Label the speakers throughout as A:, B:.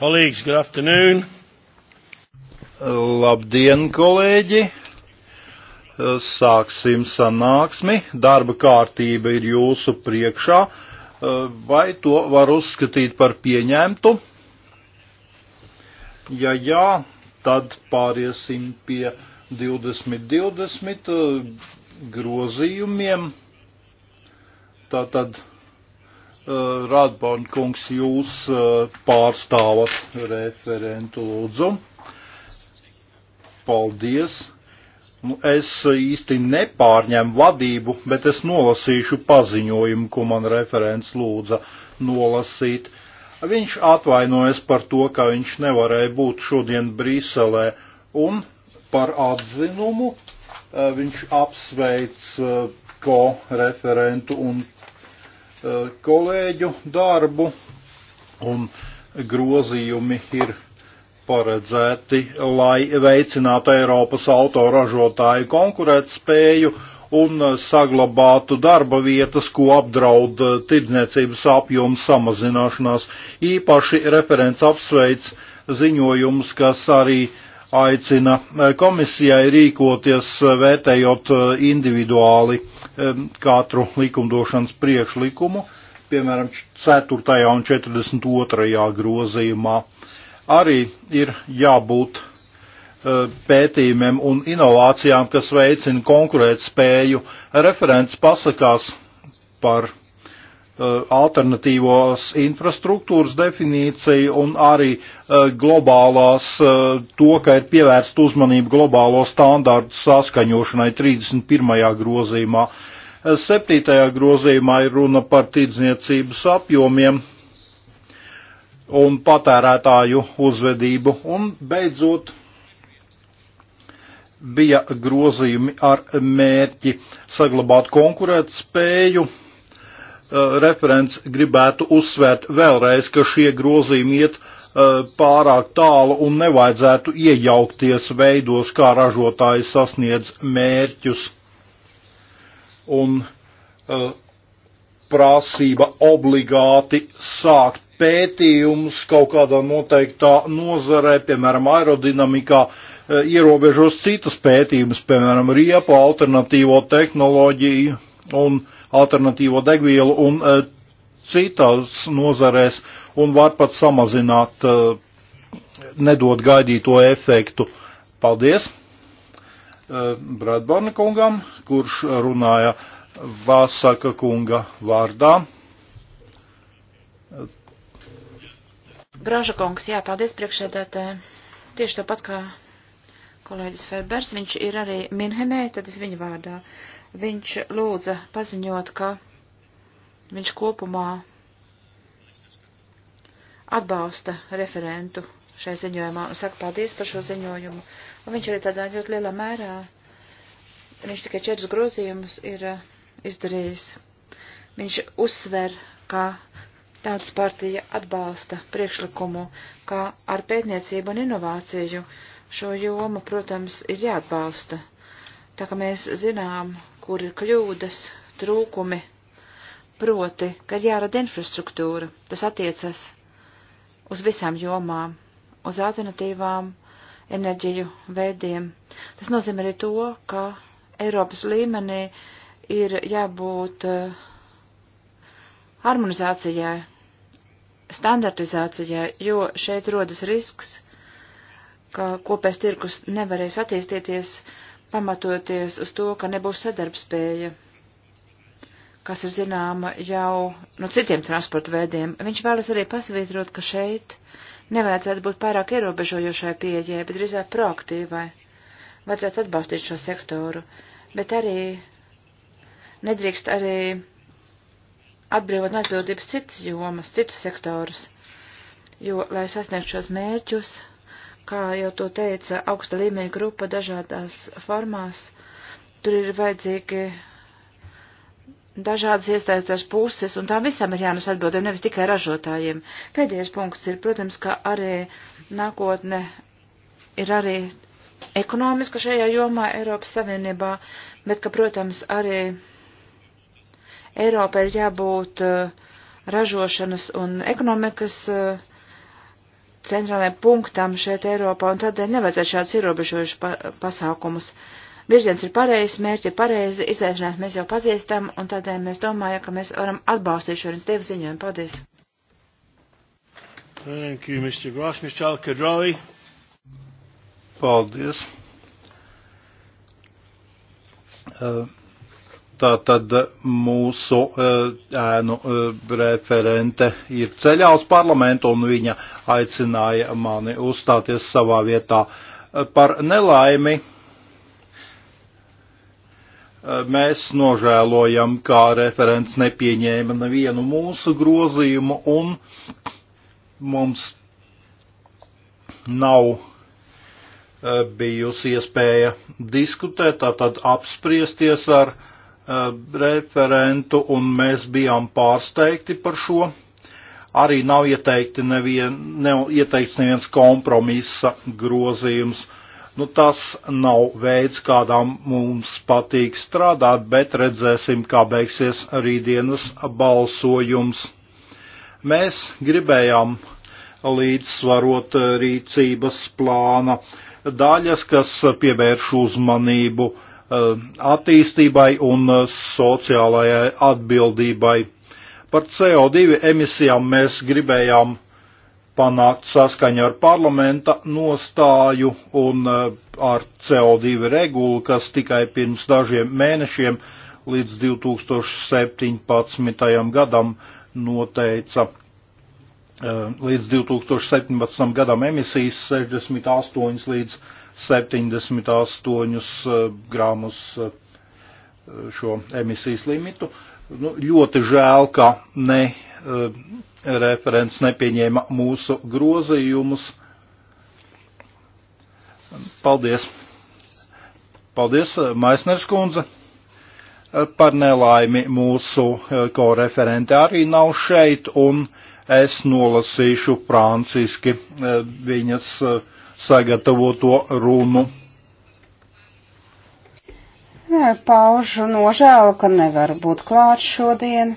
A: Colleagues, good afternoon. Labdien, kolēģi! Sāksim sanāksmi. Darba kārtība ir jūsu priekšā. Vai to var uzskatīt par pieņemtu? Ja jā, tad pāriesim pie 2020 eh, grozījumiem. Tātad. tad Eh, Rādbon kungs, jūs eh, pārstāvat referentu lūdzu. Paldies. Nu, es īsti nepārņemu vadību, bet es nolasīšu paziņojumu, ko man referents lūdza nolasīt. Viņš atvainojas par to, ka viņš nevarēja būt šodien Brīselē un par atzinumu. Eh, viņš apsveic ko referentu un Eh, kolēģu darbu, un grozījumi ir paredzēti, lai veicinātu Eiropas autoražotāju konkurētspēju un saglabātu darba vietas, ko apdraud tirdzniecības apjomu samazināšanās. Īpaši referents apsveic ziņojums, kas arī uh, aicina eh, komisijai rīkoties eh, vērtējot eh, individuāli katru likumdošanas priekšlikumu, piemēram, 4. un 42. grozījumā. Arī ir jābūt pētījumiem un inovācijām, kas veicina konkurētspēju. Referents pasakās par Eh, alternatīvos infrastruktūras definīciju un arī eh, globālās, eh, to, ka ir pievērsta uzmanība globālo standārtu saskaņošanai 31. grozījumā. 7. grozījumā ir runa par tirdzniecības apjomiem un patērētāju uzvedību. Un beidzot, bija grozījumi ar mērķi saglabāt konkurētspēju spēju Eh, referents gribētu uzsvērt vēlreiz, ka šie grozījumi iet eh, pārāk tālu un nevajadzētu iejaukties veidos, kā ražotāji sasniedz mērķus. Un eh, prasība obligāti sākt pētījumus kaut kādā noteiktā nozarē, piemēram, aerodinamikā, ierobežos citus pētījumus, piemēram, riepu alternatīvo tehnoloģiju un uh, alternatīvo degvielu un e, citās nozarēs un var pat samazināt, e, nedot gaidīto efektu. Paldies e, Bradborna kungam, kurš runāja Vāsaka kunga vārdā.
B: Graža kungs, jā, paldies priekšēdētē. Tieši tāpat kā kolēģis Ferbers, viņš ir arī Minhenē, tad es viņu vārdā viņš lūdza paziņot, ka viņš kopumā atbalsta referentu šai ziņojumā un saka paldies par šo ziņojumu. Un viņš arī tādā ļoti lielā mērā, viņš tikai četrus grozījumus ir eh, izdarījis. Viņš uzsver, ka Tautas partija atbalsta priekšlikumu, kā ar pētniecību un inovāciju šo jomu, protams, ir jāatbalsta. Tā kā mēs zinām, kur ir kļūdas, trūkumi, proti, ka ir jārada infrastruktūra, tas attiecas uz visām jomām, uz alternatīvām enerģiju veidiem. Tas nozīmē arī to, ka Eiropas līmenī ir jābūt eh, harmonizācijai, standartizācijai, jo šeit rodas risks, ka kopēs tirkus nevarēs attīstīties pamatoties uz to, ka nebūs sadarbspēja, kas ir zināma jau no citiem transporta veidiem. Viņš vēlas arī pasvītrot, ka šeit nevajadzētu būt pārāk ierobežojošai pieejai, bet drīzāk proaktīvai. Vajadzētu atbalstīt šo sektoru, bet arī nedrīkst arī atbrīvot no atbildības citas jomas, citus sektorus, jo, lai sasniegtu šos mērķus, kā jau to teica, augsta līmeņa grupa dažādās formās. Tur ir vajadzīgi dažādas iesaistītās puses, un tām visām ir jānes atbildēm, nevis tikai ražotājiem. Pēdējais punkts ir, protams, ka arī nākotne ir arī ekonomiska šajā jomā Eiropas Savienībā, bet ka, protams, arī Eiropa ir jābūt uh, ražošanas un ekonomikas uh, centrālajiem punktam šeit Eiropā, un tādēļ nevajadzētu šādus ierobežojušus pa pasākumus. Virziens ir pareizs, mērķi ir pareizi, izaicinājums mēs jau pazīstam, un tādēļ eh, mēs domājam, ka mēs varam atbalstīt šo iniciatīvu ziņojumu. Paldies!
C: Thank you, Mr. Gross, Mr. Alkadrawi.
A: Paldies. Uh, Tā tad mūsu e, ēnu e, referente ir ceļā uz parlamentu un viņa aicināja mani uzstāties savā vietā. E, par nelaimi mēs nožēlojam, kā referents nepieņēma nevienu mūsu grozījumu un mums nav bijusi iespēja diskutēt, tātad apspriesties ar uh, Uh, referentu, un mēs bijām pārsteigti par šo. Arī nav ieteikti nevien, nav ieteikts neviens kompromisa grozījums. Nu, tas nav veids, kādā mums patīk strādāt, bet redzēsim, kā beigsies rītdienas balsojums. Mēs gribējām līdzsvarot rīcības plāna daļas, kas pievērš uzmanību uh, Eh, attīstībai un eh, sociālajai atbildībai. Par CO2 emisijām mēs gribējām panākt saskaņu ar parlamenta nostāju un eh, ar CO2 regulu, kas tikai pirms dažiem mēnešiem līdz 2017. gadam noteica līdz 2017. gadam emisijas 68 līdz 2020. 78 eh, gramus eh, šo emisijas limitu. Nu, ļoti žēl, ka ne eh, referents nepieņēma mūsu grozījumus. Paldies! Paldies, Maisners kundze! Par nelaimi mūsu koreferente arī nav šeit, un es nolasīšu franciski viņas uh, sagatavoto runu.
D: Paužu nožēlu, ka nevar būt klāt šodien,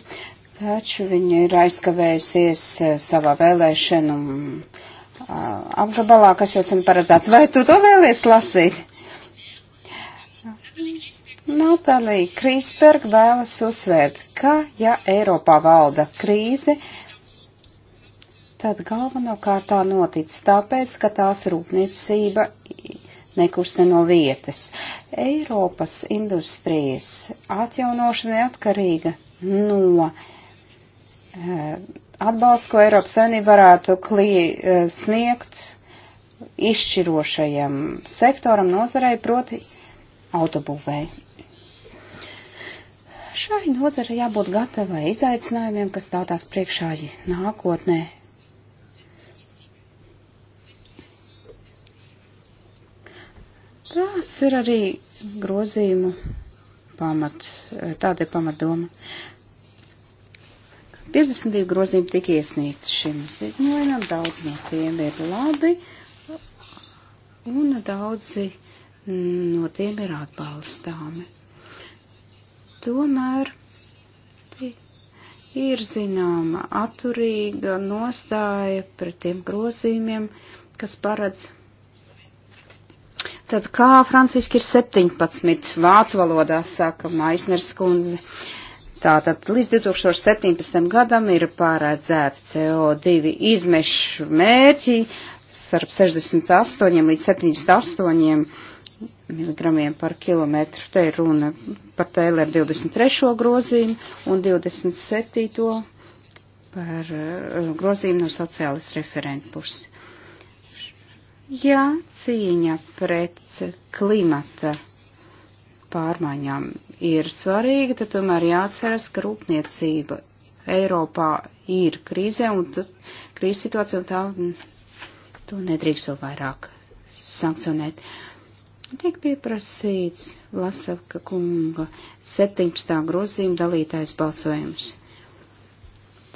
D: taču viņa ir aizkavējusies e, savā vēlēšanu apgabalā, kas jau sen paredzēts. Vai tu to vēlies lasīt? Natālija Krīsberg vēlas uzsvērt, ka, ja Eiropā valda krīze, tad galvenokārt tā noticis tāpēc, ka tās rūpniecība nekusta no vietas. Eiropas industrijas atjaunošana ir atkarīga no eh, atbalsts, ko Eiropas Savienība varētu klī, eh, sniegt izšķirošajam sektoram nozarei, proti autobūvēji. Šai nozarei jābūt gatavai izaicinājumiem, kas stāv tās priekšā nākotnē, Tāds ir arī grozījumu pamat, eh, tāda ir pamatdoma. 52 grozījumi tika iesniegti šim ziņojumam, daudz no tiem ir labi, un daudzi no tiem ir atbalstāmi. Tomēr ir zināma atturīga nostāja pret tiem grozījumiem, kas paredz Tad kā franciski ir 17 vācu valodā, saka Maisners kundze. Tātad līdz 2017. gadam ir pārēdzēta CO2 izmešu mērķi starp 68 līdz 78 miligramiem par kilometru. Te ir runa par tēlēm 23. grozīmu un 27. par eh, grozīmu no sociālas referentu puses ja cīņa pret klimata pārmaiņām ir svarīga, tad tomēr jāatceras, ka rūpniecība Eiropā ir krīzē un krīzes situācija un tā to nedrīkst vēl vairāk sankcionēt. Tiek pieprasīts Lasavka kunga 17. grozījuma dalītais balsojums.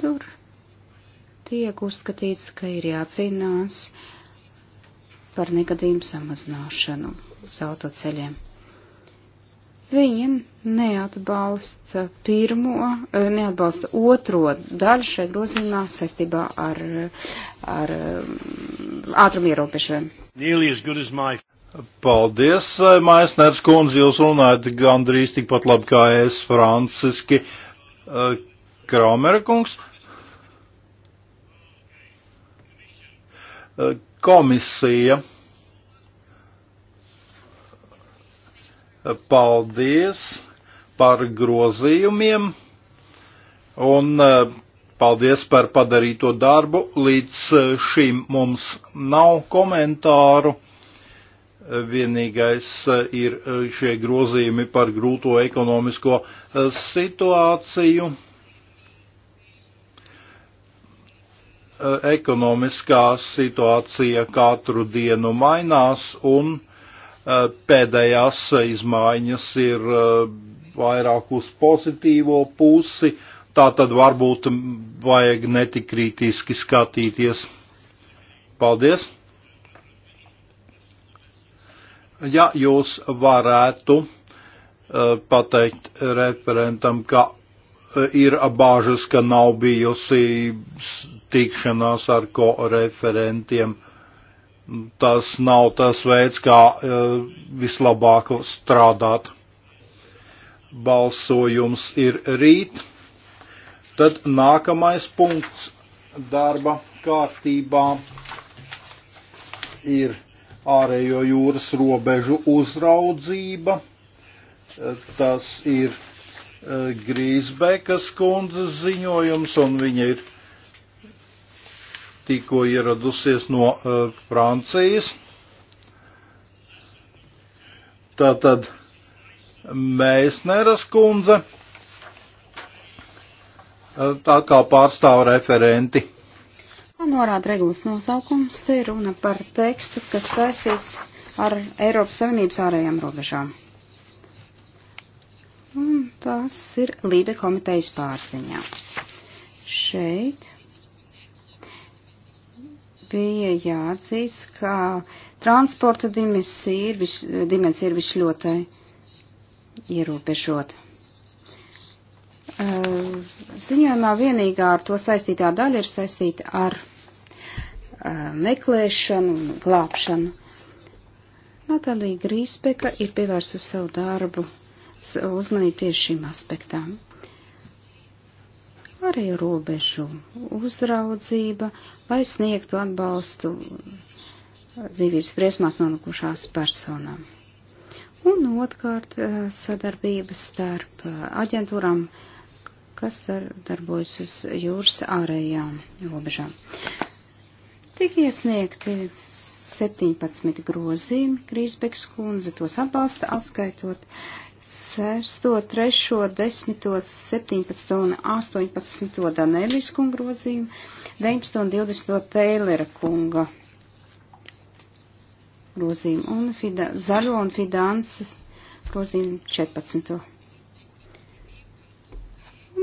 D: Tur tiek uzskatīts, ka ir jācīnās par negadījumu samazināšanu uz autoceļiem. Viņiem neatbalsta pirmo, eh, neatbalsta otro daļu šai grozījumā saistībā ar, ar eh, ātrumu
C: ierobežojumu.
A: Paldies, eh, Maisnērs kundze, jūs runājat gandrīz tikpat labi kā es, franciski. Kraumera kungs komisija. Paldies par grozījumiem un eh, paldies par padarīto darbu. Līdz eh, šim mums nav komentāru. Vienīgais eh, ir šie grozījumi par grūto ekonomisko situāciju. E, ekonomiskā situācija katru dienu mainās un e, pēdējās izmaiņas ir e, vairāk uz pozitīvo pusi, tā tad varbūt vajag netik kritiski skatīties. Paldies! Ja jūs varētu pateikt referentam, ka ir bāžas, ka nav bijusi tikšanās ar koreferentiem. Tas nav tas veids, kā e, vislabāk strādāt. Balsojums ir rīt. Tad nākamais punkts darba kārtībā ir ārējo jūras robežu uzraudzība. E, tas ir Grīsbekas kundzes ziņojums, un viņa ir tikko ieradusies no uh, Francijas. Tātad Mēsneras kundze, e, tā kā pārstāv referenti.
D: Norāda regulas nosaukums, te ir runa par tekstu, kas saistīts ar Eiropas Savienības ārējām robežām un tās ir Lībe komitejas pārziņā. Šeit bija jāatzīst, ka transporta dimensija ir, vis, dimensija ir visļotai ierobežota. Ziņojumā vienīgā ar to saistītā daļa ir saistīta ar meklēšanu un glābšanu. Natālija Grīspeka ir pievērsusi savu darbu uzmanību tieši šīm aspektām. Arī robežu uzraudzība, lai sniegtu atbalstu dzīvības briesmās nonākušās personām. Un otrkārt eh, sadarbība starp eh, aģentūrām, kas dar, darbojas uz jūras ārējām robežām. Tik iesniegti 17 grozījumi, Grīsbeks kundze tos atbalsta, atskaitot uh, 6, 3, 10, 17 un 18 Danelis kunga grozījumu, 19 un 20 Teilera kunga grozījumu un fida, zaļo un fidanses grozījumu 14.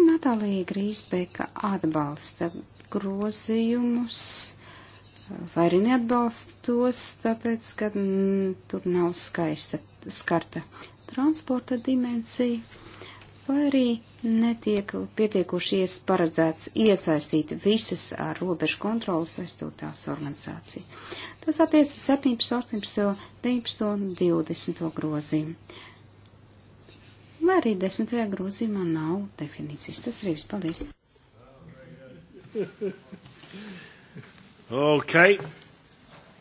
D: Natālija Grīsbeka atbalsta grozījumus, vai arī neatbalsta tos, tāpēc, ka m, mm, tur nav skaista skarta transporta dimensiju, vai arī netiek pietiekušies paredzēts iesaistīt visas ar robežu kontroli saistotās organizāciju. Tas attiec uz 17, 18, 19 un 20 grozījumu. Vai arī 10. grozījumā nav definīcijas. Tas arī viss. Paldies!
C: okay.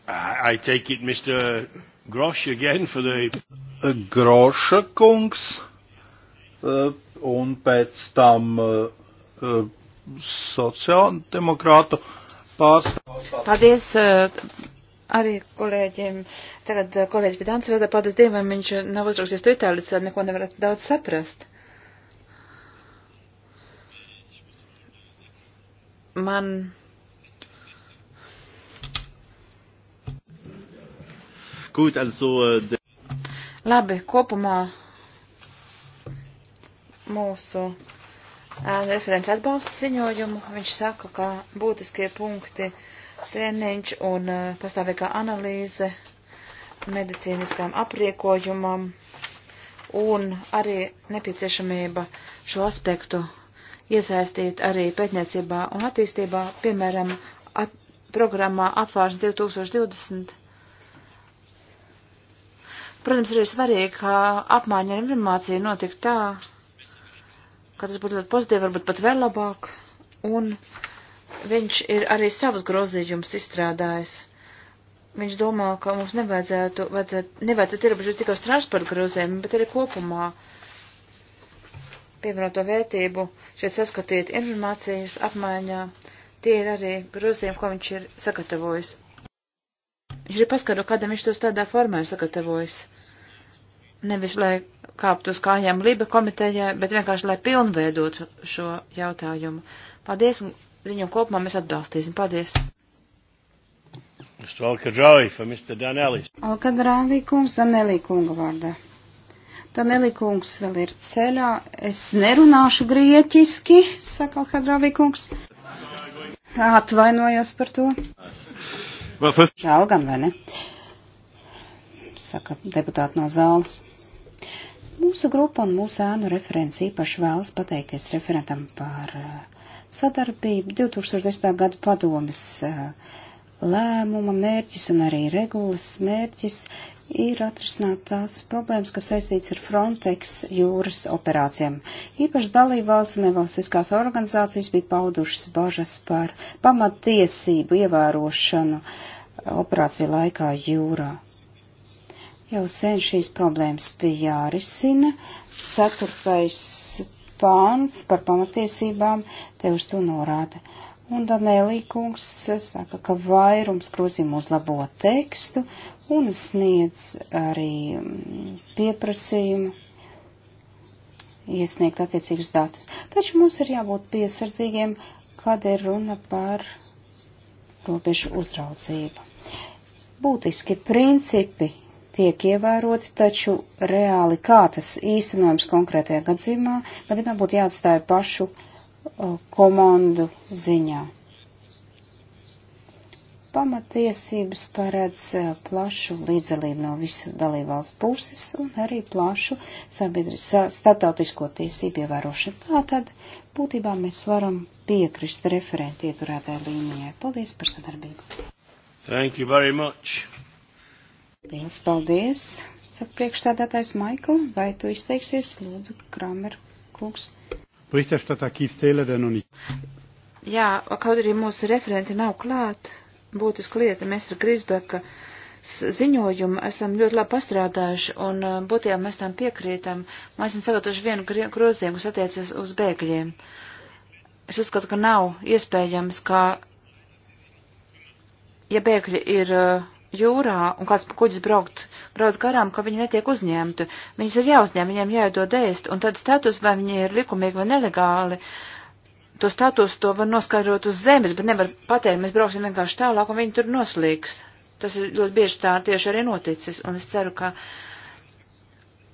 C: I take it, Mr. Grosh, again for the
A: Groša kungs, eh, un pēc tam eh, sociāldemokrātu pārstāvs. Paldies
B: eh, arī kolēģiem. Tagad kolēģis Bidants vēl paldies Dievam, viņš nav uzrakstījis to itālis, neko nevar daudz saprast. Man.
A: Gut, also, de... Äh,
B: Labi, kopumā mūsu referents atbalsta ziņojumu. Viņš saka, ka būtiskie punkti treniņš un pastāvīgā analīze medicīniskām apriekojumam un arī nepieciešamība šo aspektu iesaistīt arī pētniecībā un attīstībā, piemēram, at programmā apvārs 2020 Protams, arī svarīgi, ka apmaiņa ar informāciju notiek tā, ka tas būtu ļoti pozitīvi, varbūt pat vēl labāk. Un viņš ir arī savus grozījumus izstrādājis. Viņš domā, ka mums nevajadzētu, vajadzētu, nevajadzētu ierobežot tikai uz transporta grozījumiem, bet arī kopumā pievienoto vērtību šeit saskatīt informācijas apmaiņā. Tie ir arī grozījumi, ko viņš ir sagatavojis. Viņš ir paskatu, kādam viņš tos tādā formā ir sagatavojis nevis, lai kāptu uz kājām Liba komitejai, bet vienkārši, lai pilnveidotu šo jautājumu. Paldies, un ziņo kopumā mēs atbalstīsim. Paldies!
C: Alkadrāvī
D: kungs, Danelī kunga vārdā. Danelī kungs vēl ir ceļā. Es nerunāšu grieķiski, saka Alkadrāvī kungs. Atvainojos par to. Žēl gan, vai ne? Saka deputāti no zāles. Mūsu grupa un mūsu ēnu referents īpaši vēlas pateikties referentam par uh, sadarbību 2010. gadu padomis lēmuma mērķis un arī regulas mērķis ir atrisināt tās problēmas, kas saistīts ar Frontex jūras operācijām. Īpaši dalībvalsts un nevalstiskās organizācijas bija paudušas bažas par pamattiesību ievērošanu operāciju laikā jūrā. Jau sen šīs problēmas bija jārisina. Ceturtais pāns par pamatiesībām te uz to norāda. Un Danēlī kungs saka, ka vairums grozījumu uzlabo tekstu un sniedz arī mm, pieprasījumu iesniegt attiecīgus datus. Taču mums ir jābūt piesardzīgiem, kad ir runa par robežu uzraudzību. Būtiski principi tiek ievēroti, taču reāli kā tas īstenojums konkrētajā gadījumā, gadījumā būtu jāatstāja pašu o, uh, komandu ziņā. Pamatiesības paredz uh, plašu līdzdalību no visu dalībvalsts puses un arī plašu starptautisko tiesību ievērošanu. Tātad būtībā mēs varam piekrist referenti ieturētāju līnijai. Paldies par sadarbību!
C: Thank you very much.
D: Lielas paldies! Saka priekšstādātājs Maikl, vai tu izteiksies, lūdzu, Kramer
B: kungs? Jā, kaut arī mūsu referenti nav klāt, būtiska lieta, mēs ar Grisbeka ziņojumu esam ļoti labi pastrādājuši un uh, būtībā mēs tam piekrītam. Mēs esam sagatavojuši vienu grozījumu, kas attiecas uz bēgļiem. Es uzskatu, ka nav iespējams, ka, ja bēgļi ir uh, jūrā un kāds kuģis braukt, brauc garām, ka viņi netiek uzņemti. Viņus ir jāuzņem, viņiem jāiedod ēst, un tad status, vai viņi ir likumīgi vai nelegāli, to status to var noskaidrot uz zemes, bet nevar pateikt, mēs brauksim vienkārši tālāk, un viņi tur noslīgs. Tas ir ļoti bieži tā tieši arī noticis, un es ceru, ka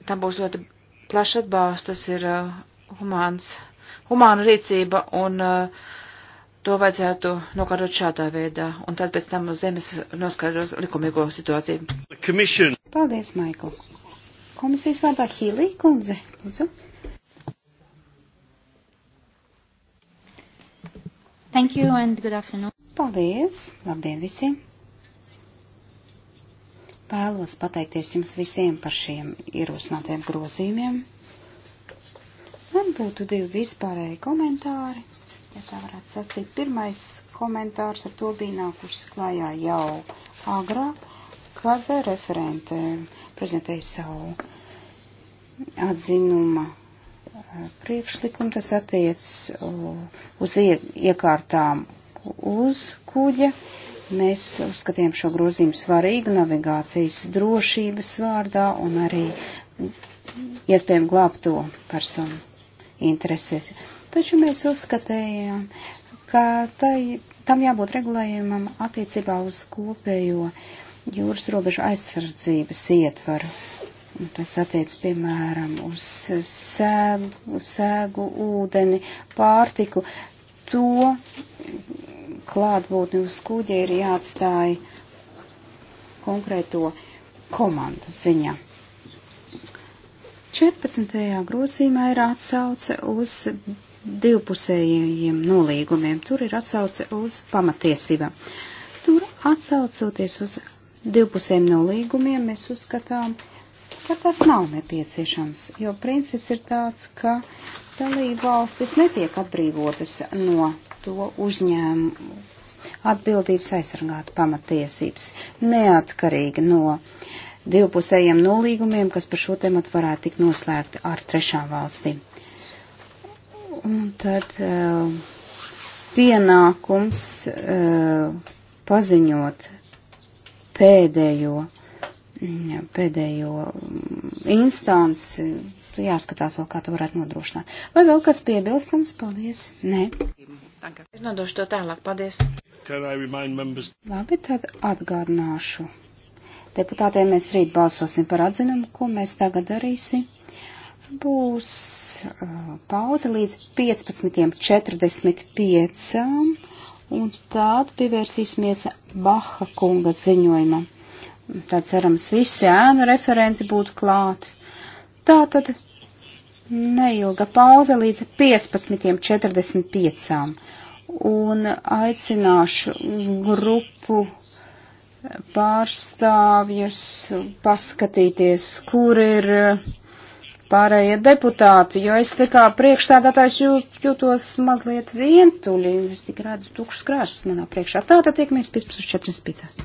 B: tam būs ļoti plašs atbalsts, tas ir uh, humāns, humāna rīcība, un uh, to vajadzētu nokārtot šādā veidā, un tad pēc tam uz zemes noskaidrot likumīgo situāciju. Commission. Paldies, Maikl.
D: Komisijas vārdā Hīlī kundze, lūdzu. Thank you and good afternoon. Paldies, labdien visiem. Vēlos pateikties jums visiem par šiem ierosinātiem grozījumiem. Man būtu divi vispārēji komentāri ja tā varētu sacīt. Pirmais komentārs ar to bija nākuši klājā jau agrāk, kad referente prezentēja savu atzinuma eh, priekšlikumu. Tas attiec eh, uz iekārtām uz kuģa. Mēs uzskatījām šo grozījumu svarīgu navigācijas drošības vārdā un arī iespējami glābto personu interesēs. Taču mēs uzskatījām, ka tai, tam jābūt regulējumam attiecībā uz kopējo jūras robežu aizsardzības ietvaru. Tas attiec, piemēram, uz sēgu, uz sēgu ūdeni, pārtiku. To klātbūtni uz kuģa ir jāatstāja konkrēto komandu ziņā. 14. grozījumā ir atsauce uz divpusējiem nolīgumiem. Tur ir atsauce uz pamatiesībām. Tur atsaucoties uz divpusējiem nolīgumiem, mēs uzskatām, ka tas nav nepieciešams, jo princips ir tāds, ka dalība valstis netiek atbrīvotas no to uzņēmumu atbildības aizsargāt pamatiesības, neatkarīgi no divpusējiem nolīgumiem, kas par šo tematu varētu tikt noslēgti ar trešām valstīm. Un tad eh, pienākums eh, paziņot pēdējo, mm, pēdējo mm, instanci, jāskatās vēl, kā to varētu nodrošināt. Vai vēl kāds piebilstams? Paldies. Nē.
B: Es nodošu to tālāk. Paldies. Labi,
D: tad atgādināšu. Deputātiem mēs rīt balsosim par atzinumu, ko mēs tagad darīsim. Būs uh, pauze līdz 15.45, un tad pievērsīsimies Baha kunga ziņojumam. Tad cerams, visi ēnu referenti būtu klāti. Tā tad neilga pauze līdz 15.45. Un aicināšu grupu pārstāvjus paskatīties, kur ir pārējie deputāti, jo es tā kā priekšstādātājs jūt, jūtos mazliet vientuļi, es tik redzu tukšas krāšas manā priekšā. Tātad tiekamies 15.45.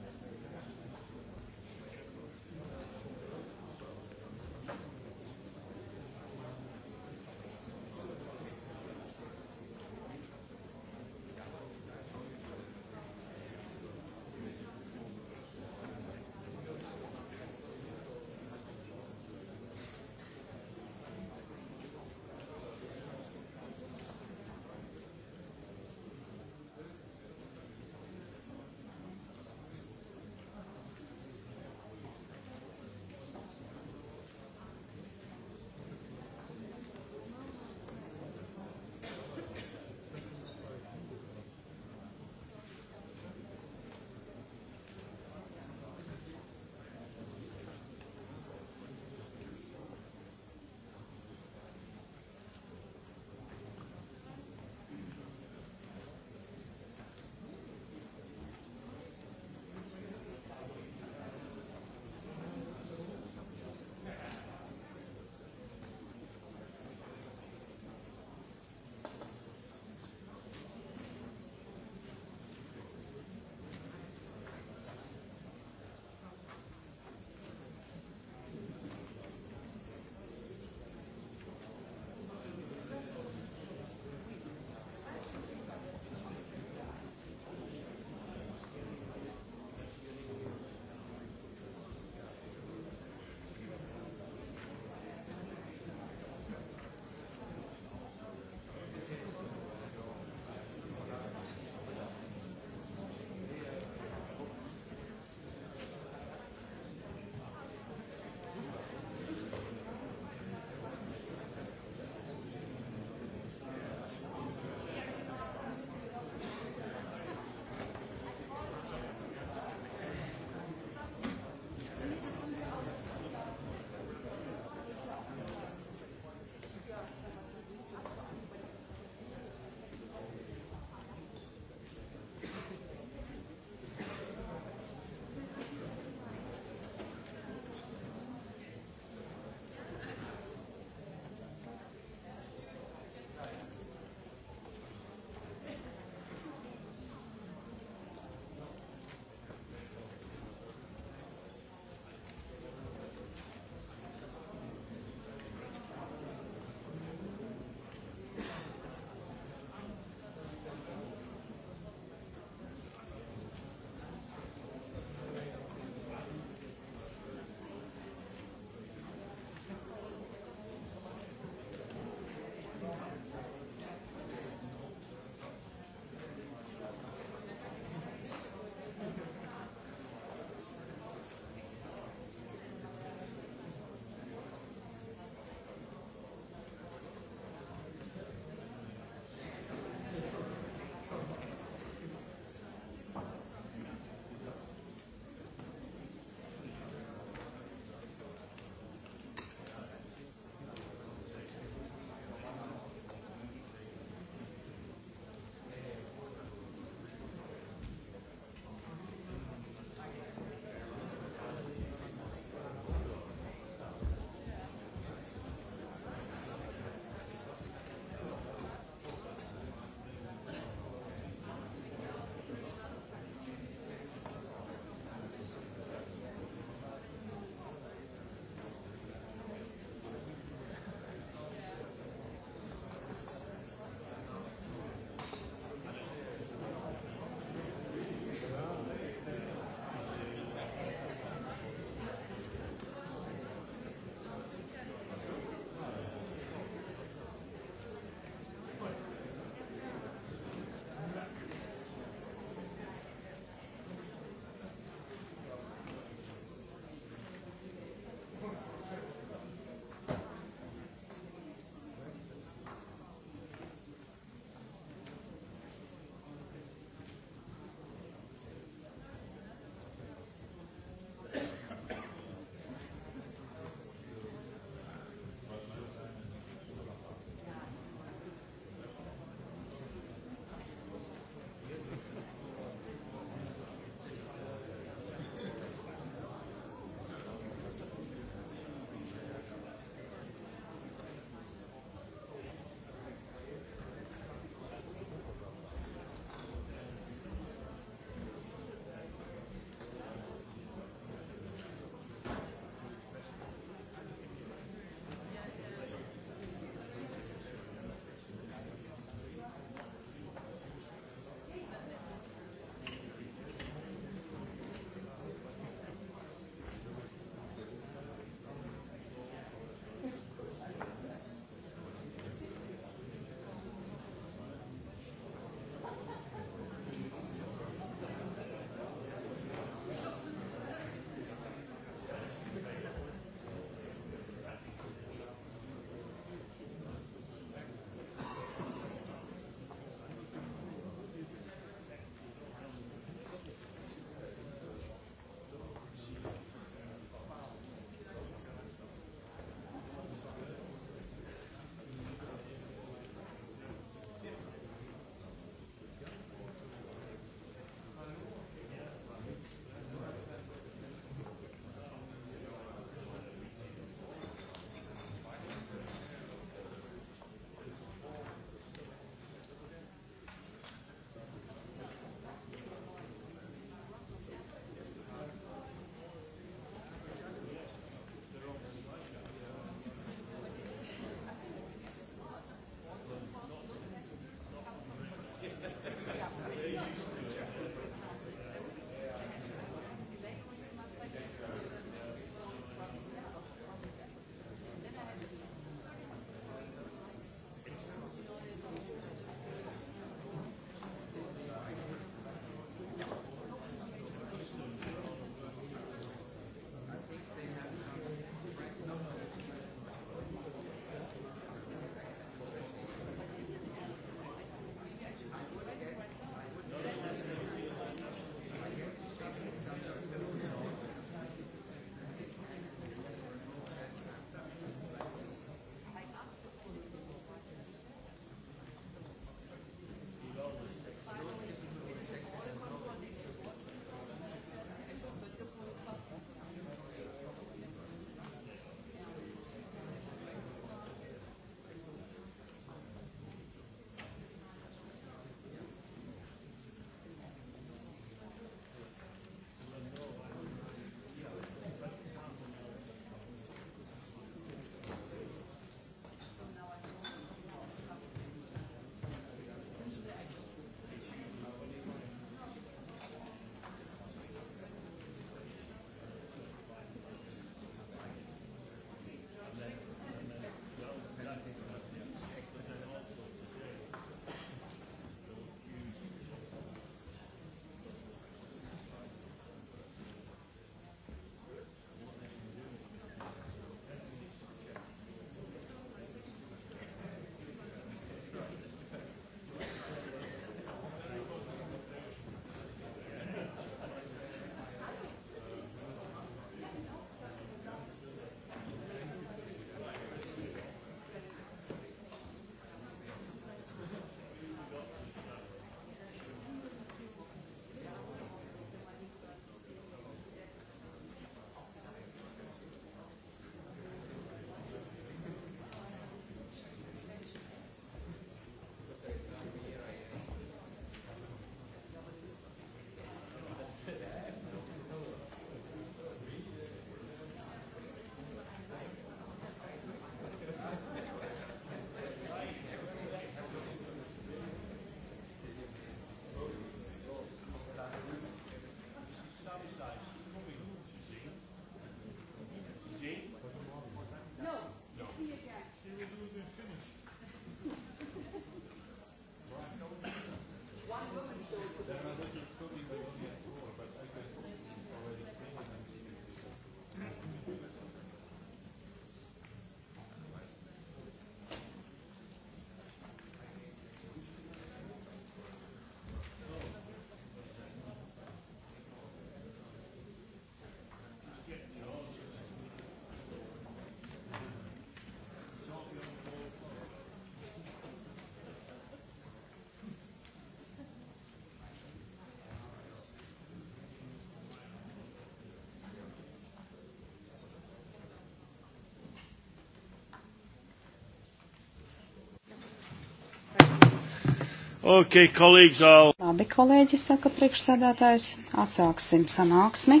C: Okay, colleagues, I'll... Labi,
D: kolēģi, saka priekšsēdētājs, atsāksim sanāksmi.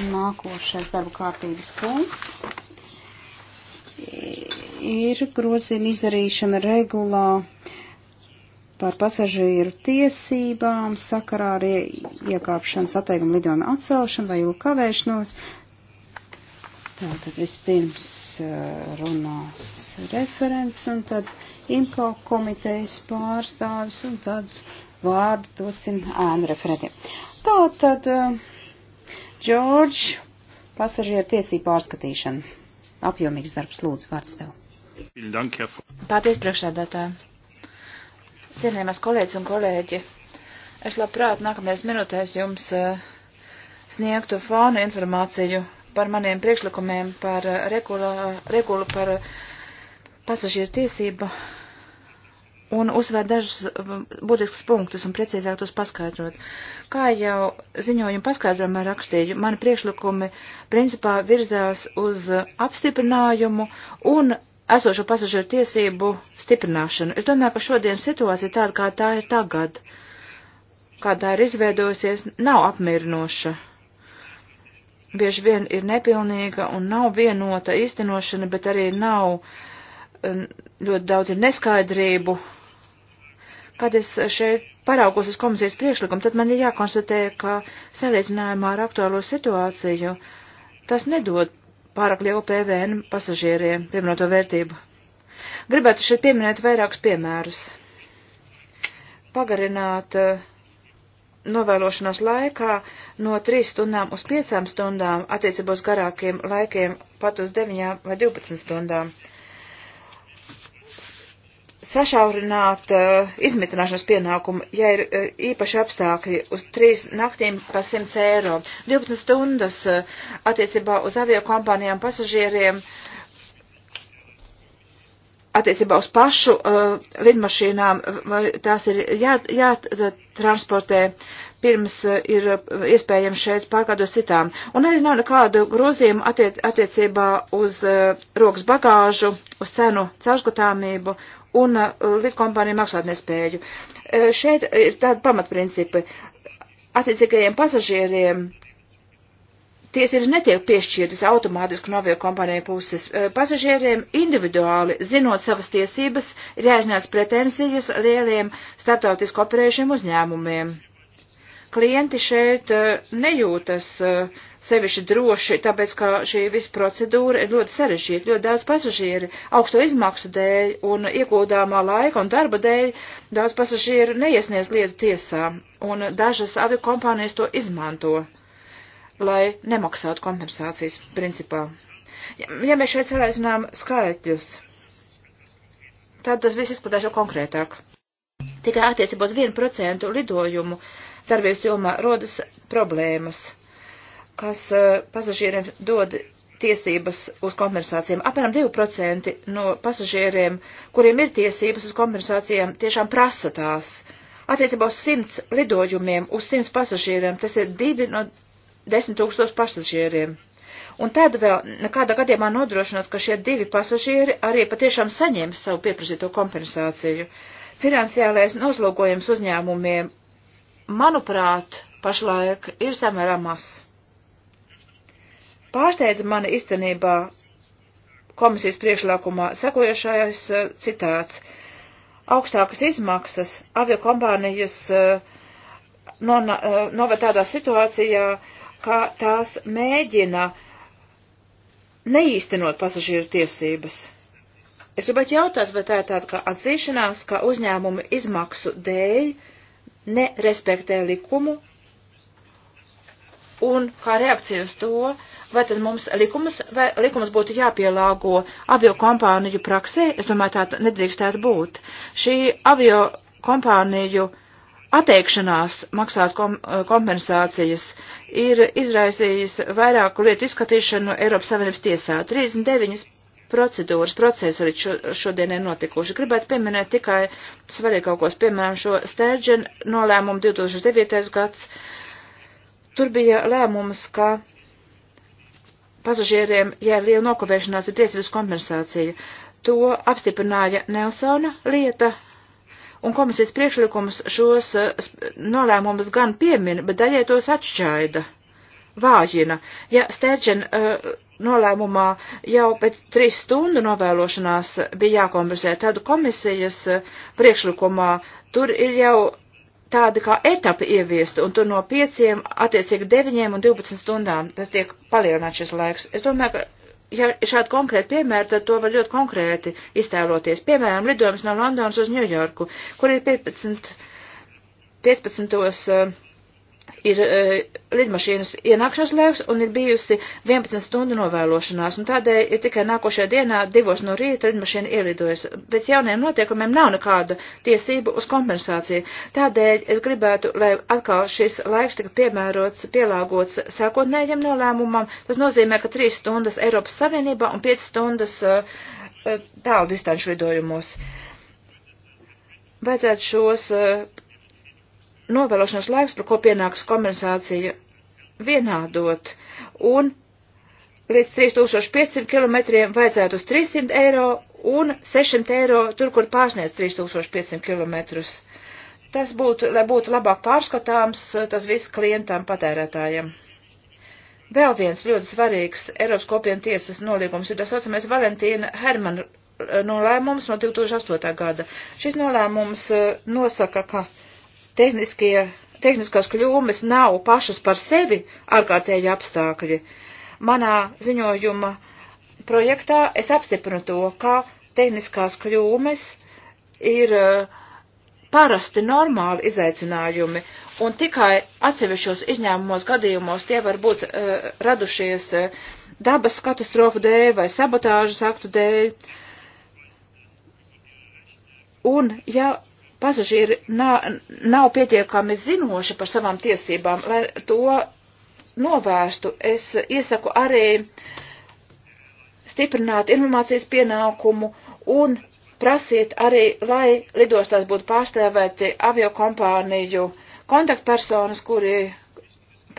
D: Un nākošais darba kārtības punkts ir grozījuma izdarīšana regulā par pasažieru tiesībām sakarā ar iekāpšanas atteikumu lidojumu atcelšanu vai ilgu kavēšanos. Tātad vispirms eh, runās referents un tad IMCO komitejas pārstāvis un tad vārdu dosim ēnu referentiem. Tā tad, eh, Džordž, pasažieru tiesību pārskatīšana. Apjomīgs darbs, lūdzu, vārds tev.
B: Paldies, priekšsēdētāji. Cienījamās kolēģis un kolēģi, es labprāt nākamajās minūtēs jums eh, sniegtu fonu informāciju par maniem priekšlikumiem par eh, regulu, regulu par pasažieru tiesību un uzsver dažus um, būtiskus punktus un precīzāk tos paskaidrot. Kā jau ziņojuma paskaidrojumā rakstīju, mani priekšlikumi principā virzās uz apstiprinājumu un esošo pasažieru tiesību stiprināšanu. Es domāju, ka šodien situācija tāda, kā tā ir tagad, kā tā ir izveidojusies, nav apmierinoša. Bieži vien ir nepilnīga un nav vienota īstenošana, bet arī nav um, ļoti daudz ir neskaidrību Kad es šeit paraugos uz komisijas priekšlikumu, tad man ir jākonstatē, ka salīdzinājumā ar aktuālo situāciju tas nedod pārāk lielu PVN pasažieriem pievienoto vērtību. Gribētu šeit pieminēt vairākus piemērus. Pagarināt uh, novēlošanās laikā no 3 stundām uz 5 stundām, attiecībā uz garākiem laikiem pat uz 9 vai 12 stundām sašaurināt uh, izmitināšanas pienākumu, ja ir uh, īpaši apstākļi uz trīs naktīm pa 100 eiro, 12 stundas uh, attiecībā uz aviokompānijām pasažieriem, attiecībā uz pašu uh, lidmašīnām, tās ir jā, jātransportē. Jā, pirms eh, ir eh, iespējams šeit pārkādos citām. Un arī nav nekādu grozījumu attiec, attiecībā uz uh, rokas bagāžu, uz cenu caurskatāmību un uh, lidkompāniju maksātnespēju. Uh, šeit ir tādi pamatprincipi. Attiecīgajiem pasažieriem tiesības netiek piešķirtas automātiski no avio kompānija puses. Pasažieriem individuāli, zinot savas tiesības, ir jāizņēs pretensijas lieliem starptautisku operējušiem uzņēmumiem klienti šeit eh, nejūtas eh, sevišķi droši, tāpēc, ka šī visa procedūra ir ļoti sarežģīta, ļoti daudz pasažieru augsto izmaksu dēļ un iegūdāmā laika un darba dēļ daudz pasažieru neiesniedz lietu tiesā, un dažas aviokompānijas to izmanto, lai nemaksātu kompensācijas principā. Ja mēs šeit salīdzinām skaitļus, tad tas viss izskatās jau konkrētāk. Tikai attiecībā uz 1% lidojumu uh, darbības jomā rodas problēmas, kas eh, pasažieriem dod tiesības uz kompensācijām. Apmēram 2% no pasažieriem, kuriem ir tiesības uz kompensācijām, tiešām prasa tās. Attiecībā uz 100 lidojumiem, uz 100 pasažieriem, tas ir 2 no 10 tūkstošu pasažieriem. Un tad vēl nekādā gadījumā nodrošinās, ka šie divi pasažieri arī patiešām saņēma savu pieprasīto kompensāciju. Finansiālais noslogojums uzņēmumiem manuprāt, pašlaik ir samērā mazs. Pārsteidza mani īstenībā komisijas priekšlākumā sekojošais eh, citāts. Augstākas izmaksas aviokompānijas eh, eh, noved tādā situācijā, ka tās mēģina neīstenot pasažieru tiesības. Es gribētu jautāt, vai tā ir tāda kā atzīšanās, ka uzņēmumi izmaksu dēļ uh, nerespektē likumu, un kā reakcija uz to, vai tad mums likumus, vai likumus būtu jāpielāgo avio kompāniju praksē, es domāju, tā nedrīkstētu būt. Šī avio kompāniju atteikšanās maksāt kom eh, kompensācijas ir izraisījis vairāku lietu izskatīšanu Eiropas Savienības tiesā. 39 procedūras procesi arī šo, šodien ir notikuši. Gribētu pieminēt tikai svarīgākos, piemēram, šo Stērģen nolēmumu 2009. gads. Tur bija lēmums, ka pasažieriem, ja ir liela nokavēšanās, ir tiesības kompensācija. To apstiprināja Nelsona lieta, un komisijas priekšlikums šos eh, nolēmumus gan piemin, bet daļai tos atšķaida vājina. Ja Stērģen uh, nolēmumā jau pēc trīs stundu novēlošanās bija jākonversē, tad komisijas uh, priekšlikumā tur ir jau tādi kā etapi ieviesti, un tur no pieciem, attiecīgi deviņiem un divpadsmit stundām tas tiek palielināts šis laiks. Es domāju, ka, ja ir šādi konkrēti piemēri, tad to var ļoti konkrēti iztēloties. Piemēram, lidojums no Londonas uz Ņujorku, kur ir 15, 15. Uh, ir uh, lidmašīnas ienākšanas laiks un ir bijusi 11 stundu novēlošanās, un tādēļ ir tikai nākošajā dienā divos no rīta lidmašīna ielidojas. Pēc jauniem notiekumiem nav nekāda tiesība uz kompensāciju. Tādēļ es gribētu, lai atkal šis laiks tika piemērots, pielāgots sākotnējiem nolēmumam. Tas nozīmē, ka 3 stundas Eiropas Savienībā un 5 stundas uh, tālu distanču lidojumos. Vajadzētu šos uh, novēlošanas laiks, par ko pienāks kompensācija, vienādot, un līdz 3500 km vajadzētu uz 300 eiro un 600 eiro tur, kur pārsniedz 3500 km. Tas būtu, lai būtu labāk pārskatāms, tas viss klientam patērētājiem. Vēl viens ļoti svarīgs Eiropas kopienu tiesas nolīgums ir tas saucamais Valentīna Hermana eh, nolēmums no 2008. gada. Šis nolēmums eh, nosaka, ka tehniskie, tehniskās kļūmes nav pašas par sevi ārkārtēji apstākļi. Manā ziņojuma projektā es apstiprinu to, ka tehniskās kļūmes ir eh, parasti normāli izaicinājumi, un tikai atsevišķos izņēmumos gadījumos tie var būt uh, radušies uh, dabas katastrofu dēļ vai sabotāžas aktu dēļ. Un, ja pasažieri nav, nav pietiekami zinoši par savām tiesībām. Lai to novērstu, es iesaku arī stiprināt informācijas pienākumu un prasīt arī, lai lidostās būtu pārstāvēti avio kompāniju kontaktpersonas, kuri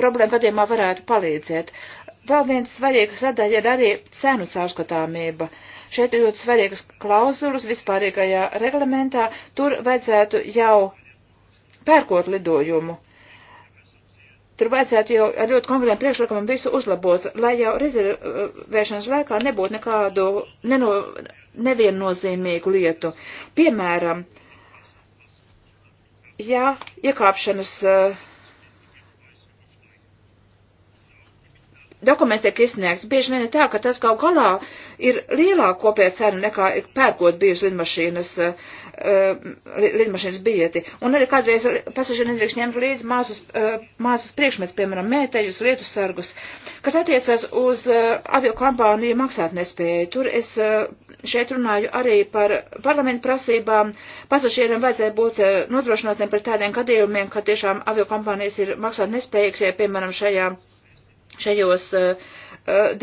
B: problēmu gadījumā varētu palīdzēt. Vēl viens svarīgs sadaļa ir arī cenu caurskatāmība. Uh, Šeit ir ļoti svarīgas klauzulas vispārīgajā reglamentā. Tur vajadzētu jau pērkot lidojumu. Tur vajadzētu jau ar ļoti konkrētiem priekšlikumiem visu uzlabot, lai jau rezervēšanas laikā nebūtu nekādu neno, neviennozīmīgu lietu. Piemēram, ja iekāpšanas uh, dokuments tiek izsniegts, bieži vien ir tā, ka tas kaut galā ir lielāka kopēja cena nekā pērkot bijusi lidmašīnas, uh, lidmašīnas bieti. Un arī kādreiz pasažieri nedrīkst ņemt līdzi māsus, uh, māsus priekšmets, piemēram, mētējus, lietu sargus, kas attiecas uz uh, avio kompāniju maksātnespēju. Tur es uh, šeit runāju arī par parlamentu prasībām. Pasažieriem vajadzēja būt uh, nodrošinātiem par tādiem gadījumiem, ka tiešām avio kompānijas ir maksātnespējīgas, ja, piemēram, šajā. Uh, šajos uh,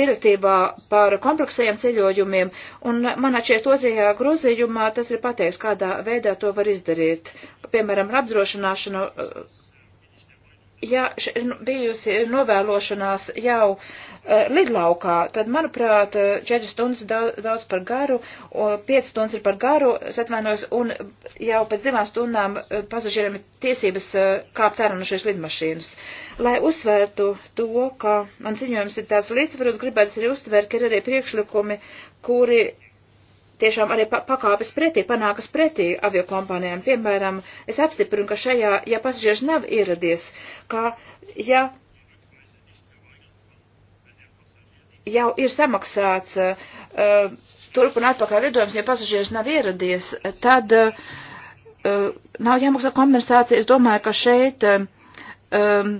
B: direktīvā par kompleksajiem ceļojumiem, un manā 42. grozījumā tas ir pateikts, kādā veidā to var izdarīt. Piemēram, apdrošināšanu uh, ja nu, bijusi novēlošanās jau e, lidlaukā, tad, manuprāt, 4 e, stundas daudz par garu, 5 stundas ir par garu, es atvainojos, un jau pēc divām stundām e, pasažieriem ir tiesības kāpt ārā no šīs lidmašīnas. Lai uzsvērtu to, ka man ziņojums ir tāds līdzsvaros, gribētu arī uztvert, ka ir arī priekšlikumi, kuri tiešām arī pakāpes pretī, panākas pretī aviokompānijām. Piemēram, es apstiprinu, ka šajā, ja pasažieris nav ieradies, ka ja jau ir samaksāts uh, turp un atpakaļ lidojums, ja pasažieris nav ieradies, tad uh, nav jāmaksā kompensācija. Es domāju, ka šeit um,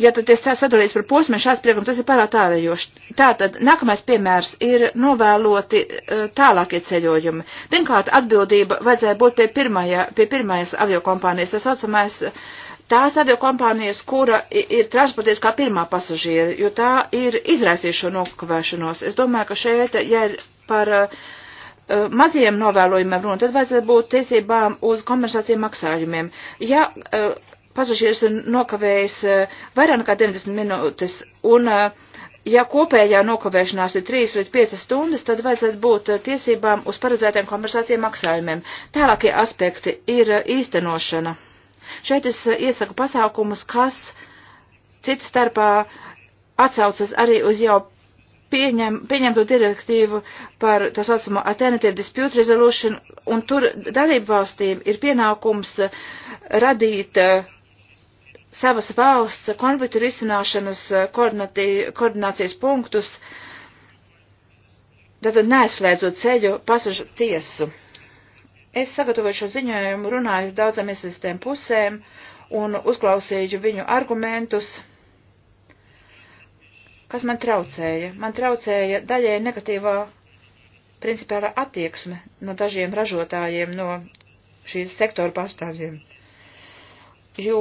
B: ja tad es tā sadalīts par posmiem, šāds priekums, tas ir pārāk tālējoši. Tātad, nākamais piemērs ir novēloti e, tālākie ceļojumi. Pirmkārt, atbildība vajadzēja būt pie, pirmajā, pie pirmais aviokompānijas, tas saucamais tās aviokompānijas, kura ir transporties kā pirmā pasažiera, jo tā ir izraisījušo nokavēšanos. Es domāju, ka šeit, ja ir par uh, e, e, maziem novēlojumiem runa, tad vajadzētu būt tiesībām uz kompensāciju maksājumiem. Ja, uh, pasažieris ir nokavējis eh, vairāk nekā 90 minūtes, un eh, ja kopējā nokavēšanās ir 3 līdz 5 stundas, tad vajadzētu būt eh, tiesībām uz paredzētiem kompensācijiem maksājumiem. Tālākie aspekti ir īstenošana. Šeit es iesaku pasākumus, kas cits starpā atsaucas arī uz jau pieņem, pieņemto direktīvu par tā saucamo alternative dispute resolution, un tur dalību valstīm ir pienākums radīt uh, savas valsts konfliktu risināšanas eh, koordinācijas punktus, tātad neslēdzot ceļu pasažu tiesu. Es sagatavoju šo ziņojumu, runāju daudzām iesaistēm pusēm un uzklausīju viņu argumentus, kas man traucēja. Man traucēja daļai negatīvā principālā attieksme no dažiem ražotājiem, no šīs sektora pārstāvjiem. Jo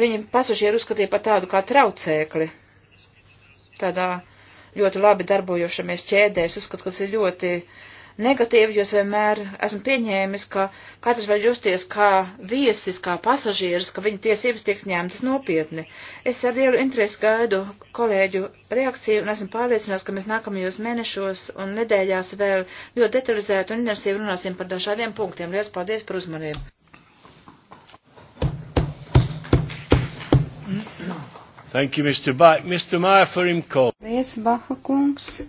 B: viņu pasažieri uzskatīja par tādu kā traucēkli. Tādā ļoti labi darbojošamies ķēdēs, uzskat, kas ir ļoti negatīvi, jo es vienmēr esmu pieņēmis, ka katrs var justies kā viesis, kā pasažieris, ka viņa tiesības tiek ņemtas nopietni. Es ar lielu interesi gaidu kolēģu reakciju un esmu pārliecināts, ka mēs nākamajos mēnešos un nedēļās vēl ļoti detalizēti un intensīvi runāsim par dažādiem punktiem. Lielas paldies par uzmanību!
C: Thank you, Mr. Bach. Mr. Māja for Imko.
B: Paldies, Baha kungs.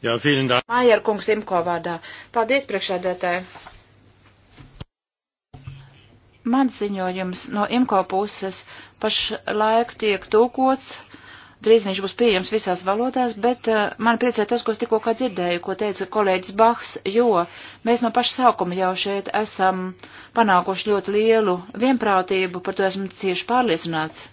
C: Jā, vielen dāk.
B: Māja ar kungs Imko vārdā. Paldies, priekšādētāji. Mans ziņojums no Imko puses pašlaik tiek tūkots drīz viņš būs pieejams visās valodās, bet uh, man priecē tas, ko es tikko kā dzirdēju, ko teica kolēģis Bahs, jo mēs no paša sākuma jau šeit esam panākuši ļoti lielu vienprātību, par to esmu cieši pārliecināts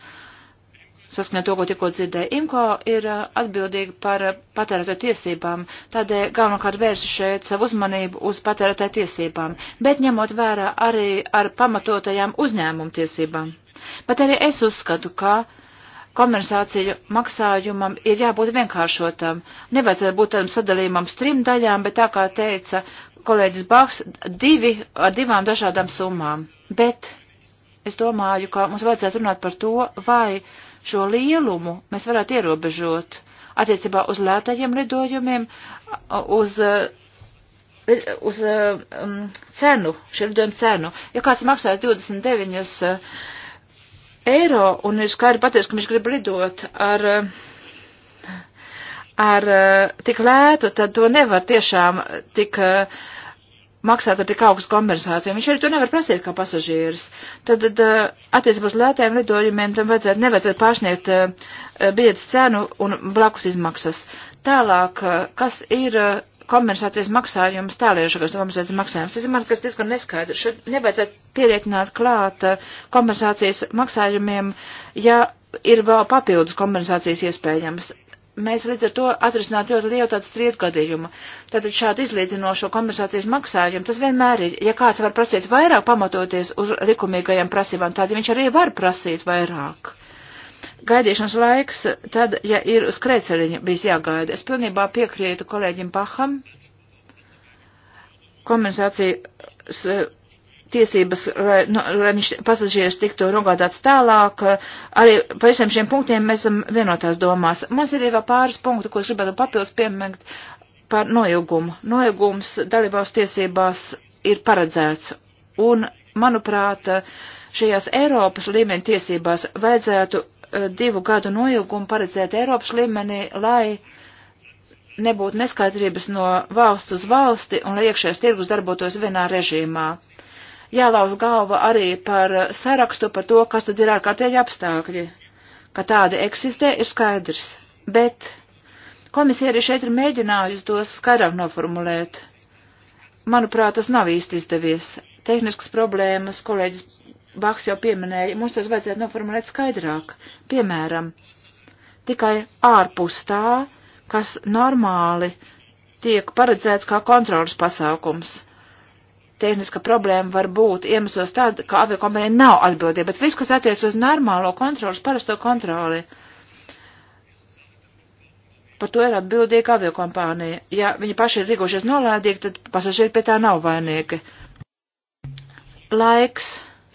B: saskaņā to, ko tikko dzirdēju. IMCO ir uh, atbildīga par uh, patērētāju tiesībām, tādēļ galvenokārt vērsi šeit savu uzmanību uz patērētāju tiesībām, bet ņemot vērā arī ar pamatotajām uzņēmumu tiesībām. Bet arī es uzskatu, ka kompensāciju maksājumam ir jābūt vienkāršotam. Nevajadzētu būt tādam sadalījumam trim daļām, bet tā kā teica kolēģis Baks, divi ar divām dažādām summām. Bet es domāju, ka mums vajadzētu runāt par to, vai uh, šo lielumu mēs varētu ierobežot attiecībā uz lētajiem lidojumiem, uz, uz um, cenu, šī lidojuma cenu. Ja kāds maksās 29 uh, eiro un ir skaidri pateicis, ka viņš grib lidot ar, ar uh, tik lētu, tad to nevar tiešām tik uh, maksāt ar tik augstu kompensāciju. Viņš arī to nevar prasīt kā pasažieris. Tad, tad eh, attiecībā uz lētiem lidojumiem tam vajadzētu, nevajadzētu pārsniegt uh, biļetes cenu un blakus izmaksas. Tālāk, uh, kas ir uh, kompensācijas maksājums, tālējušākais kompensācijas maksājums. Tas ir man, kas diezgan neskaidrs. Šeit nevajadzētu pierēķināt klāt kompensācijas maksājumiem, ja ir vēl papildus kompensācijas iespējams mēs līdz ar to atrisināt ļoti lielu tādu striedu gadījumu. Tātad šādu izlīdzinošo kompensācijas maksājumu tas vienmēr ir, ja kāds var prasīt vairāk pamatoties uz likumīgajām prasībām, tad viņš arī var prasīt vairāk. Gaidīšanas laiks, tad, ja ir uz krēceliņa bijis jāgaida, es pilnībā piekrītu kolēģim Paham. Kompensācijas tiesības, lai, nu, lai viņš pasažieris tiktu nogādāts tālāk. Arī par visiem šiem punktiem mēs esam vienotās domās. Mums ir vēl pāris punkti, ko es gribētu papildus piemērt par noilgumu. Noilgums dalībās tiesībās ir paredzēts. Un, manuprāt, šajās Eiropas līmeņa tiesībās vajadzētu eh, divu gadu noilgumu paredzēt Eiropas līmenī, lai nebūtu neskaidrības no valsts uz valsti un lai iekšējais tirgus darbotos vienā režīmā jālauz galva arī par sarakstu par to, kas tad ir ārkārtēji apstākļi. Ka tādi eksistē, ir skaidrs. Bet komisija arī šeit ir mēģinājusi tos skaidrāk noformulēt. Manuprāt, tas nav īsti izdevies. Tehniskas problēmas, kolēģis Baks jau pieminēja, mums tos vajadzētu noformulēt skaidrāk. Piemēram, tikai ārpus tā, kas normāli tiek paredzēts kā kontrolas pasākums tehniska problēma var būt iemesls tāda, ka aviokompanija nav atbildība, bet viss, kas attiec uz normālo kontroli, uz parasto kontroli, par to ir atbildīga aviokompānija. Ja viņi paši ir rīkojušies nolādīgi, tad pasažieri pie tā nav vainīgi. Laiks,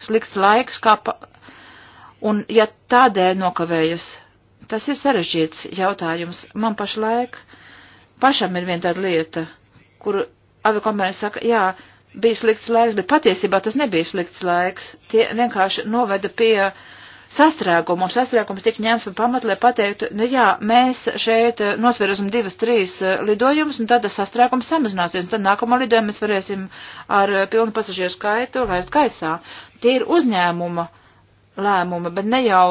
B: slikts laiks, kā pa... un ja tādēļ nokavējas, tas ir sarežģīts jautājums. Man pašlaik pašam ir viena tāda lieta, kuru aviokompānija saka, jā, bija slikts laiks, bet patiesībā tas nebija slikts laiks. Tie vienkārši noveda pie sastrēgumu, un sastrēgums tika ņemts par pamatu, lai pateiktu, nu jā, mēs šeit eh, nosverosim divas, trīs eh, lidojumus, un tad tas sastrēgums samazināsies, un tad nākamo lidojumu mēs varēsim ar eh, pilnu pasažieru skaitu laist gaisā. Tie ir uzņēmuma lēmumi, bet ne jau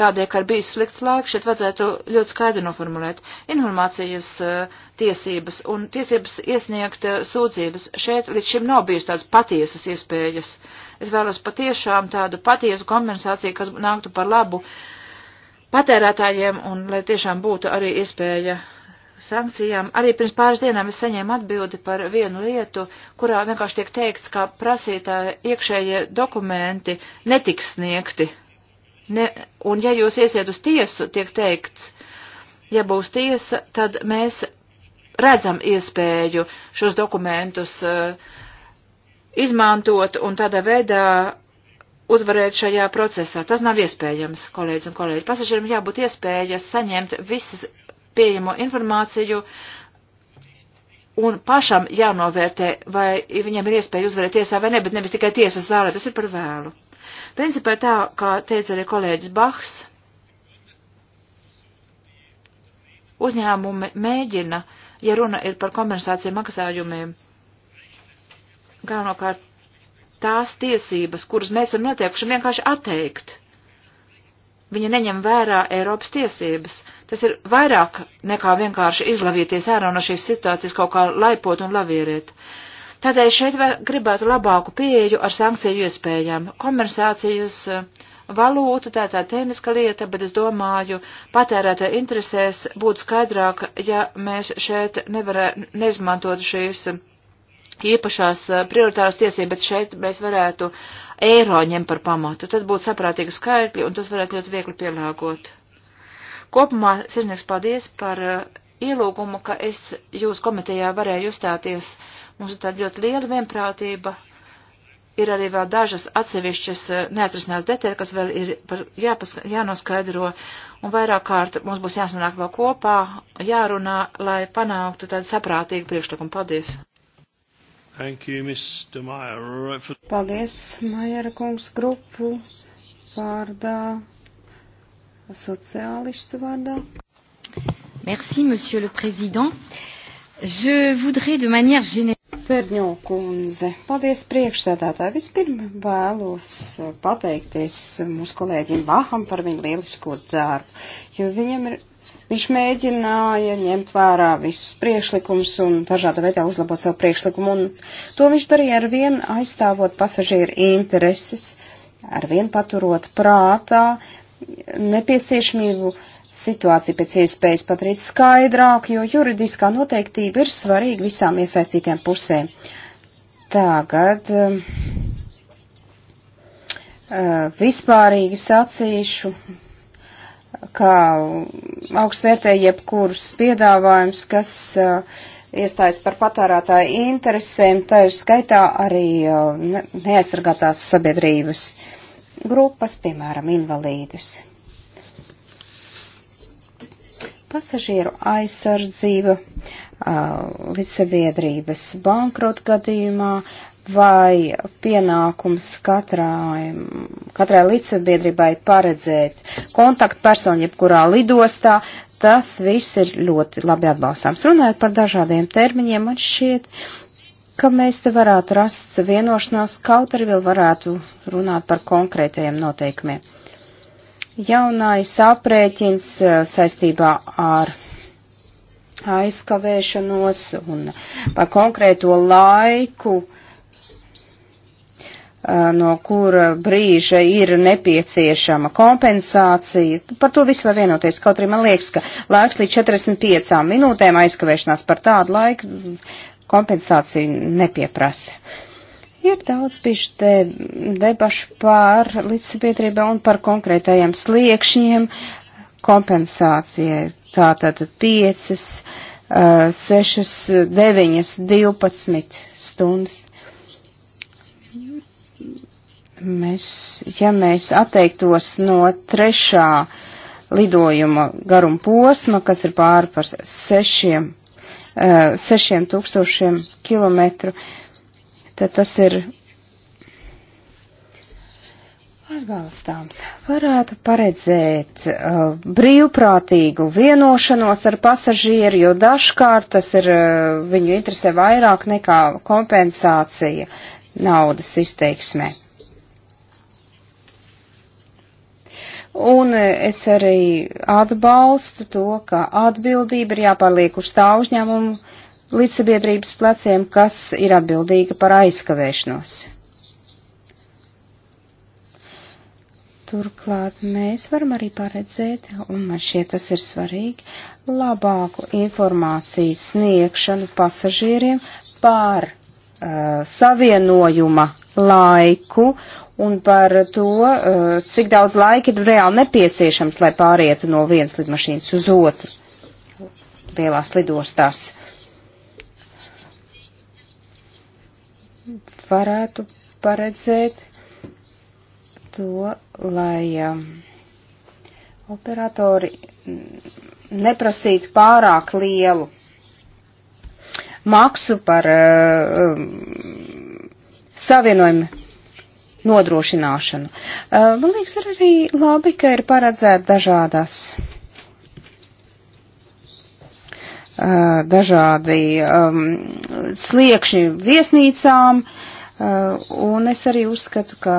B: tādēļ, ka ir bijis slikts laiks, šeit vajadzētu ļoti skaidri noformulēt informācijas eh, tiesības un tiesības iesniegt eh, sūdzības. Šeit līdz šim nav bijis tādas patiesas iespējas. Es vēlos patiešām tādu patiesu kompensāciju, kas nāktu par labu patērētājiem un lai tiešām būtu arī iespēja sankcijām. Arī pirms pāris dienām es saņēmu atbildi par vienu lietu, kurā vienkārši tiek teikts, ka prasītāja iekšējie dokumenti netiks sniegti Ne, un ja jūs iesiet uz tiesu, tiek teikts, ja būs tiesa, tad mēs redzam iespēju šos dokumentus uh, izmantot un tādā veidā uzvarēt šajā procesā. Tas nav iespējams, kolēģis un kolēģi. Pasažieriem jābūt iespēja saņemt visas pieejamo informāciju un pašam jānovērtē, vai viņam ir iespēja uzvarēt tiesā vai ne, bet nevis tikai tiesas zālē. Tas ir par vēlu. Principā tā, kā teica arī kolēģis Bahs, uzņēmumi mēģina, ja runa ir par kompensāciju maksājumiem, galvenokārt tās tiesības, kuras mēs esam noteikuši, vienkārši atteikt. Viņa neņem vērā Eiropas tiesības. Tas ir vairāk nekā vienkārši izlavīties ārā no šīs situācijas kaut kā laipot un lavierēt. Uh, Tādēļ šeit gribētu labāku pieeju ar sankciju iespējām, komersācijas eh, valūtu, tā tā tēniska lieta, bet es domāju, patērētā interesēs būtu skaidrāk, ja mēs šeit nevarē, neizmantot šīs eh, īpašās eh, prioritāras tiesības, bet šeit mēs varētu eiro ņemt par pamatu. Tad būtu saprātīgi skaitļi, un tas varētu ļoti viegli pielāgot. Kopumā, sirsnieks, paldies par ielūgumu, ka es jūs komitejā varēju uzstāties Mums ir tāda ļoti liela vienprātība. Ir arī vēl dažas atsevišķas eh, neatrisinās detaļas, kas vēl ir jāpas, jānoskaidro, un vairāk kārt mums būs jāsanāk vēl kopā, jārunā, lai panāktu tādu saprātīgu priekšlikumu. Paldies!
C: Thank you, Mr. Meyer.
B: Paldies,
D: Maiera kungs, grupu vārdā, sociālistu vārdā. Merci, Monsieur le Président. Je voudrais de manière générale. Verņo kundze, paldies priekšsēdētāji. Vispirms vēlos eh, pateikties mūsu kolēģim Vaham par viņu lielisko darbu, jo viņam ir, viņš mēģināja ņemt vērā visus priekšlikumus un dažāda veidā uzlabot savu priekšlikumu, un to viņš darīja ar vien aizstāvot pasažieru intereses, ar vien paturot prātā nepieciešamību uh, situāciju pēc iespējas padarīt skaidrāk, jo juridiskā noteiktība ir svarīga visām iesaistītiem pusēm. Tagad um, uh, vispārīgi sacīšu, ka augsts vērtē jebkurus piedāvājums, kas uh, iestājas par patērētāju interesēm, tā ir skaitā arī uh, neaizsargātās sabiedrības grupas, piemēram, invalīdus. Pasažieru aizsardzība līdzsabiedrības bankrota gadījumā vai pienākums katrai, katrai līdzsabiedrībai paredzēt kontaktpersonu jebkurā lidostā, tas viss ir ļoti labi atbalstāms. Runājot par dažādiem termiņiem, man šķiet, ka mēs te varētu rast vienošanās, kaut arī vēl varētu runāt par konkrētajiem noteikumiem. Jaunais aprēķins eh, saistībā ar aizkavēšanos un par konkrēto laiku, eh, no kura brīža ir nepieciešama kompensācija. Par to visu var vienoties. Kaut arī man liekas, ka laiks līdz 45 minūtēm aizkavēšanās par tādu laiku kompensāciju nepieprasa. Ir daudz bijuši te debašu pār līdzsabiedrībā un par konkrētajiem sliekšņiem kompensācijai. Tātad 5, 6, 9, 12 stundas. Mēs, ja mēs atteiktos no trešā lidojuma garuma posma, kas ir pāri par sešiem, eh, sešiem tūkstošiem kilometru, uh, tad tas ir atbalstāms. Varētu paredzēt uh, brīvprātīgu vienošanos ar pasažieru, jo dažkārt tas ir uh, viņu interesē vairāk nekā kompensācija naudas izteiksmē. Un uh, es arī atbalstu to, ka atbildība ir jāpaliek uz tā uzņēmumu līdzsabiedrības pleciem, kas ir atbildīga par aizkavēšanos. Turklāt mēs varam arī paredzēt, un man šķiet tas ir svarīgi, labāku informāciju sniegšanu pasažieriem par uh, savienojuma laiku un par to, uh, cik daudz laika ir reāli nepieciešams, lai pārietu no vienas lidmašīnas uz otru lielās lidostās. Uh, varētu paredzēt to, lai um, operatori neprasītu pārāk lielu maksu par uh, um, savienojumu nodrošināšanu. Uh, man liekas, ir arī labi, ka ir paredzēta dažādas uh, dažādi um, sliekšņi viesnīcām, uh, Uh, un es arī uzskatu, ka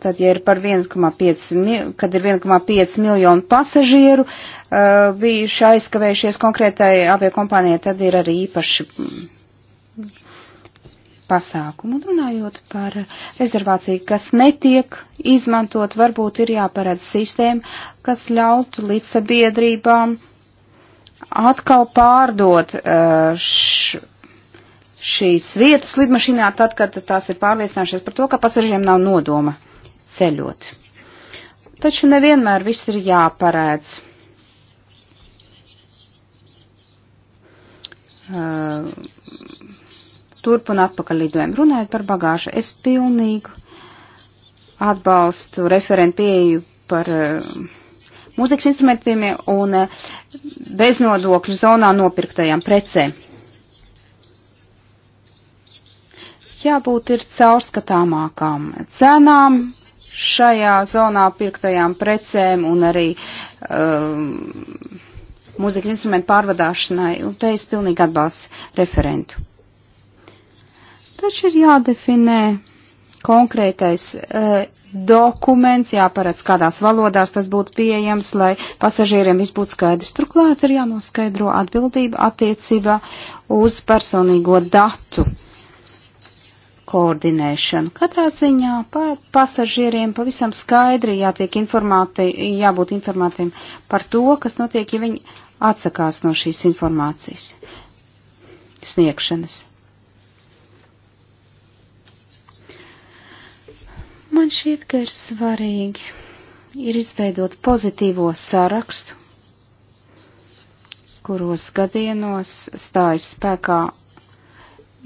D: tad, ja ir par 1,5, kad ir 1,5 miljonu pasažieru uh, bijuši aizkavējušies konkrētai aviokompānijai, tad ir arī īpaši pasākumu. Runājot par rezervāciju, kas netiek izmantot, varbūt ir jāparedz sistēma, kas ļautu līdz sabiedrībām atkal pārdot uh, š, šīs vietas lidmašīnā, tad, kad tās ir pārliecinājušies par to, ka pasažiem nav nodoma ceļot. Taču nevienmēr viss ir jāparēdz. Uh, turp un atpakaļ lidojumu. Runājot par bagāžu, es pilnīgu atbalstu referentu pieeju par uh, mūzikas instrumentiem un uh, beznodokļu zonā nopirktajām precēm. jābūt ir caurskatāmākām cenām šajā zonā pirktajām precēm un arī um, mūzikas instrumentu pārvadāšanai, un te es pilnīgi atbalstu referentu. Taču ir jādefinē konkrētais uh, dokuments, jāparedz, kādās valodās tas būtu pieejams, lai pasažieriem viss būtu skaidrs. Turklāt ir jānoskaidro atbildība attiecībā uz personīgo datu koordinēšanu. Katrā ziņā pa pasažieriem pavisam skaidri jātiek informāti, jābūt informātiem par to, kas notiek, ja viņi atsakās no šīs informācijas sniegšanas. Man šķiet, ka ir svarīgi ir izveidot pozitīvo sarakstu, kuros gadienos stājas spēkā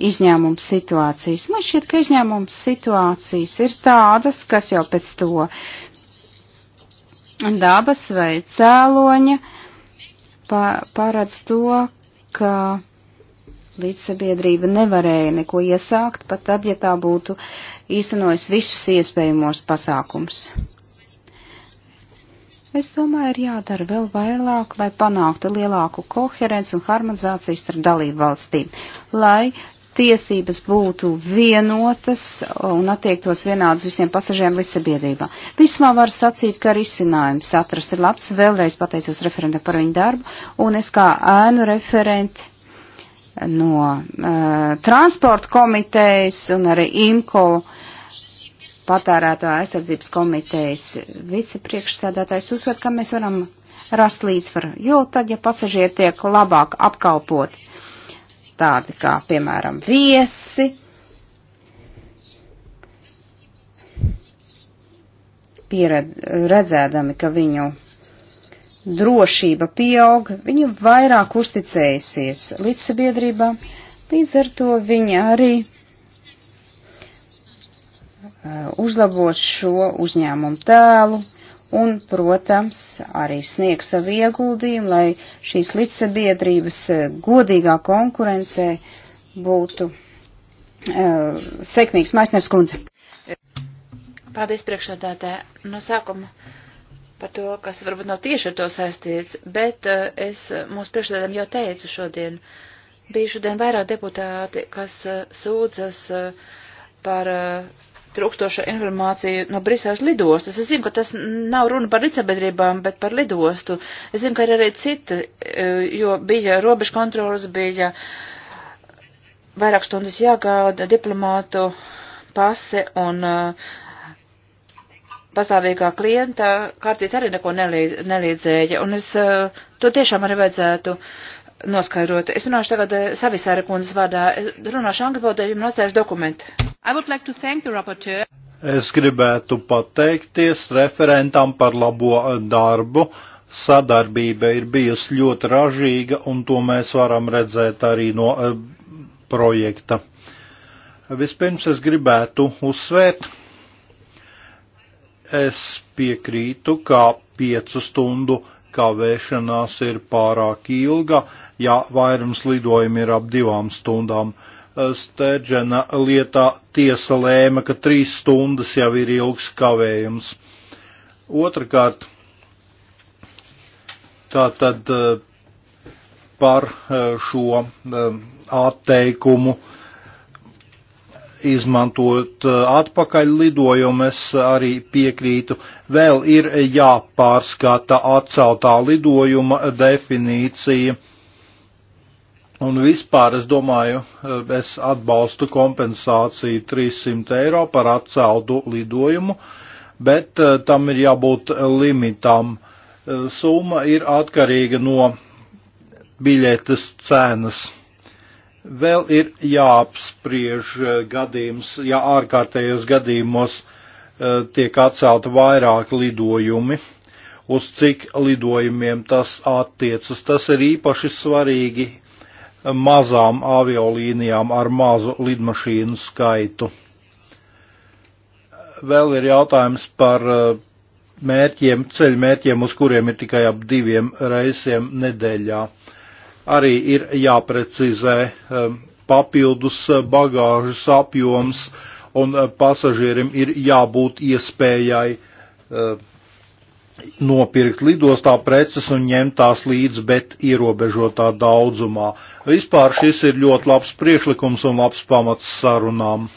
D: izņēmums situācijas. Man šķiet, ka izņēmums situācijas ir tādas, kas jau pēc to dabas vai cēloņa pa, paredz to, ka līdzsabiedrība nevarēja neko iesākt, pat tad, ja tā būtu īstenojis visus iespējamos pasākums. Es domāju, ir jādara vēl vairāk, lai panāktu lielāku koherenci un harmonizāciju starp dalību valstīm, lai tiesības būtu vienotas un attiektos vienādas visiem pasažieriem līdz sabiedrībā. Vismā var sacīt, ka risinājums atrast ir labs. Vēlreiz pateicos referentam par viņu darbu, un es kā ēnu referenti no uh, transporta komitejas un arī IMCO patērētāju aizsardzības komitejas vicepriekšsēdētājs uzskat, ka mēs varam rast līdzsvaru, jo tad, ja pasažieri tiek labāk apkalpoti, tādi kā, piemēram, viesi. Pieredz, redzēdami, ka viņu drošība pieaug, viņa vairāk uzticējusies līdz sabiedrībām, līdz ar to viņa arī uh, uzlabot šo uzņēmumu tēlu, un, protams, arī sniegs savu ieguldījumu, lai šīs līdzsabiedrības eh, godīgā konkurencē būtu uh, sekmīgs. Maisners kundze.
B: Paldies priekšādātē. No sākuma par to, kas varbūt nav tieši ar to saistīts, bet uh, es mūsu priekšādātēm jau teicu šodien. Bija šodien vairāk deputāti, kas uh, sūdzas uh, par. Uh, trūkstošo informāciju no Briseles lidostas. Es zinu, ka tas nav runa par līdzsabiedrībām, bet par lidostu. Es zinu, ka ir arī citi, e, jo bija robežu kontrolas, bija vairāk stundas jāgāda diplomātu pase un uh, pastāvīgā klienta kārtīts arī neko nelīdzēja. Un es uh, to tiešām arī vajadzētu uh, noskaidrot. Es runāšu tagad eh, savisāra kundzes vārdā. Es runāšu angļu valodā, jums nostājas dokumenti. Like
A: es gribētu pateikties referentam par labo eh, darbu. Sadarbība ir bijusi ļoti ražīga, un to mēs varam redzēt arī no e, projekta. Vispirms es gribētu uzsvērt, es piekrītu, ka piecu stundu kavēšanās ir pārāk ilga, ja vairums lidojumi ir ap divām stundām. E, stēdžena lietā tiesa lēma, ka trīs stundas jau ir ilgs kavējums. Otrakārt, tātad e, par e, šo atteikumu izmantot atpakaļ lidojumu, es arī piekrītu. Vēl ir jāpārskata atceltā lidojuma definīcija Un vispār es domāju, eh, es atbalstu kompensāciju 300 eiro par atceltu lidojumu, bet eh, tam ir jābūt limitam. Eh, summa ir atkarīga no biļetes cenas. Vēl ir jāapspriež gadījums, ja ārkārtējos gadījumos tiek atcelti vairāk lidojumi, uz cik lidojumiem tas attiecas. Tas ir īpaši svarīgi mazām aviolīnijām ar mazu lidmašīnu skaitu. Vēl ir jautājums par eh, mērķiem, ceļu mērķiem, uz kuriem ir tikai ap diviem reisiem nedēļā. Arī ir jāprecizē eh, papildus eh, bagāžas apjoms, un pasažierim ir jābūt iespējai nopirkt lidostā preces un ņemt tās līdzi, bet ierobežotā daudzumā. Vispār šis ir ļoti labs priekšlikums un labs pamats sarunām.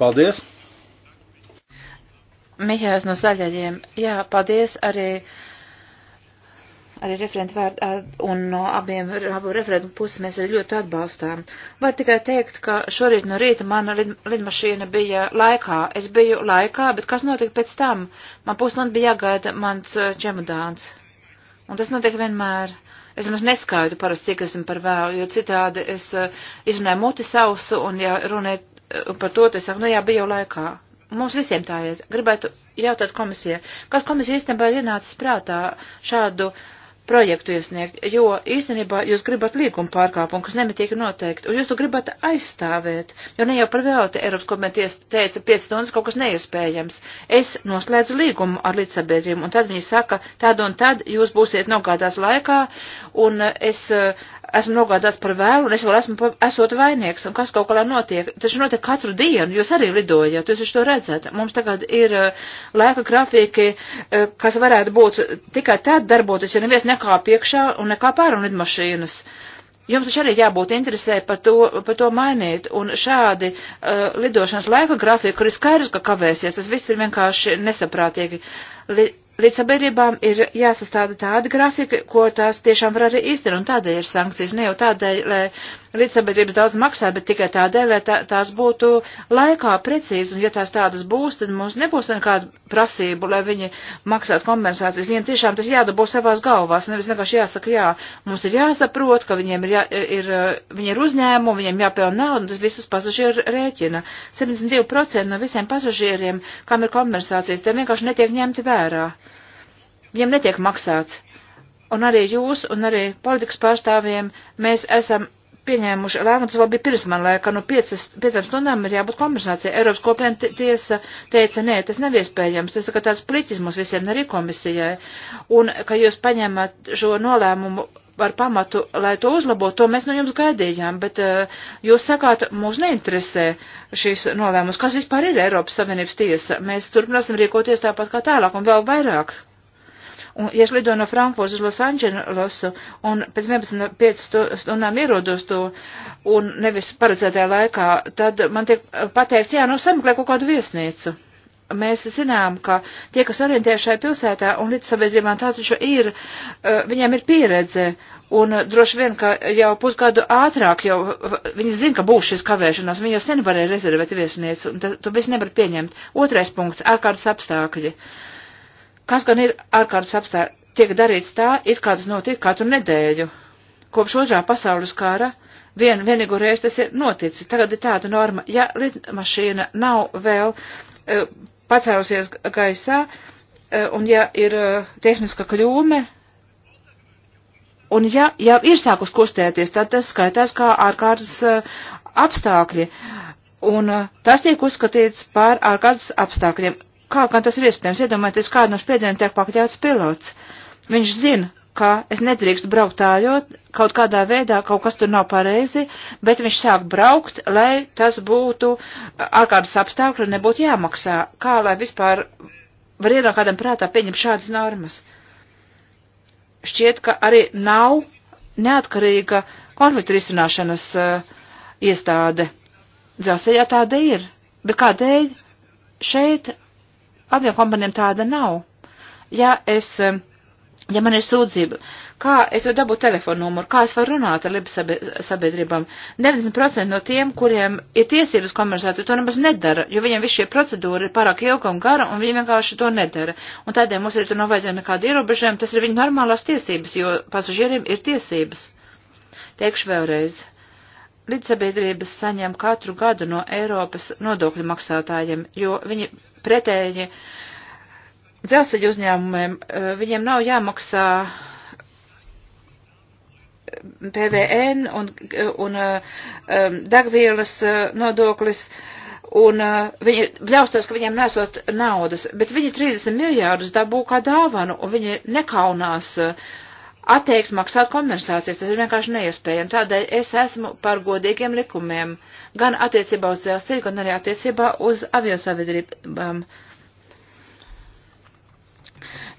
A: Paldies!
B: Mihēls no zaļajiem. Jā, paldies arī arī referentu vārdu un no abiem abu referentu puses mēs arī ļoti atbalstām. Var tikai teikt, ka šorīt no rīta mana lid, lidmašīna bija laikā. Es biju laikā, bet kas notika pēc tam? Man pusnakti bija jāgaida mans čemodāns. Un tas notiek vienmēr. Es maz neskaidu parasti, cik esmu par vēlu, jo citādi es izrunāju muti sausu un, ja runa ir par to, tad es saku, nu jā, bija jau laikā. Mums visiem tā iet. Gribētu jautāt komisijai, kas komisija īstenībā ir ienācis prātā šādu uh, projektu iesniegt, jo īstenībā jūs gribat līguma pārkāpumu, kas nemitīgi noteikti, un jūs to gribat aizstāvēt, jo ne jau par vēlti Eiropas komitejas teica, 5 stundas kaut kas neiespējams. Es noslēdzu līgumu ar līdzsabiedriem, un tad viņi saka, tad un tad jūs būsiet nogādās laikā, un es eh, esmu nogādās par vēlu, un es vēl esmu esot vainīgs, un kas kaut kādā notiek. Taču notiek katru dienu, jūs arī lidojat, jūs taču to redzat. Mums tagad ir eh, laika grafiki, eh, kas varētu būt tikai tad darboties, ja neviens nekā piekšā un nekā pāri un lidmašīnas. Jums taču arī jābūt interesē par to, par to mainīt, un šādi uh, lidošanas laika grafika, kur ir skaidrs, ka kavēsies, tas viss ir vienkārši nesaprātīgi. Li līdz sabiedrībām ir jāsastāda tāda grafika, ko tās tiešām var arī izdarīt, un tādēļ ir sankcijas. Ne jau tādēļ, lai līdz sabiedrības daudz maksā, bet tikai tādēļ, lai tā, tās būtu laikā precīzi, un ja tās tādas būs, tad mums nebūs nekāda prasība, lai viņi maksātu kompensācijas. Viņiem tiešām tas jādabū savās galvās, nevis vienkārši jāsaka jā. Mums ir jāsaprot, ka viņiem ir, jā, ir, viņi ir uzņēmumi, viņiem jāpelna nauda, un tas visus pasažieru rēķina. 72% no visiem pasažieriem, kam ir kompensācijas, tie vienkārši netiek ņemti vērā. Viņiem netiek maksāts. Un arī jūs, un arī politikas pārstāvjiem mēs esam pieņēmuši lēmumu, tas vēl bija pirms man laika, no nu, piecas, piecām stundām ir jābūt kompensācijai. Eiropas kopiena tiesa teica, nē, tas nav iespējams, tas tā tāds pliķis mums visiem, arī komisijai. Un, ka jūs paņemat šo nolēmumu ar pamatu, lai to uzlabotu, to mēs no jums gaidījām, bet uh, jūs sakāt, mūs neinteresē šīs nolēmums, kas vispār ir Eiropas Savienības tiesa. Mēs turpināsim rīkoties tāpat kā tālāk un vēl vairāk un, ja es lidoju no Frankfurtas uz Losandželosu un pēc 11.5 stundām ierodos to un nevis paredzētajā laikā, tad man tiek eh, pateikts, jā, nu sameklē kaut kādu viesnīcu. Mēs zinām, ka tie, kas orientējas šajā pilsētā un līdz sabiedrībām tā taču ir, eh, viņiem ir pieredze Un eh, droši vien, ka jau pusgadu ātrāk jau viņi zina, ka būs šis kavēšanās, viņi jau sen varēja rezervēt viesnīcu, un tas, to viss nevar pieņemt. Otrais punkts - ārkārtas apstākļi. Uh, Kas gan ir ārkārtas apstākļi? Tiek darīts tā, it kā tas notiek katru nedēļu. Kopš otrā pasaules kara vien, vienīgo reizi tas ir noticis. Tagad ir tāda norma, ja lidmašīna nav vēl e, pacēlusies gaisā, e, un ja ir e, tehniska kļūme, un ja jau ir sākus kustēties, tad tas skaitās kā ārkārtas e, apstākļi. Un e, tas tiek uzskatīts par ārkārtas apstākļiem Kā gan tas ir iespējams? Iedomājieties, kādu no spiedieniem tiek pakļauts pilots. Viņš zina, ka es nedrīkstu braukt tāļot, kaut kādā veidā kaut kas tur nav pareizi, bet viņš sāk braukt, lai tas būtu ārkārtas apstākļi, nebūtu jāmaksā. Kā lai vispār var ienākt kādam prātā pieņemt šādas normas? Šķiet, ka arī nav neatkarīga konflikta risināšanas uh, iestāde. Dzelzceļā tāda ir, bet kādēļ šeit aviokompaniem tāda nav. Ja es, eh, ja man ir sūdzība, kā es varu dabūt telefonu numuru, kā es varu runāt ar Libas sabiedrībām. 90% no tiem, kuriem ir tiesības komercēt, to nemaz nedara, jo viņiem viss šie procedūra ir pārāk ilga un gara, un viņi vienkārši to nedara. Un tādēļ mums arī tur nav vajadzēja nekāda ierobežojuma, tas ir viņu normālās tiesības, jo pasažieriem ir tiesības. Teikšu vēlreiz. Līdzsabiedrības saņem katru gadu no Eiropas nodokļu maksātājiem, jo viņi pretēji dzelzceļu uzņēmumiem, eh, viņiem nav jāmaksā eh, PVN un, eh, un um, degvielas nodoklis, un viņi ļausties, ka viņiem nesot naudas, bet viņi 30 miljārdus dabū kā dāvanu, un viņi nekaunās atteikt maksāt kompensācijas. Tas ir vienkārši neiespējami. Tādēļ es esmu par godīgiem likumiem. Uh, gan attiecībā uz dzelzceļu, gan arī attiecībā uz aviosaviedrībām.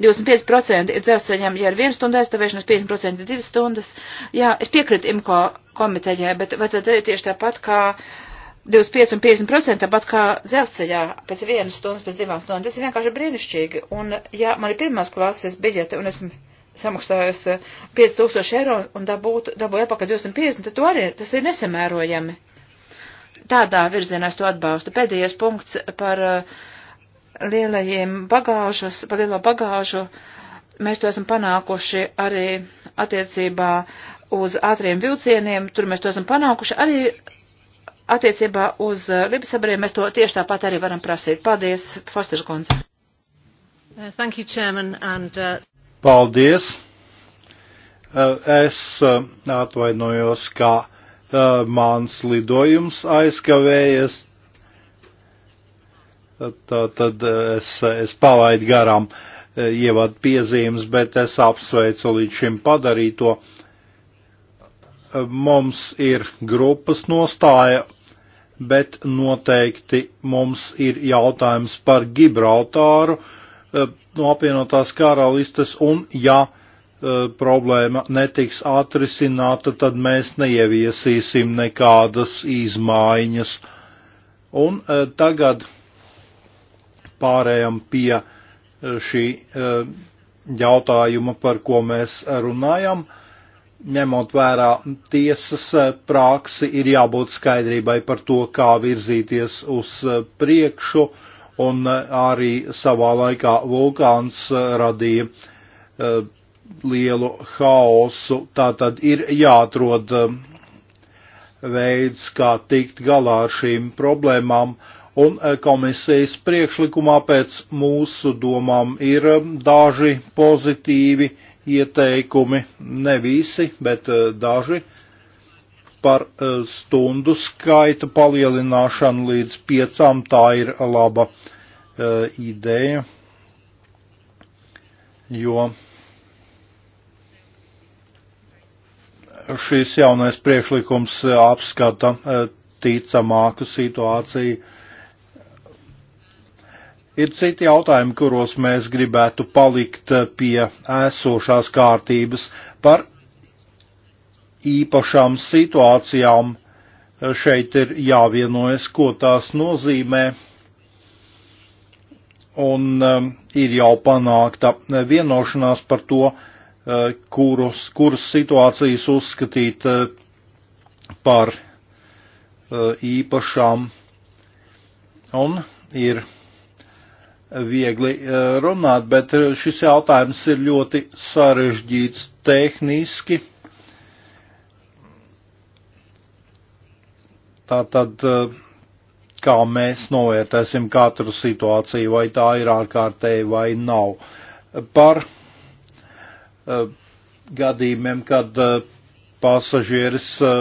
B: 25% ir dzelzceļam, ja ir 1 stunda aizstāvēšanas, 50% ir 2 stundas. Jā, es piekrītu IMCO komitejai, bet vajadzētu arī tieši tāpat kā 25 un 50% tāpat kā dzelzceļā pēc 1 stundas, pēc 2 stundām. Tas ir vienkārši brīnišķīgi. Un ja man ir pirmās klases biļete un esmu samaksājusi uh, 5000 eiro un dabūtu, dabūju apakaļ 250, tad to arī tas ir nesamērojami tādā virzienā es to atbalstu. Pēdējais punkts par uh, lielajiem bagāžas, par lielo bagāžu. Mēs to esam panākuši arī attiecībā uz ātriem vilcieniem. Tur mēs to esam panākuši arī attiecībā uz uh, Libisabriem. Mēs to tieši tāpat arī varam prasīt. Paldies, Fosters Gonz. Uh, thank you, Chairman, and, uh...
A: Paldies. Es atvainojos, ka uh, mans lidojums aizkavējies, tā, tad es, es palaidu garām e, ievadu piezīmes, bet es apsveicu līdz šim padarīto. Mums ir grupas nostāja, bet noteikti mums ir jautājums par Gibraltāru e, no apvienotās karalistes un, ja Eh, problēma netiks atrisināta, tad mēs neieviesīsim nekādas izmaiņas. Un eh, tagad pārējām pie eh, šī jautājuma, par ko mēs runājam. Ņemot vērā tiesas praksi, ir jābūt skaidrībai par to, kā virzīties uz priekšu, un arī savā laikā vulkāns radīja lielu haosu. Tā tad ir jāatrod um, veids, kā tikt galā ar šīm problēmām, un uh, komisijas priekšlikumā pēc mūsu domām ir um, daži pozitīvi ieteikumi, ne visi, bet uh, daži par uh, stundu skaita palielināšanu līdz piecām. Tā ir laba uh, ideja, jo uh, šis jaunais priekšlikums apskata e, ticamāku situāciju. Ir citi jautājumi, kuros mēs gribētu palikt e, pie esošās kārtības par īpašām situācijām. E, šeit ir jāvienojas, ko tās nozīmē, un um, ir jau panākta vienošanās par to, uh, Eh, kurus, kuras situācijas uzskatīt eh, par eh, īpašām. Un ir viegli runāt, bet šis jautājums ir ļoti sarežģīts tehniski. Tātad, kā mēs novērtēsim katru situāciju, vai tā ir ārkārtēji vai nav. Par uh, Eh, gadījumiem, kad eh, pasažieris eh,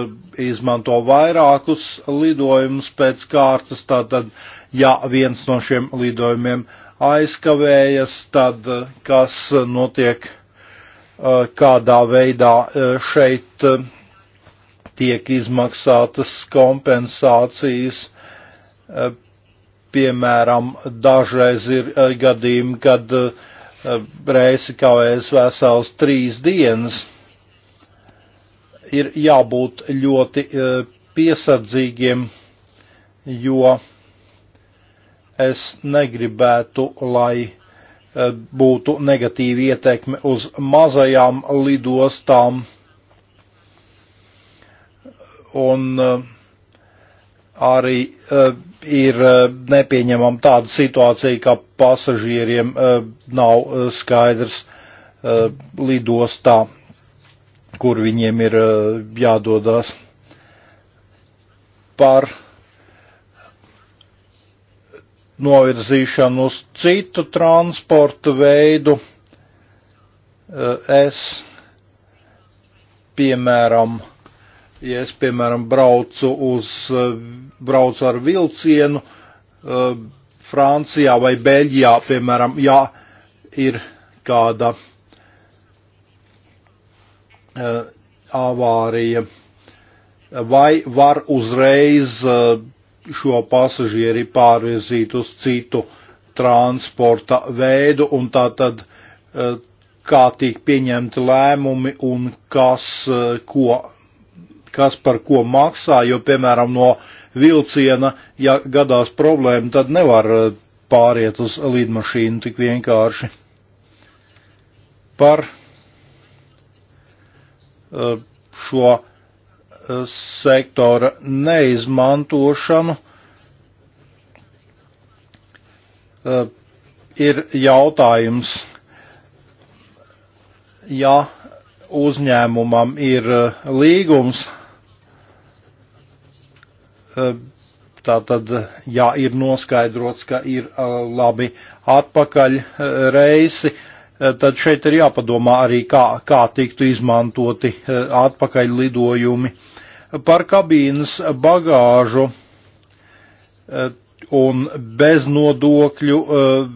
A: izmanto vairākus lidojumus pēc kārtas, tātad, ja viens no šiem lidojumiem aizkavējas, tad kas notiek, kādā veidā šeit tiek izmaksātas kompensācijas. Piemēram, dažreiz ir gadījumi, kad uh, Eh, reisi kavējas vesels trīs dienas. Ir jābūt ļoti eh, piesardzīgiem, jo es negribētu, lai eh, būtu negatīva ietekme uz mazajām lidostām. Un uh, arī eh, ir eh, nepieņemama tāda situācija, ka pasažieriem eh, nav skaidrs lidostā, kur viņiem ir jādodas par novirzīšanu uz citu transportu veidu. Es, piemēram, ja es, piemēram, braucu, uz, eh, braucu ar vilcienu eh, Francijā vai Beļģijā, piemēram, ja ir kāda eh, avārija, vai var uzreiz šo pasažieri pārvirzīt uz citu transporta veidu un tā tad kā tiek pieņemti lēmumi un kas ko kas par ko maksā, jo, piemēram, no vilciena, ja gadās problēma, tad nevar eh, pāriet uz līdmašīnu tik vienkārši. Par eh, šo eh, sektora neizmantošanu ir jautājums, ja uzņēmumam ir līgums Eh, tā tad, ja ir noskaidrots, ka ir eh, labi atpakaļ eh, reisi, tad šeit ir jāpadomā arī, kā, kā tiktu izmantoti atpakaļ lidojumi. Par kabīnas bagāžu un beznodokļu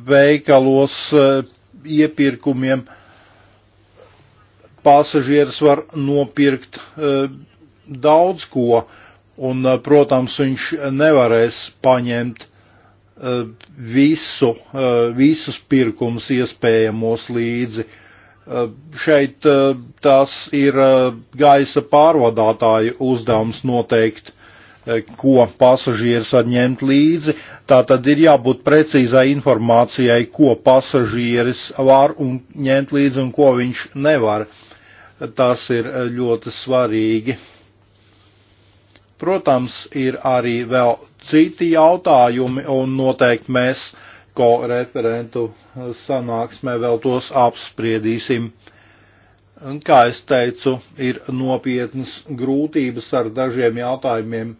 A: veikalos iepirkumiem pasažieris var nopirkt daudz ko, uh, un, eh, protams, viņš nevarēs paņemt eh, visu, eh, visus pirkums iespējamos līdzi. Šeit tas ir gaisa pārvadātāju uzdevums noteikt, ko pasažieris var ņemt līdzi. Tā tad ir jābūt precīzai informācijai, ko pasažieris var un ņemt līdzi un ko viņš nevar. Tas ir ļoti svarīgi. Protams, ir arī vēl citi jautājumi, un noteikti mēs ko referentu sanāksmē vēl tos apspriedīsim. Kā es teicu, ir nopietnas grūtības ar dažiem jautājumiem,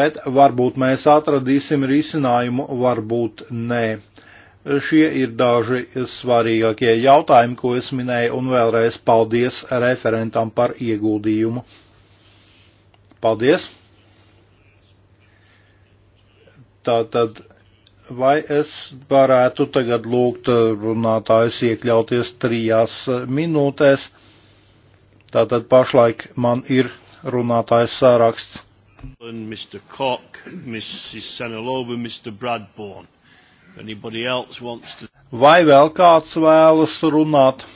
A: bet varbūt mēs atradīsim risinājumu, varbūt nē. Šie ir daži svarīgākie jautājumi, ko es minēju, un vēlreiz paldies referentam par ieguldījumu. Paldies! Tātad, vai es varētu tagad lūgt runātājus iekļauties trijās minūtēs? Tātad pašlaik man ir runātājs sāraksts.
C: Mr. Cock, Mrs. Senelova, Mr. Bradbourne. Anybody else wants
A: to... Vai vēl kāds vēlas runāt?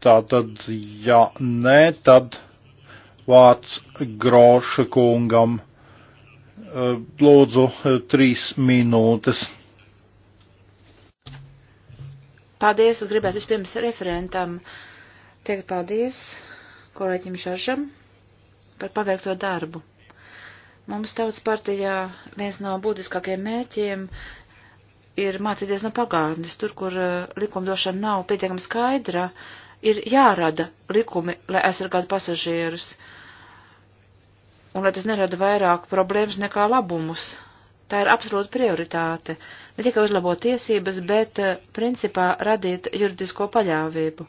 A: Tātad, ja nē, tad vārds Groša kungam. E, lūdzu, trīs minūtes.
B: Paldies, es gribētu vispirms referentam teikt paldies kolēģim Šaržam par paveikto darbu. Mums tautas partijā viens no būtiskākajiem mērķiem ir mācīties no pagātnes, tur, kur e, likumdošana nav pietiekami skaidra, uh, ir jārada likumi, lai aizsargātu pasažierus, un lai tas nerada vairāk problēmas nekā labumus. Tā ir absolūta prioritāte. Ne tikai uzlabot tiesības, bet eh, principā radīt juridisko paļāvību.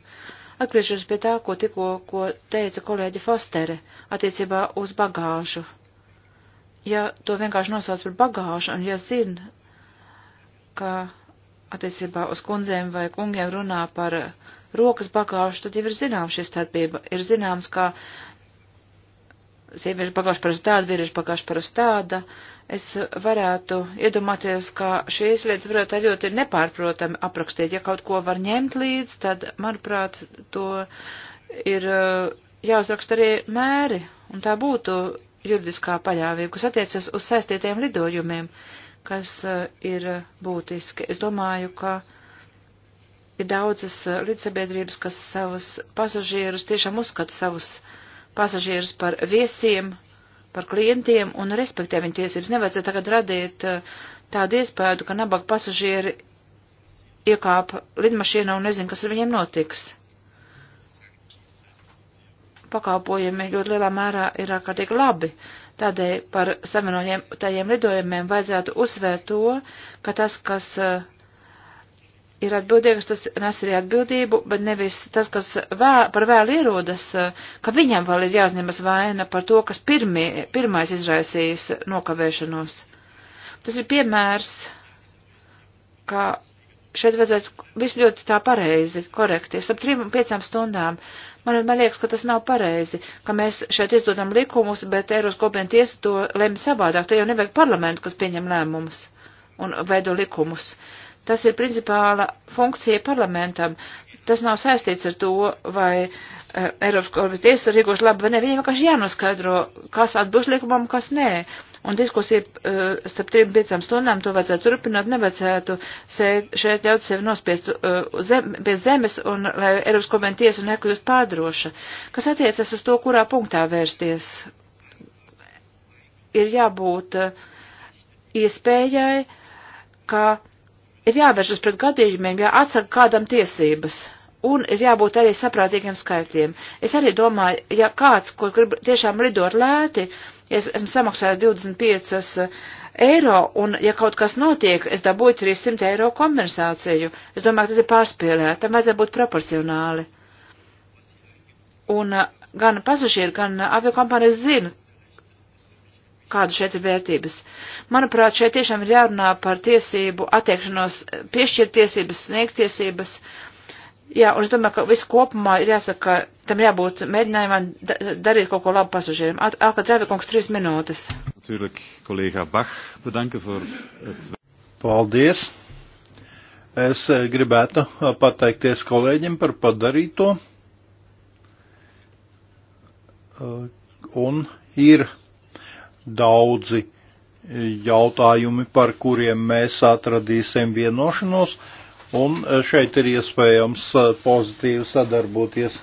B: Atgriežos pie tā, ko tikko ko teica kolēģi Fostere attiecībā uz bagāžu. Ja to vienkārši nosauc par bagāžu, un ja zina, ka attiecībā uz kundzēm vai kungiem runā par uh, rokas bagāžu, tad jau ir zināms šī starpība. Ir zināms, ka sieviešu bagāžu parasti tāda, vīriešu bagāžu parasti tāda. Es varētu iedomāties, ka šīs lietas varētu ļoti nepārprotami aprakstīt. Ja kaut ko var ņemt līdzi, tad, manuprāt, to ir uh, jāuzraksta arī mēri, un tā būtu juridiskā paļāvība, kas attiecas uz saistītiem lidojumiem, kas uh, ir būtiski. Es domāju, ka Ir daudzas uh, līdzsabiedrības, kas savus pasažierus tiešām uzskata savus pasažierus par viesiem, par klientiem un respektē viņu tiesības. Nevajadzētu tagad radīt uh, tādu iespēju, ka nabaga pasažieri iekāpa lidmašīnā un nezin, kas ar viņiem notiks. Pakalpojumi ļoti lielā mērā ir ārkārtīgi labi. Tādēļ par savienojiem tajiem lidojumiem vajadzētu uzsvērt to, ka tas, kas uh, ir atbildīgs, tas nes arī atbildību, bet nevis tas, kas vēl, par vēlu ierodas, ka viņam vēl ir jāuzņemas vaina par to, kas pirmie, pirmais izraisīs nokavēšanos. Tas ir piemērs, ka šeit vajadzētu visu ļoti tā pareizi, korekti. Es ap trim un piecām stundām man vienmēr liekas, ka tas nav pareizi, ka mēs šeit izdodam likumus, bet Eiros kopienu tiesa to lemj savādāk. Te jau nevajag parlamentu, kas pieņem lēmumus un veido likumus. Uh, Tas ir principāla funkcija parlamentam. Tas nav saistīts ar to, vai uh, Eiropas korbis tiesa rīkos labi vai nē. Viņiem vienkārši jānoskaidro, kas atbilst likumam, kas nē. Un diskusija uh, starp trim piecām stundām to vajadzētu turpināt, nevajadzētu sēt, šeit ļaut sevi nospiest uh, zem, pie zemes un lai Eiropas korbis tiesa nekļūst pārdroša. Kas attiecas uz to, kurā punktā vērsties, ir jābūt uh, iespējai, ka ir jāvēršas pret gadījumiem, ja atsaka kādam tiesības. Un ir jābūt arī saprātīgiem skaitļiem. Es arī domāju, ja kāds, kur grib tiešām lidot lēti, ja es esmu samaksājis 25 eh, eiro, un ja kaut kas notiek, es dabūju 300 eiro kompensāciju. Es domāju, tas ir pārspīlēti, tam vajadzētu būt proporcionāli. Un eh, gan pasažieri, gan aviokompānijas zina, kāda šeit ir vērtības. Manuprāt, šeit tiešām ir jārunā par tiesību attiekšanos, piešķirt tiesības, sniegt tiesības. Jā, un es domāju, ka viss kopumā ir jāsaka, ka tam jābūt mēģinājumam da darīt kaut ko labu pasažieriem. Alka Travikungs, trīs minūtes.
A: Paldies. Es eh, gribētu eh, pateikties kolēģim par padarīto. Eh, un ir daudzi jautājumi, par kuriem mēs atradīsim vienošanos, un šeit ir iespējams pozitīvi sadarboties.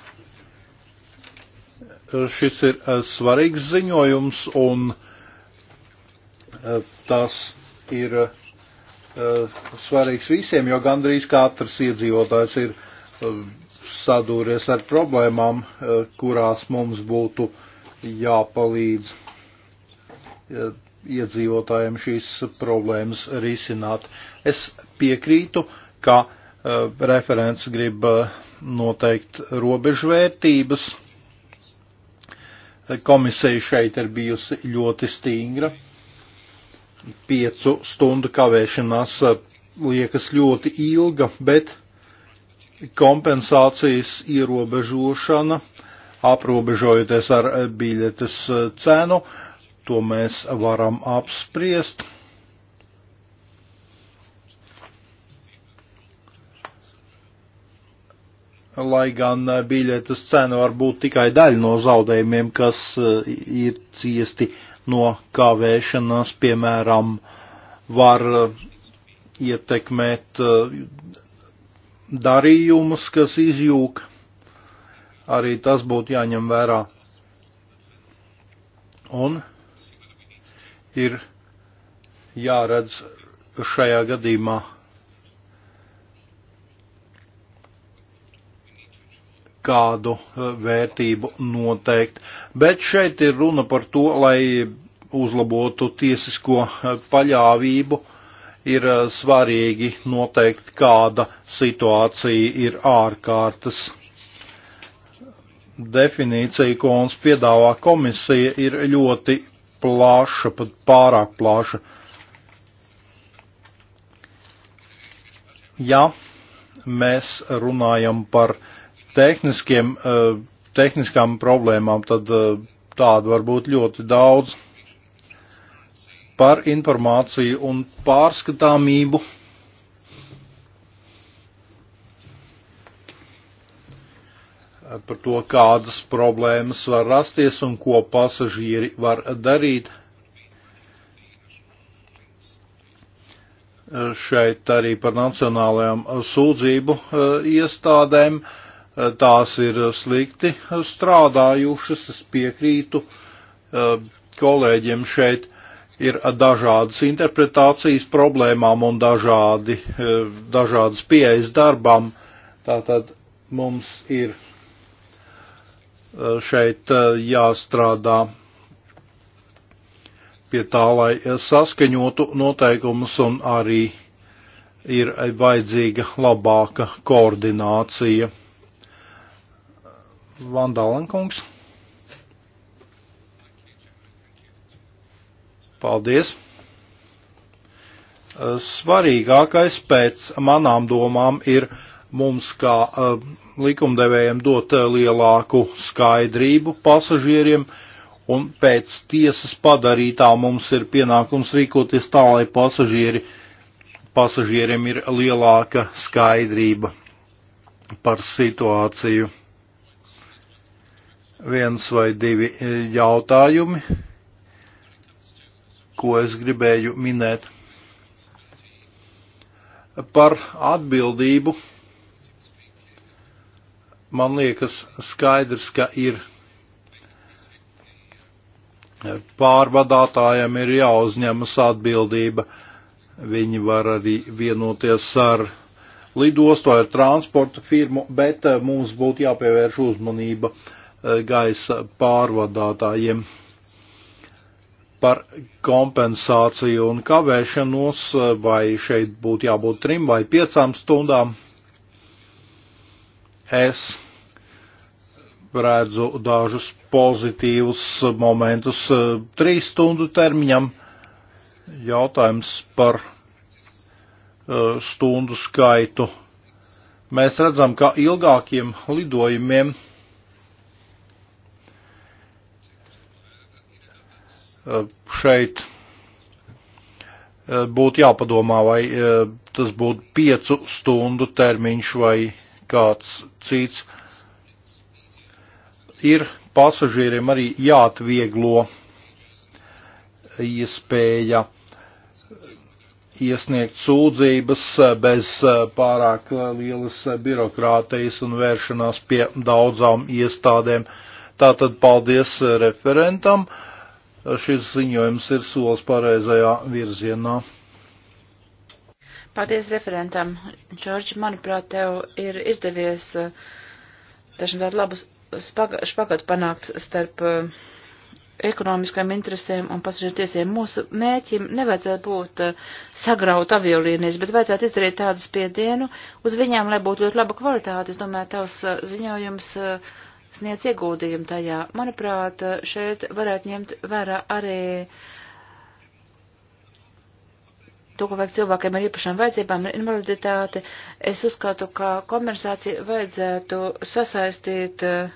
A: Šis ir svarīgs ziņojums, un tas ir svarīgs visiem, jo gandrīz katrs iedzīvotājs ir sadūries ar problēmām, kurās mums būtu jāpalīdz. Eh, iedzīvotājiem šīs problēmas risināt. Es piekrītu, ka eh, referents grib eh, noteikt robežvērtības. Komisija šeit ir bijusi ļoti stingra. Piecu stundu kavēšanās liekas ļoti ilga, bet kompensācijas ierobežošana, aprobežojoties ar biļetes cenu, uh, to mēs varam apspriest. Lai gan biļetes cena var būt tikai daļa no zaudējumiem, kas eh, ir ciesti no kavēšanās, piemēram, var ietekmēt eh, darījumus, kas izjūg. Arī tas būtu jāņem vērā. Un ir jāredz šajā gadījumā, kādu eh, vērtību noteikt. Bet šeit ir runa par to, lai uzlabotu tiesisko eh, paļāvību, ir eh, svarīgi noteikt, kāda situācija ir ārkārtas. Definīcija, ko mums piedāvā komisija, ir ļoti plaša, pat pārāk plaša. Ja mēs runājam par tehniskiem, eh, tehniskām problēmām, tad eh, tādu var būt ļoti daudz par informāciju un pārskatāmību par to, kādas problēmas var rasties un ko pasažieri var darīt. Šeit arī par nacionālajām sūdzību e, iestādēm. E, tās ir slikti strādājušas, es piekrītu e, kolēģiem šeit. Ir dažādas interpretācijas problēmām un dažādi, dažādas pieejas darbam. Tātad mums ir šeit eh, jāstrādā pie tā, lai saskaņotu noteikumus un arī ir vajadzīga labāka koordinācija. Vandālenkungs. Paldies! Eh, svarīgākais pēc manām domām ir mums kā eh, likumdevējiem dot eh, lielāku skaidrību pasažieriem, un pēc tiesas padarītā mums ir pienākums rīkoties tā, lai pasažieri, pasažieriem ir lielāka skaidrība par situāciju. Viens vai divi eh, jautājumi, ko es gribēju minēt par atbildību man liekas skaidrs, ka ir pārvadātājiem ir jāuzņemas atbildība. Viņi var arī vienoties ar lidostu vai ar transporta firmu, bet eh, mums būtu jāpievērš uzmanība eh, gaisa pārvadātājiem par kompensāciju un kavēšanos, eh, vai šeit būtu jābūt trim vai piecām stundām es redzu dažus pozitīvus momentus eh, trīs stundu termiņam. Jautājums par eh, stundu skaitu. Mēs redzam, ka ilgākiem lidojumiem eh, šeit būtu jāpadomā, vai tas būtu piecu stundu termiņš vai kāds cits. Ir pasažieriem arī jāatvieglo iespēja iesniegt sūdzības bez pārāk lielas birokrātijas un vēršanās pie daudzām iestādēm. Tātad paldies referentam. Šis ziņojums ir solis pareizajā virzienā.
B: Paldies referentam. Čorģi, manuprāt, tev ir izdevies taču eh, tādu labu špagatu panākt starp eh, ekonomiskām interesēm un pasažieru tiesiem. Mūsu mēķim nevajadzētu būt eh, sagraut aviolīnijas, bet vajadzētu izdarīt tādu spiedienu uz viņām, lai būtu ļoti laba kvalitāte. Es domāju, tavs ziņojums sniedz ieguldījumu tajā. Manuprāt, šeit varētu ņemt vērā arī uh, to, ko vajag cilvēkiem ar īpašām vajadzībām, ir invaliditāte. Es uzskatu, ka kompensāciju vajadzētu sasaistīt eh,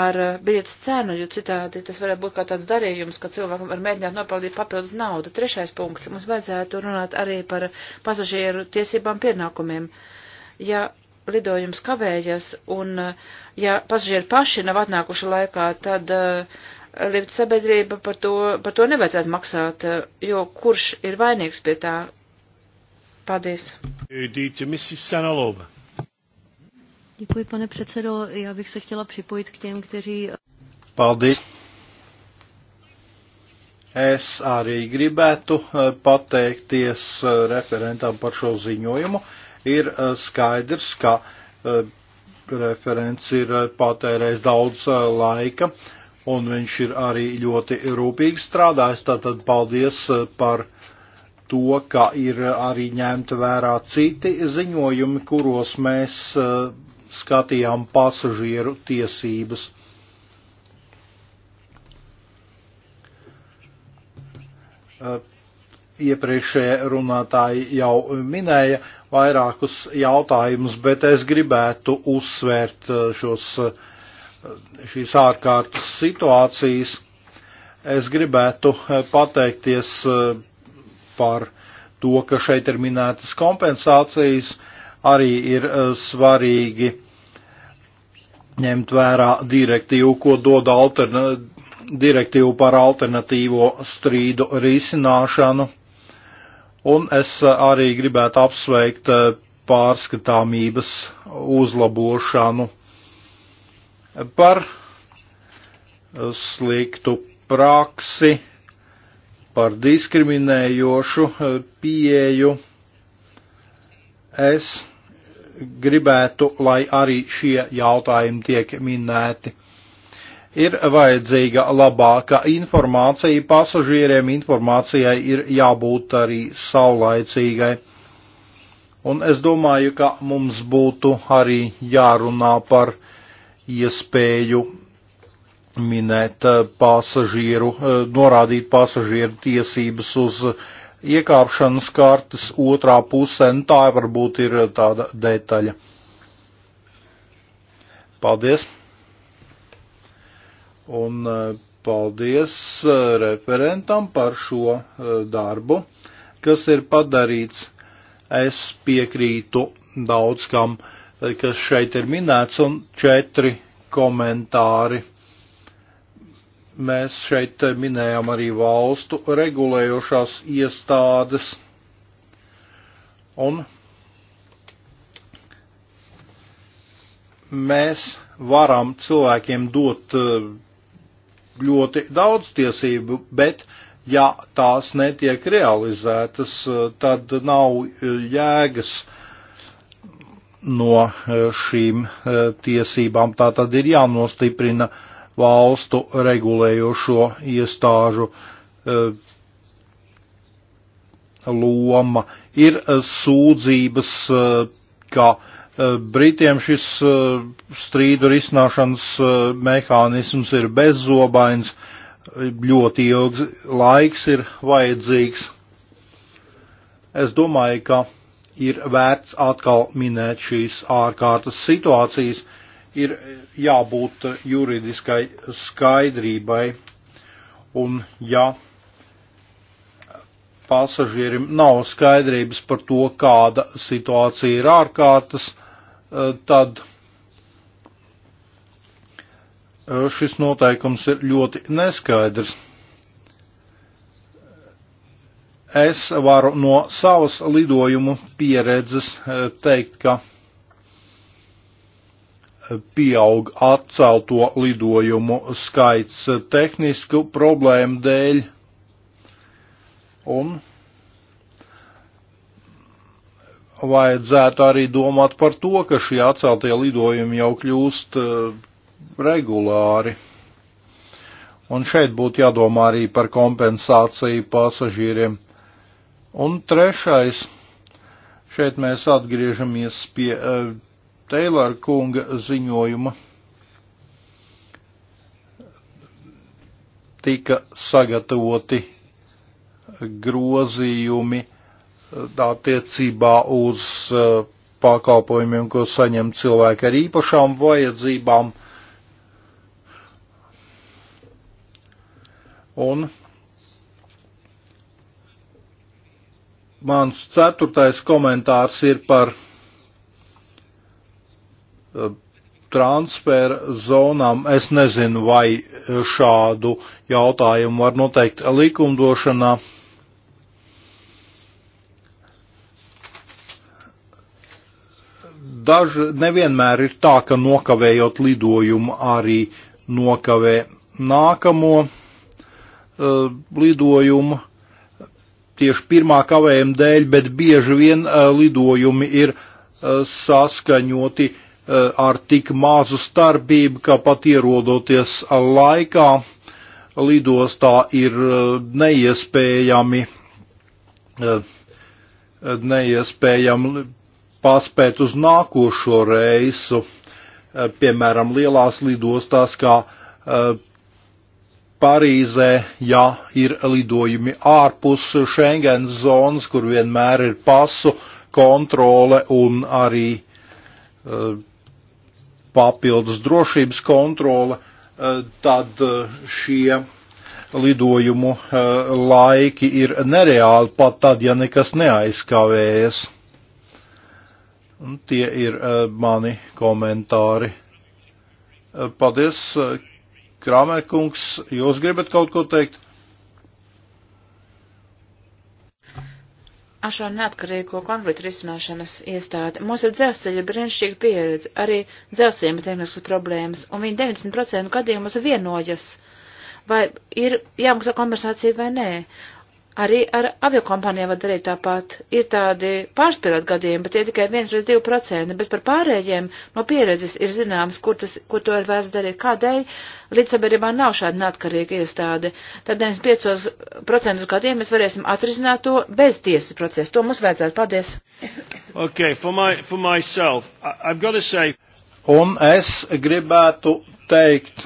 B: ar biļetes cenu, jo citādi tas varētu būt kā tāds darījums, ka cilvēkam var mēģināt nopelnīt papildus naudu. Trešais punkts. Mums vajadzētu runāt arī par pasažieru tiesībām pienākumiem. Ja lidojums kavējas un eh, ja pasažieri paši nav atnākuši laikā, tad uh, Līdz sabiedrība par to, par to nevajadzētu maksāt, eh, jo kurš ir vainīgs pie tā? Paldies. Děkuji, pane předsedo. Já bych se chtěla připojit k těm, kteří...
A: Paldies. Es arī gribētu eh, pateikties eh, referentam par šo ziņojumu. Ir skaidrs, ka referents ir patērējis daudz laika un viņš ir arī ļoti rūpīgi strādājis. Tātad paldies eh, par to, ka ir arī ņemta vērā citi ziņojumi, kuros mēs eh, skatījām pasažieru tiesības. Eh, iepriekšējie runātāji jau minēja vairākus jautājumus, bet es gribētu uzsvērt šos uh, šīs ārkārtas situācijas. Es gribētu eh, pateikties eh, par to, ka šeit ir minētas kompensācijas, arī ir eh, svarīgi ņemt vērā direktīvu, ko dod alterna, direktīvu par alternatīvo strīdu risināšanu. Un es arī gribētu apsveikt pārskatāmības uzlabošanu par sliktu praksi, par diskriminējošu eh, pieeju. Es gribētu, lai arī šie jautājumi tiek minēti. Ir vajadzīga labāka informācija pasažieriem, informācijai ir jābūt arī saulaicīgai. Un es domāju, ka mums būtu arī jārunā par uh, iespēju minēt eh, pasažieru, eh, norādīt pasažieru tiesības uz iekāpšanas kartes otrā pusē, un nu, tā varbūt ir tāda detaļa. Paldies! Un eh, paldies referentam par šo darbu, kas ir padarīts. Es piekrītu daudz kam. Uh, kas šeit ir minēts, un četri komentāri. Mēs šeit minējām arī valstu regulējošās iestādes. Un mēs varam cilvēkiem dot eh, ļoti daudz tiesību, bet ja tās netiek realizētas, eh, tad nav eh, jēgas uh, no eh, šīm eh, tiesībām. Tā tad ir jānostiprina valstu regulējošo iestāžu eh, loma. Ir sūdzības, ka Britiem šis strīdu risināšanas mehānisms ir bezzobains, ļoti ilgs laiks ir vajadzīgs. Es domāju, ka ir vērts atkal minēt šīs ārkārtas situācijas, ir jābūt juridiskai skaidrībai, un ja pasažierim nav skaidrības par to, kāda situācija ir ārkārtas, eh, tad eh, šis noteikums ir ļoti neskaidrs. Es varu no savas lidojumu pieredzes eh, teikt, ka eh, pieaug atcelto lidojumu skaits eh, tehnisku problēmu dēļ. Un vajadzētu arī domāt par to, ka šie atceltie lidojumi jau kļūst regulāri. Un šeit būtu jādomā arī par kompensāciju pasažīriem. Un trešais, šeit mēs atgriežamies pie uh, eh, Teilora kunga ziņojuma. Tika sagatavoti grozījumi eh, attiecībā uz uh, pakalpojumiem, ko saņem cilvēki ar īpašām vajadzībām. Un Mans ceturtais komentārs ir par eh, transfēra zonām. Es nezinu, vai šādu jautājumu var noteikt likumdošanā. Daži nevienmēr ir tā, ka nokavējot lidojumu arī nokavē nākamo uh, lidojumu tieši pirmā kavējuma dēļ, bet bieži vien lidojumi ir saskaņoti ar tik mazu starpību, ka pat ierodoties laikā lidostā ir neiespējami, neiespējami paspēt uz nākošo reisu. Piemēram, lielās lidostās kā Parīzē, ja ir lidojumi ārpus Schengens zonas, kur vienmēr ir pasu kontrole un arī uh, papildus drošības kontrole, uh, tad uh, šie lidojumu laiki ir nereāli pat tad, ja nekas neaizkavējas. Un tie ir mani komentāri. Paldies, Kramerkungs, jūs gribat kaut ko teikt?
B: Ar šo neatkarīgo konfliktu risināšanas iestādi mums ir dzelzceļa brīnišķīga pieredze, arī dzelzceļiem ir tehniskas problēmas, un viņi 90% gadījumus vienojas, vai ir jāmaksā kompensācija vai nē. Arī ar aviokompānijām var darīt tāpat. Ir tādi pārspīlēt gadījumi, bet tie tikai 1 līdz 2 procenti, bet par pārējiem no pieredzes ir zināms, kur, tas, kur to ir vērts darīt, kādēļ līdzsabiedrībā nav šāda neatkarīga iestāde. Tad 95% gadiem mēs varēsim atrisināt to bez tiesas procesa. To mums vajadzētu. Paldies!
C: Okay, for my, for myself, I, say...
A: Un es gribētu teikt,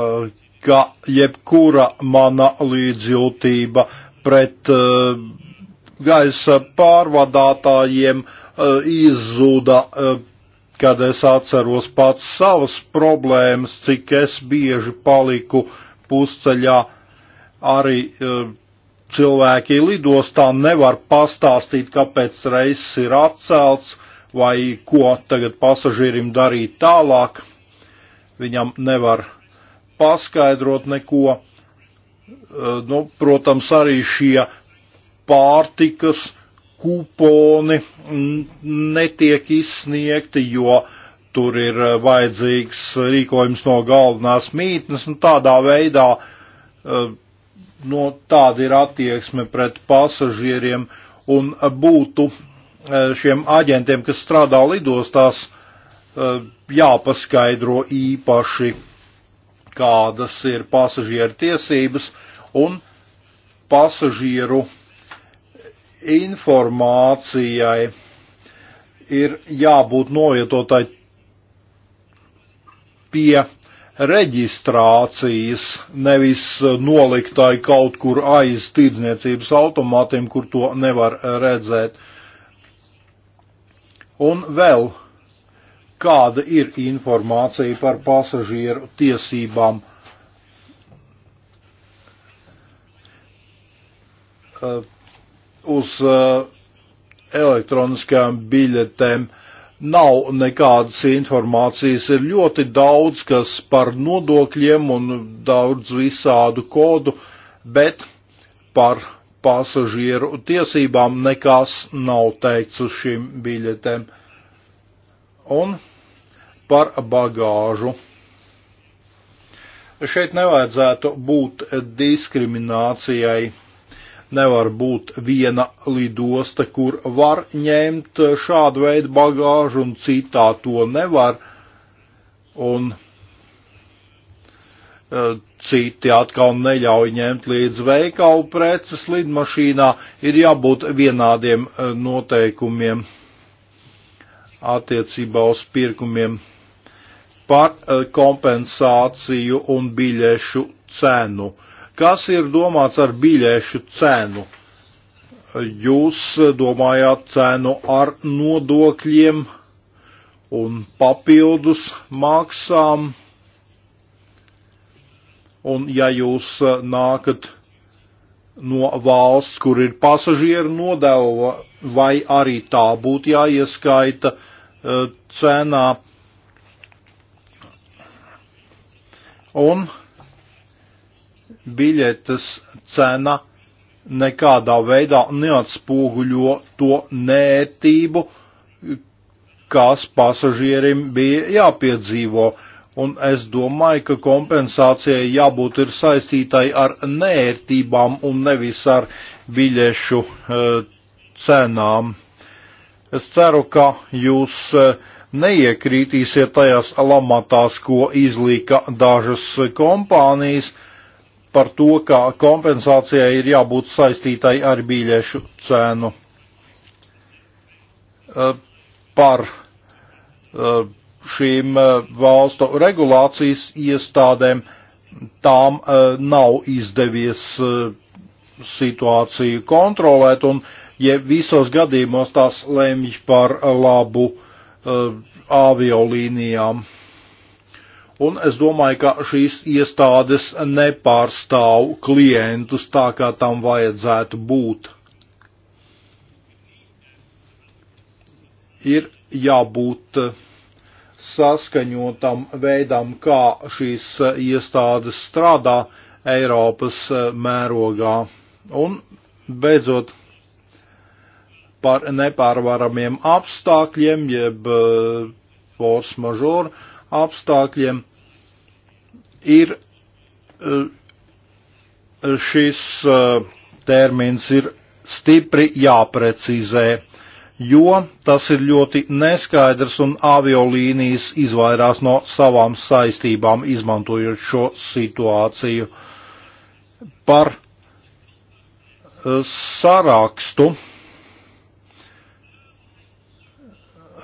A: uh, ka jebkura mana līdzjūtība pret uh, gaisa pārvadātājiem uh, eh, izzuda, uh, eh, kad es atceros pats savas problēmas, cik es bieži paliku pusceļā. Arī cilvēki lidostā nevar pastāstīt, kāpēc reiss ir atcelts vai ko tagad pasažierim darīt tālāk. Viņam nevar paskaidrot neko. Eh, nu, protams, arī šie pārtikas kuponi netiek izsniegti, jo tur ir eh, vajadzīgs rīkojums no galvenās mītnes, un tādā veidā eh, no tāda ir attieksme pret pasažieriem, un būtu šiem aģentiem, kas strādā lidostās, jāpaskaidro īpaši kādas ir pasažieru tiesības un pasažieru informācijai ir jābūt novietotai pie reģistrācijas, nevis noliktai kaut kur aiz tirdzniecības automātiem, kur to nevar redzēt. Un vēl kāda ir informācija par pasažieru tiesībām. Eh, uz eh, elektroniskajām biļetēm nav nekādas informācijas. Ir ļoti daudz, kas par nodokļiem un daudz visādu kodu, bet par pasažieru tiesībām nekas nav teikts uz šīm biļetēm. Uh, Un par bagāžu. Šeit nevajadzētu būt diskriminācijai. Nevar būt viena lidosta, kur var ņemt šādu veidu bagāžu un citā to nevar. Un e, citi atkal neļauj ņemt līdz veikalu preces lidmašīnā, ir jābūt vienādiem e, noteikumiem attiecībā uz pirkumiem par eh, kompensāciju un biļešu cenu. Kas ir domāts ar biļešu cenu? Jūs domājāt cenu ar nodokļiem un papildus maksām. Un ja jūs eh, nākat no valsts, kur ir pasažieru nodeva vai arī tā būtu jāieskaita e, cenā. Un biļetes cena nekādā veidā neatspoguļo to nētību, kas pasažierim bija jāpiedzīvo. Un es domāju, ka kompensācijai jābūt ir saistītai ar nērtībām un nevis ar biļešu uh, cenām. Es ceru, ka jūs e, neiekrītīsiet tajās lamatās, ko izlika dažas kompānijas par to, ka kompensācijai ir jābūt saistītai ar biļešu cenu. E, par e, šīm valstu regulācijas iestādēm tām nav izdevies situāciju kontrolēt, un ja visos gadījumos tās lemj par labu uh, aviolīnijām. Un es domāju, ka šīs iestādes nepārstāv klientus tā, kā tam vajadzētu būt. Ir jābūt eh, saskaņotam veidam, kā šīs eh, iestādes strādā Eiropas mērogā. Un beidzot, par nepārvaramiem apstākļiem, jeb eh, force majeure apstākļiem, ir eh, šis eh, termins ir stipri jāprecizē, jo tas ir ļoti neskaidrs un aviolīnijas izvairās no savām saistībām, izmantojot šo situāciju par sarakstu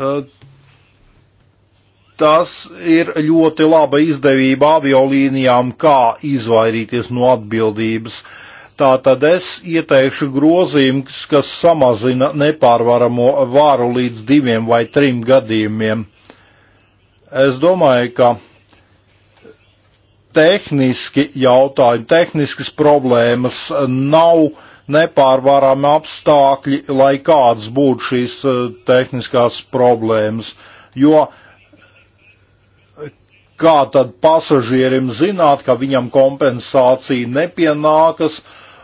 A: Eh, tas ir ļoti laba izdevība aviolīnijām, kā izvairīties no atbildības. Tātad es ieteikšu grozījums, kas samazina nepārvaramo vāru līdz diviem vai trim gadījumiem. Es domāju, ka tehniski jautājumi, tehniskas problēmas nav uh, nepārvarami apstākļi, lai kādas būtu šīs eh, tehniskās problēmas, jo kā tad pasažierim zināt, ka viņam kompensācija nepienākas,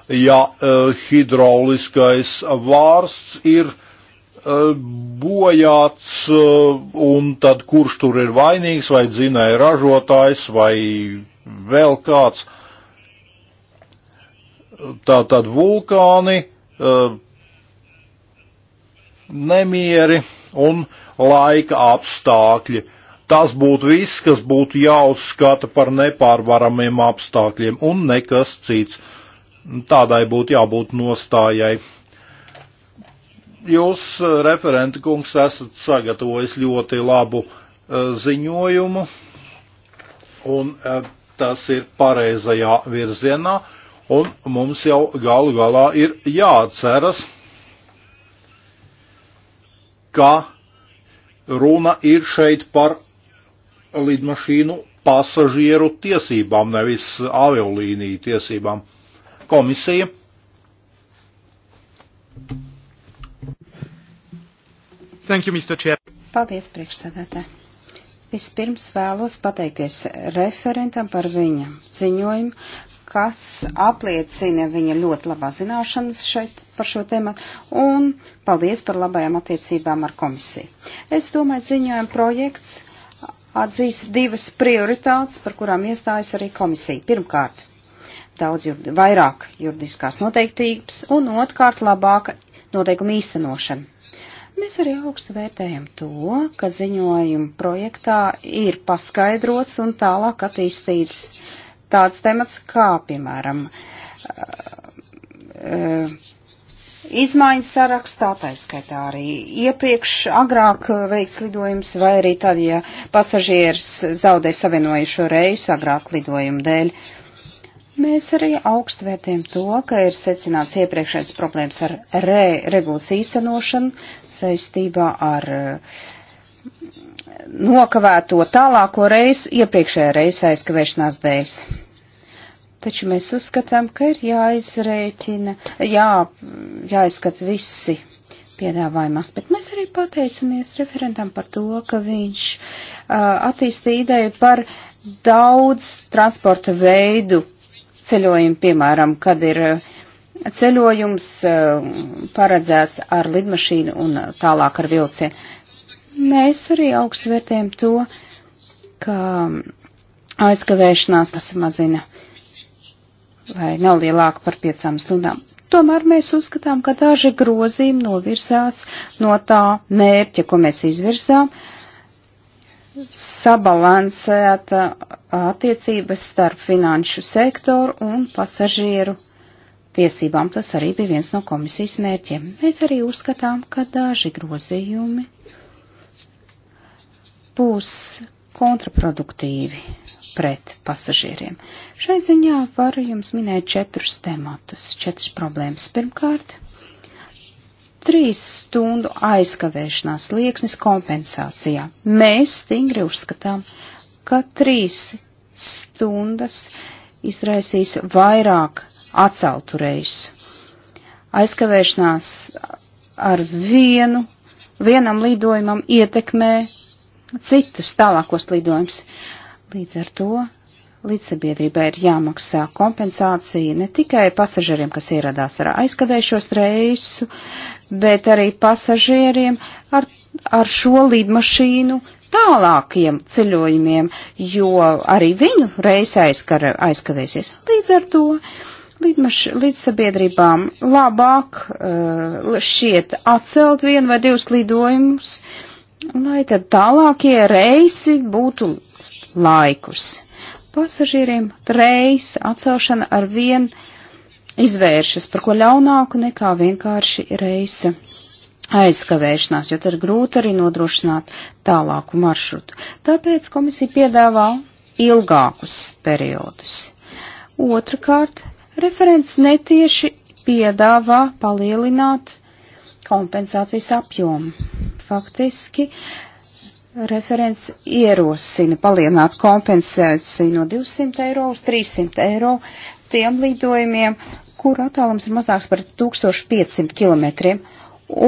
A: ja uh, hidrauliskais vārsts ir uh, bojāts, uh, un tad kurš tur ir vainīgs, vai dzinēja ražotājs, vai vēl kāds. Uh, tā tad vulkāni, nemieri un laika apstākļi. Tas būtu viss, kas būtu jāuzskata par nepārvaramiem apstākļiem un nekas cits. Tādai būtu jābūt nostājai. Jūs, referenta kungs, esat sagatavojis ļoti labu uh, ziņojumu, un uh, tas ir pareizajā virzienā. Uh, un mums jau galu galā ir jāatceras, ka runa ir šeit par lidmašīnu pasažieru tiesībām, nevis aviolīniju tiesībām. Komisija.
D: Thank you, Mr. Chair. Paldies, priekšsēdētāji. Vispirms vēlos pateikties referentam par viņa ziņojumu kas apliecina viņa ļoti labā zināšanas šeit par šo tēmatu, un paldies par labajām attiecībām ar komisiju. Es domāju, ziņojuma projekts atzīs divas prioritātes, par kurām iestājas arī komisija. Pirmkārt, daudz jurdi, vairāk juridiskās noteiktības, un otrkārt, labāka noteikuma īstenošana. Mēs arī augstu vērtējam to, ka ziņojuma projektā ir paskaidrots un tālāk attīstīts tāds temats kā, piemēram, eh, eh, izmaiņu sarakstā, tā skaitā arī iepriekš agrāk veikts lidojums, vai arī tad, ja pasažieris zaudē savienojušo reisu agrāk lidojumu dēļ. Mēs arī augstu vērtējam to, ka ir secināts iepriekšējais problēmas ar re regulas īstenošanu saistībā ar uh, nokavēto tālāko reizi iepriekšējā reizē aizkavēšanās dēļ. Taču mēs uzskatām, ka ir jāizrēķina, jā, jāizskata visi piedāvājumi aspekti. Mēs arī pateicamies referentam par to, ka viņš uh, attīstīja ideju par daudz transporta veidu ceļojumu, piemēram, kad ir uh, ceļojums paredzēts ar lidmašīnu un tālāk ar vilcienu. Mēs arī augstu vērtējam to, ka aizkavēšanās tas mazina vai nav lielāka par piecām stundām. Tomēr mēs uzskatām, ka daži grozījumi novirzās no tā mērķa, ko mēs izvirzām, sabalansēta attiecības starp finanšu sektoru un pasažieru tiesībām. Tas arī bija viens no komisijas mērķiem. Mēs arī uzskatām, ka daži grozījumi būs kontraproduktīvi pret pasažieriem. Šai ziņā varu jums minēt četrus tematus, četras problēmas. Pirmkārt, trīs stundu aizkavēšanās lieksnis kompensācijā. Mēs stingri uzskatām, ka trīs stundas izraisīs vairāk atceltu reisu. Aizkavēšanās ar vienu, vienam lidojumam ietekmē citus tālākos lidojumus. Līdz ar to līdzsabiedrībai ir jāmaksā kompensācija ne tikai pasažieriem, kas ieradās ar aizkavējušos reisu, bet arī pasažieriem ar, ar šo lidmašīnu tālākiem ceļojumiem, jo arī viņu reisa aizkar, aizkavēsies. Līdz ar to līdzsabiedrībām labāk uh, eh, šiet atcelt vienu vai divus lidojumus, uh, lai tad tālākie reisi būtu laikus. Pasažieriem reisa atcelšana ar vien izvēršas par ko ļaunāku nekā vienkārši reisa aizkavēšanās, jo tad ir grūti arī nodrošināt tālāku maršrutu. Tāpēc komisija piedāvā ilgākus periodus. Otrakārt, referents netieši piedāvā palielināt kompensācijas apjomu faktiski referents ierosina palielināt kompensāciju no 200 eiro uz 300 eiro tiem lidojumiem, kur attālums ir mazāks par 1500 km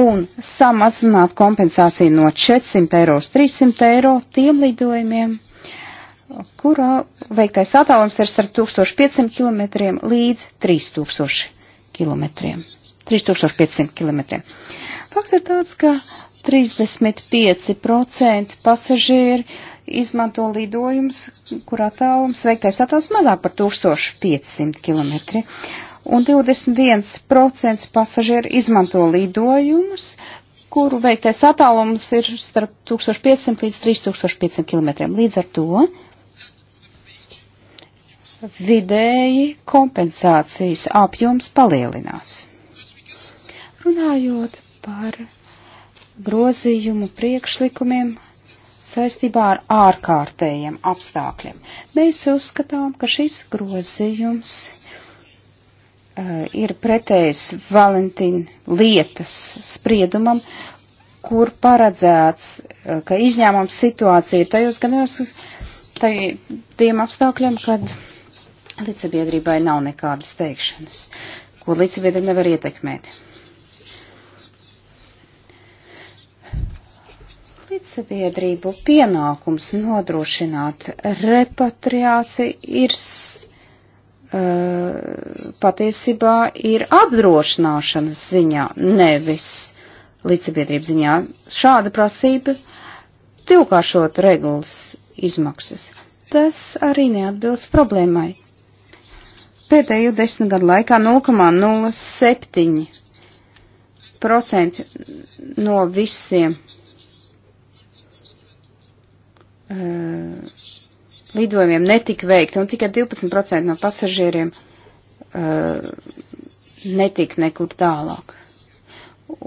D: un samazināt kompensāciju no 400 eiro uz 300 eiro tiem lidojumiem, kurā veiktais attālums ir starp 1500 km līdz 3000 km. 3500 km. Fakts ir tāds, ka 35% pasažieri izmanto lidojumus, kur attālums, veiktais attālums mazāk par 1500 km. Un 21% pasažieru izmanto lidojumus, kuru veiktais attālums ir starp 1500 līdz 3500 km. Līdz ar to vidēji kompensācijas apjoms palielinās. Runājot par grozījumu priekšlikumiem saistībā ar ārkārtējiem apstākļiem. Mēs uzskatām, ka šis grozījums uh, ir pretējs Valentīna lietas spriedumam, kur paredzēts, uh, ka izņēmums situācija ir tajos gados, tajiem apstākļiem, kad līdzsabiedrībai nav nekādas teikšanas, ko līdzsabiedrība nevar ietekmēt. Līdzsabiedrību pienākums nodrošināt repatriāciju ir uh, patiesībā ir apdrošināšanas ziņā, nevis līdzsabiedrību ziņā. Šāda prasība divkāršot regulas izmaksas. Tas arī neatbilst problēmai. Pēdējo desmit gadu laikā 0,07% no visiem Eh, lidojumiem netika veikta, un tikai 12% no pasažieriem eh, netika nekur tālāk.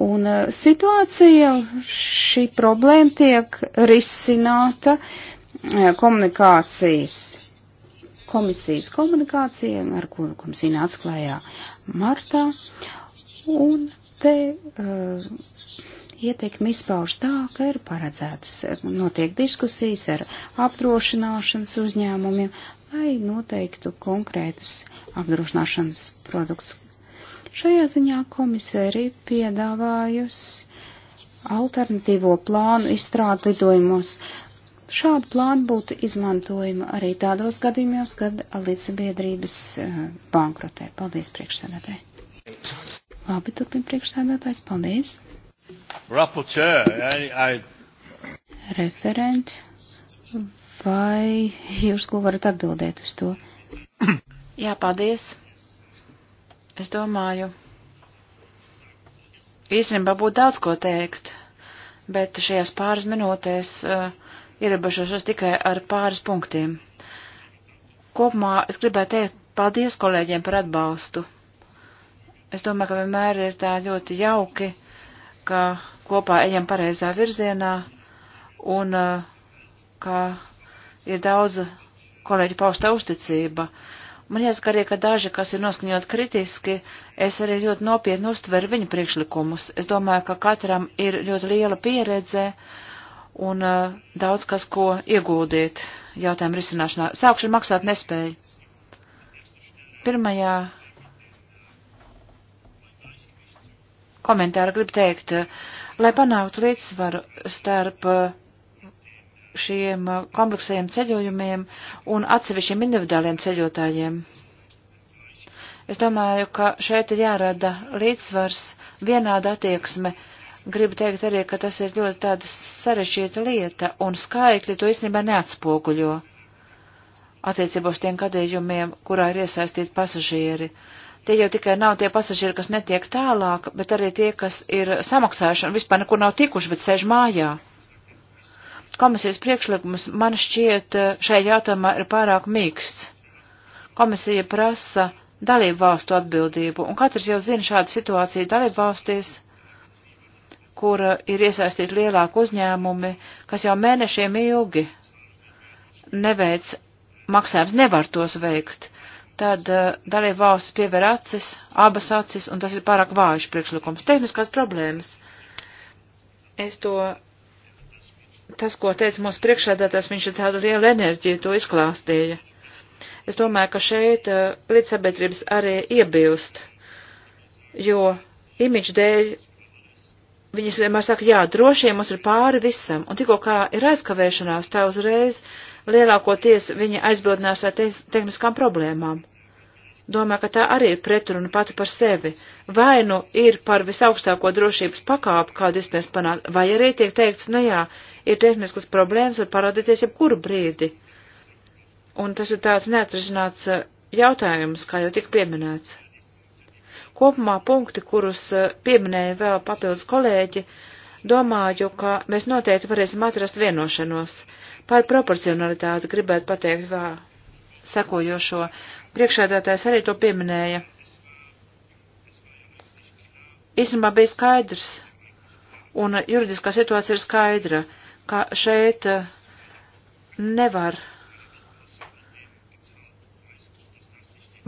D: Un eh, situācija, šī problēma tiek risināta komunikācijas komisijas komunikācija, ar kuru komisija nāca klājā martā. Un te uh, eh, ietekmi izpauž tā, ka ir paredzētas, notiek diskusijas ar apdrošināšanas uzņēmumiem, lai noteiktu konkrētus apdrošināšanas produktus. Šajā ziņā komisija arī piedāvājusi alternatīvo plānu izstrādi lidojumos. Šādu plānu būtu izmantojama arī tādos gadījumos, kad līdzsabiedrības eh, bankrotē. Paldies priekšsēdētāji! Labi, turpina priekšsēdētājs. Paldies.
C: Rapporteur, I, I...
D: Referent, vai jūs ko varat atbildēt uz to?
B: Jā, paldies. Es domāju, īstenībā būtu daudz ko teikt, bet šajās pāris minūtēs uh, ierobežošos tikai ar pāris punktiem. Kopumā es gribētu teikt paldies kolēģiem par atbalstu Es domāju, ka vienmēr ir tā ļoti jauki, ka kopā ejam pareizā virzienā un eh, ka ir daudz kolēģi pausta uzticība. Man jāsaka arī, ka daži, kas ir noskaņot kritiski, es arī ļoti nopietni uztveru viņu priekšlikumus. Es domāju, ka katram ir ļoti liela pieredze un uh, daudz kas, ko ieguldīt jautājumu risināšanā. Sākšu ar maksāt nespēju. Pirmajā komentāru gribu teikt, eh, lai panāktu līdzsvaru starp eh, šiem eh, kompleksajiem ceļojumiem un atsevišķiem individuāliem ceļotājiem. Es domāju, ka šeit ir jārada līdzsvars, vienāda attieksme. Gribu teikt arī, ka tas ir ļoti tāda sarežģīta lieta, un skaitļi to īstenībā neatspoguļo attiecībos tiem gadījumiem, kurā ir iesaistīti pasažieri. Uh, Tie jau tikai nav tie pasažieri, kas netiek tālāk, bet arī tie, kas ir samaksājuši un vispār nekur nav tikuši, bet sēž mājā. Komisijas priekšlikums man šķiet šajā jautājumā ir pārāk mīksts. Komisija prasa dalību valstu atbildību, un katrs jau zina šādu situāciju dalību valstīs, kur ir iesaistīti lielāki uzņēmumi, kas jau mēnešiem ilgi neveic maksājums, nevar tos veikt tad uh, eh, dalība valsts piever acis, abas acis, un tas ir pārāk vājš priekšlikums. Tehniskās problēmas. Es to, tas, ko teica mūsu priekšsēdētājs, viņš ar tādu lielu enerģiju to izklāstīja. Es domāju, ka šeit uh, līdzsabiedrības arī iebilst, jo imidžu dēļ viņas vienmēr saka, jā, droši vien mums ir pāri visam, un tikko kā ir aizkavēšanās, tā uzreiz uh, lielākoties viņi aizbildinās ar te tehniskām problēmām. Domāju, ka tā arī ir pretruna pati par sevi. Vai nu ir par visaugstāko drošības pakāpi, kādu iespējams panākt, vai arī tiek teikts, nu jā, ir tehniskas problēmas, var parādīties jebkuru brīdi. Un tas ir tāds neatrisināts eh, jautājums, kā jau tika pieminēts. Kopumā punkti, kurus eh, pieminēja vēl papildus kolēģi, uh, Domāju, ka mēs noteikti varēsim atrast vienošanos. Par proporcionalitāti gribētu pateikt vā sekojošo. Priekšādātājs arī to pieminēja. Īstenībā bija skaidrs, un juridiskā situācija ir skaidra, ka šeit eh, nevar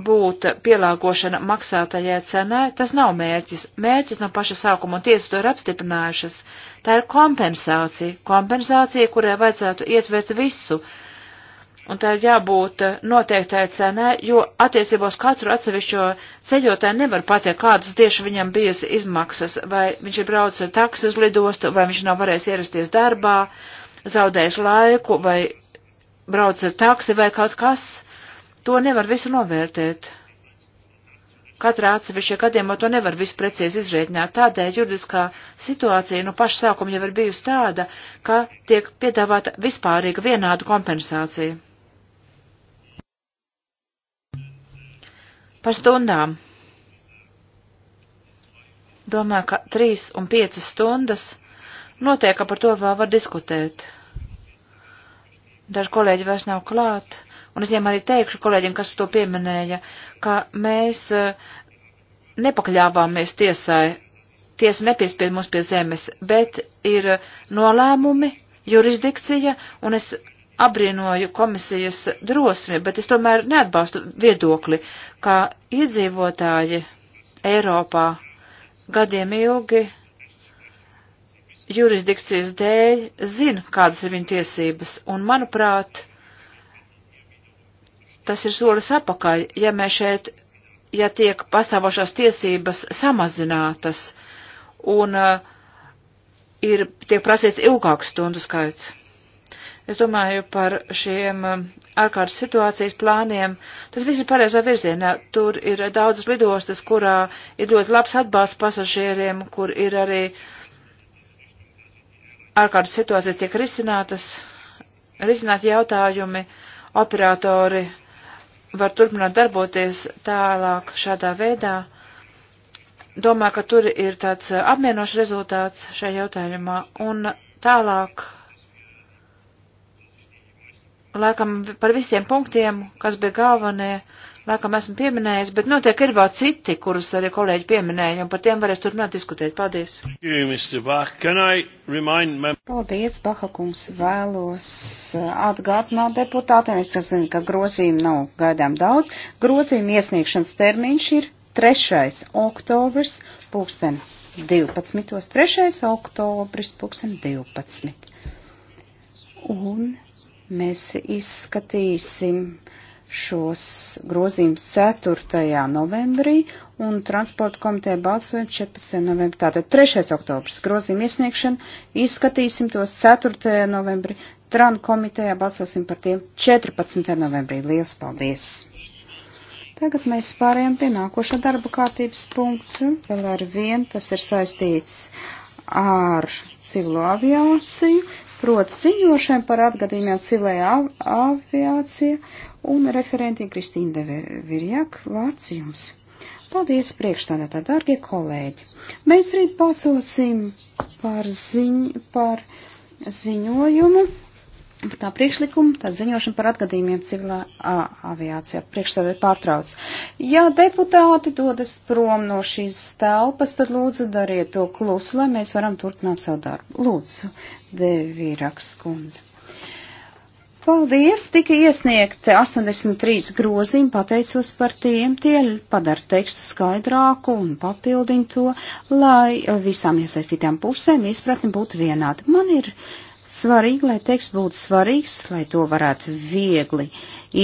B: būt pielāgošana maksātajai cenai, tas nav mērķis. Mērķis no paša sākuma, un tiesas to ir apstiprinājušas, tā ir kompensācija, kompensācija, kurai vajadzētu ietvert visu, un tā ir jābūt noteiktai cenai, jo attiecībos katru atsevišķo ceļotāju nevar pateikt, kādas tieši viņam bijas izmaksas, vai viņš ir braucis taksi uz lidostu, vai viņš nav varējis ierasties darbā, zaudējis laiku, vai braucis ar taksi, vai kaut kas To nevar visu novērtēt. Katrā atsevišķa gadījumā to nevar visu precīzi izrēķināt. Tādēļ juridiskā situācija no nu, paša sākuma jau ir bijusi tāda, ka tiek piedāvāta vispārīga vienāda kompensācija. Par stundām. Domāju, ka trīs un piecas stundas notiek, ka par to vēl var diskutēt. Daži kolēģi vairs nav klāt un es viņiem arī teikšu kolēģiem, kas to pieminēja, ka mēs eh, nepakļāvāmies tiesai, tiesa nepiespied mūs pie zemes, bet ir nolēmumi, jurisdikcija, un es abrīnoju komisijas drosmi, bet es tomēr neatbalstu viedokli, ka iedzīvotāji Eiropā gadiem ilgi jurisdikcijas dēļ zina, kādas ir viņa tiesības, un, manuprāt, tas ir solis apakaļ, ja mēs šeit, ja tiek pastāvošās tiesības samazinātas un uh, ir, tiek prasīts ilgāks stundu skaits. Es domāju par šiem eh, ārkārtas situācijas plāniem. Tas viss ir pareizā virzienā. Tur ir daudzas lidostas, kurā ir ļoti labs atbalsts pasažieriem, kur ir arī ārkārtas situācijas tiek risinātas, risināt jautājumi, operatori var turpināt darboties tālāk šādā veidā. Domāju, ka tur ir tāds apmienošs rezultāts šajā jautājumā. Un tālāk, laikam par visiem punktiem, kas bija galvenie, laikam esmu pieminējis, bet noteikti ir vēl citi, kurus arī kolēģi pieminēja, un par tiem varēs turpināt diskutēt. Paldies! Paldies, Baha kungs! Vēlos
D: uh, atgādināt deputātiem, es zinu, ka grozījumu nav gaidām daudz. Grozījumu iesniegšanas termiņš ir 3. oktobrs, pulksten 12. 3. oktobris, pulksten 12. Un mēs izskatīsim šos grozījumus 4. novembrī un transporta komiteja balsojam 14. novembrī. Tātad 3. oktobrs grozījuma iesniegšana, izskatīsim tos 4. novembrī, tran komitejā balsosim par tiem 14. novembrī. Lielas paldies! Tagad mēs pārējām pie nākošā darba kārtības punktu. Vēl ar vienu tas ir saistīts ar civilo aviāciju, proti ziņošanu par atgadījumiem civilajā aviācija un referentiem Kristīna Devirjak, vārds jums. Paldies priekšstādātā, dārgie kolēģi. Mēs rīt balsosim par, ziņ, par ziņojumu, par tā priekšlikumu, tā ziņošanu par atgadījumiem civilā a, aviācijā. Priekšstādāt pārtrauc. Ja deputāti dodas prom no šīs telpas, tad lūdzu dariet to klusu, lai mēs varam turpināt savu darbu. Lūdzu, Deviraks kundze. Paldies, tika iesniegti 83 grozījumi, pateicos par tiem, tie padara tekstu skaidrāku un papildina to, lai visām iesaistītām pusēm izpratni būtu vienāda. Man ir svarīgi, lai teksts būtu svarīgs, lai to varētu viegli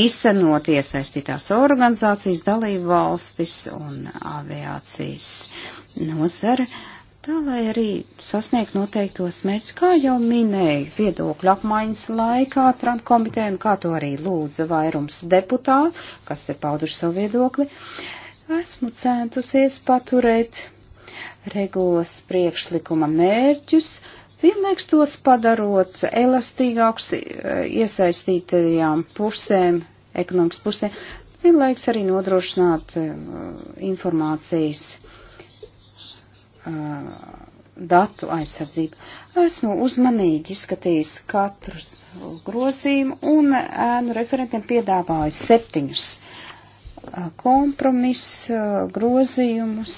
D: īstenot iesaistītās organizācijas, dalību valstis un aviācijas nozara. No tā lai arī sasniegt noteiktos mērķus, kā jau minēja viedokļu apmaiņas laikā trantkomitējiem, kā to arī lūdza vairums deputātu, kas te pauduši savu viedokli, esmu centusies paturēt regulas priekšlikuma mērķus, vienlaiks tos padarot elastīgāks e, iesaistītajām pusēm, ekonomikas pusēm, vienlaiks arī nodrošināt e, informācijas datu aizsardzību. Esmu uzmanīgi izskatījis katru grozījumu un ēnu referentiem piedāvāju septiņus kompromisu grozījumus.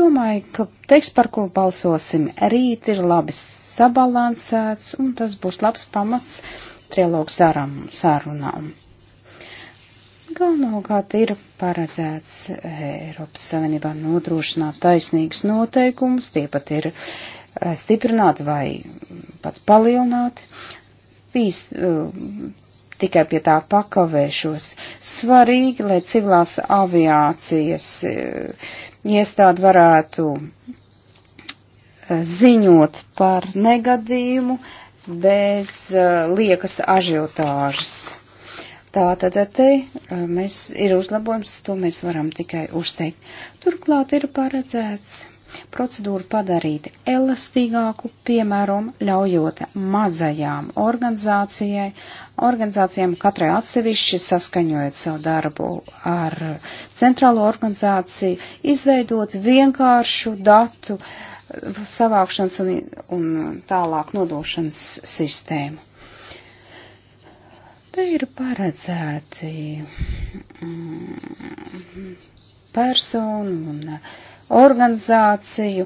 D: Domāju, ka teksts, par kuru balsosim rīt, ir labi sabalansēts un tas būs labs pamats trilogu sarunām galvenokārt ir paredzēts eh, Eiropas Savienībā nodrošināt taisnīgus noteikumus, tie pat ir eh, stiprināti vai pat palielināti. Pīs, eh, tikai pie tā pakavēšos. Svarīgi, lai civilās aviācijas iestādi varētu ziņot par negadījumu bez liekas ažiotāžas. Tā tad te mēs ir uzlabojums, to mēs varam tikai uzteikt. Turklāt ir paredzēts procedūru padarīt elastīgāku, piemēram, ļaujot mazajām organizācijai, organizācijām katrai atsevišķi saskaņojot savu darbu ar centrālo organizāciju, izveidot vienkāršu datu savākšanas un, un tālāk nodošanas sistēmu. Te ir paredzēti mm, personu un uh, organizāciju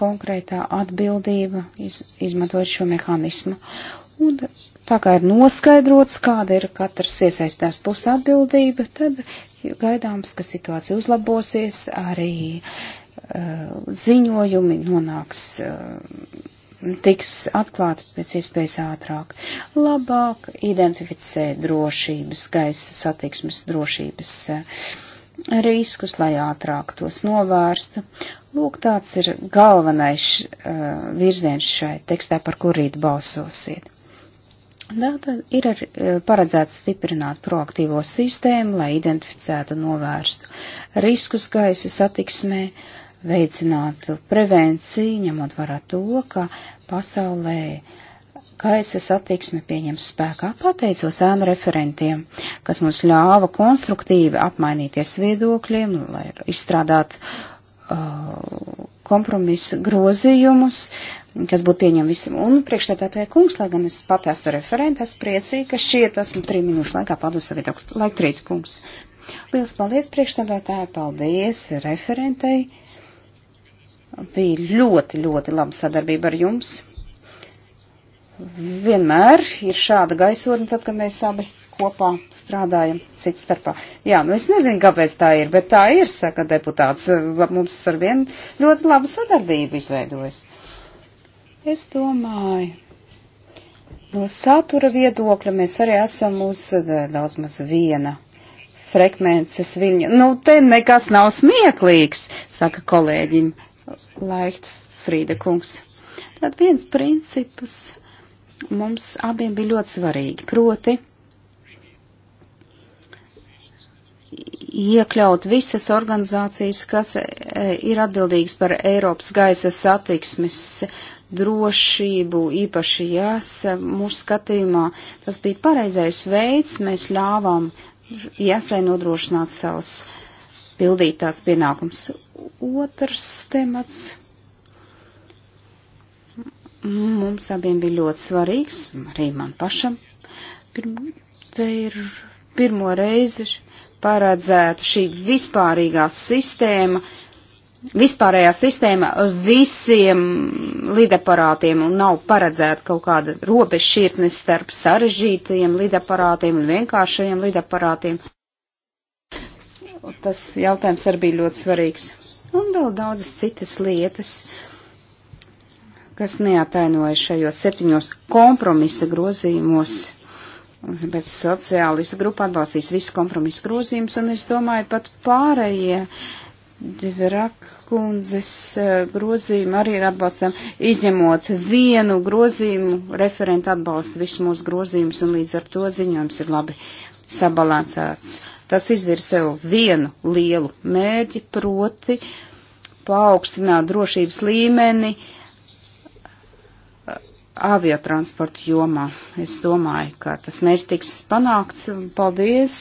D: konkrētā atbildība, iz, izmantojot šo mehānismu. Un tā kā ir noskaidrots, kāda ir katras iesaistās puses atbildība, tad gaidāms, ka situācija uzlabosies, arī uh, ziņojumi nonāks uh, tiks atklāti pēc iespējas ātrāk. Labāk identificē drošības, gaisa satiksmes drošības eh, riskus, lai ātrāk tos novērstu. Lūk, tāds ir galvenais uh, virziens šai tekstē, par kur rīt balsosiet. Tātad ir ar, eh, paredzēts stiprināt proaktīvo sistēmu, lai identificētu un novērstu riskus gaisa satiksmē. Uh, veicinātu prevenciju, ņemot vērā to, ka pasaulē gaisa satiksme pieņems spēkā. Pateicos ēnu referentiem, kas mums ļāva konstruktīvi apmainīties viedokļiem, lai izstrādātu uh, kompromisu grozījumus, kas būtu pieņemami visam. Un priekšstādātāja kungs, lai gan es pat esmu referents, es priecīgi, ka šiet esmu trīs minūšu laikā padu savu viedokli. Laik trīt kungs. Liels paldies priekšstādātāja, paldies referentei bija ļoti, ļoti laba sadarbība ar jums. Vienmēr ir šāda gaisotne, tad, kad mēs abi kopā strādājam cits starpā. Jā, nu es nezinu, kāpēc tā ir, bet tā ir, saka deputāts. Mums ar vienu ļoti labu sadarbību izveidojas. Es domāju, no satura viedokļa mēs arī esam uz eh, daudz maz viena frekvences viņa. Nu, te nekas nav smieklīgs, saka kolēģim Laicht Frīda kungs. Tad viens princips mums abiem bija ļoti svarīgi, proti iekļaut visas organizācijas, kas e, ir atbildīgas par Eiropas gaisa satiksmes drošību, īpaši jāsa, e, mūsu skatījumā tas bija pareizais veids, mēs ļāvām jāsai nodrošināt savus uh, pildīt tās pienākums. Otrs temats mums abiem bija ļoti svarīgs, arī man pašam. Pirm, te ir pirmo reizi paredzēta šī vispārīgā sistēma, vispārējā sistēma visiem lidaparātiem un nav paredzēta kaut kāda robežšķirtne starp sarežģītajiem lidaparātiem un vienkāršajiem lidaparātiem. Tas jautājums arī bija ļoti svarīgs. Un vēl daudzas citas lietas, kas neatainoja šajos septiņos kompromisa grozījumos. Bet sociālistu grupa atbalstīs visus kompromisu grozījumus, un es domāju, pat pārējie Dverakundzes eh, grozījumi arī ir atbalstam, izņemot vienu grozījumu, referenta atbalsta visus mūsu grozījumus, un līdz ar to ziņojums ir labi sabalansēts. Tas izvir sev vienu lielu mērķi, proti paaugstināt drošības līmeni uh, aviotransporta jomā. Es domāju, ka tas mērķis tiks panākts. Paldies!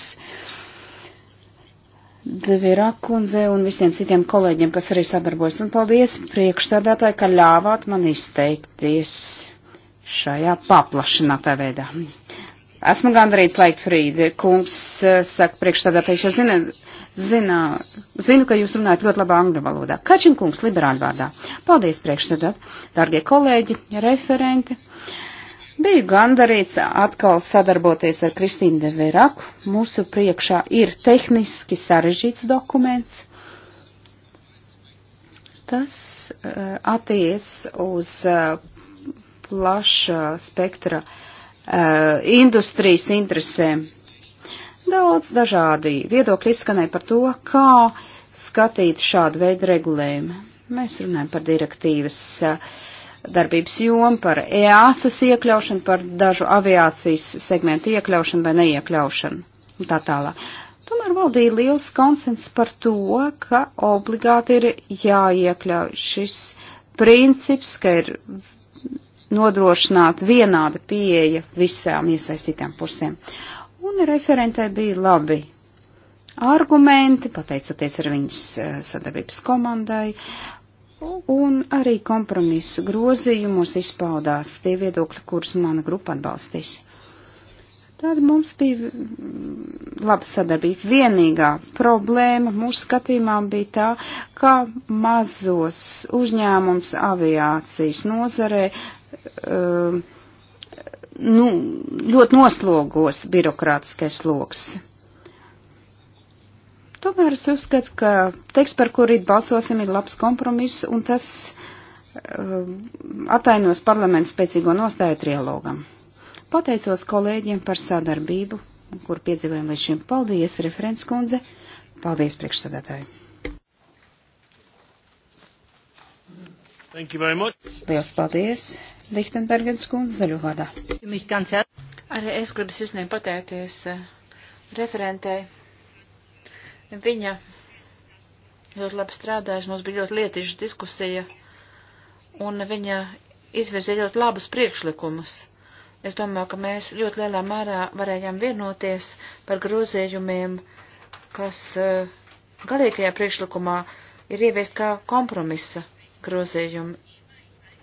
D: Devira kundze un visiem citiem kolēģiem, kas arī sadarbojas. Un paldies priekšstādātāji, ka ļāvāt man izteikties šajā paplašinātā veidā. Esmu gandrīz laikt frīdi. Kungs eh, saka priekšstādātais, jo zina, zina, zinu, ka jūs runājat ļoti labā angļu valodā. Kačin kungs, liberāļu vārdā. Paldies priekšstādāt, dargie kolēģi, referenti. Biju gandarīts atkal sadarboties ar Kristīnu de Veraku. Mūsu priekšā ir tehniski sarežģīts dokuments. Tas uh, eh, attiec uz uh, plaša spektra uh, Eh, industrijas interesēm. Daudz dažādi viedokļi izskanēja par to, kā skatīt šādu veidu regulējumu. Mēs runājam par direktīvas eh, darbības jomu, par EASAS iekļaušanu, par dažu aviācijas segmentu iekļaušanu vai neiekļaušanu un tā tālāk. Tomēr valdīja liels konsens par to, ka obligāti ir jāiekļauj šis princips, ka ir nodrošināt vienāda pieeja visām iesaistītām pusēm. Un referentē bija labi argumenti, pateicoties ar viņas eh, sadarbības komandai, un arī kompromisu grozījumos izpaudās tie viedokļi, kurus mana grupa atbalstīs. Tad mums bija mm, laba sadarbība. Vienīgā problēma mūsu skatījumā bija tā, ka mazos uzņēmums aviācijas nozarē Um, nu, ļoti noslogos birokrātiskais loks. Tomēr es uzskatu, ka teksts, par kuru rīt balsosim, ir labs kompromiss, un tas uh, um, atainos parlamentu spēcīgo nostāju trialogam. Pateicos kolēģiem par sadarbību, kur piedzīvojam līdz šim. Paldies, referents kundze. Paldies, priekšsadatāji.
C: Liels
D: paldies. Lichtenbergens kundze zaļo vārdā.
B: Arī es gribu sirsnīgi pateikties eh, referentei. Viņa ļoti labi strādājas, mums bija ļoti lietiša diskusija, un viņa izvirzīja ļoti labus priekšlikumus. Es domāju, ka mēs ļoti lielā mērā varējām vienoties par grozījumiem, kas eh, galīgajā priekšlikumā ir ieviest kā kompromisa grozījumi.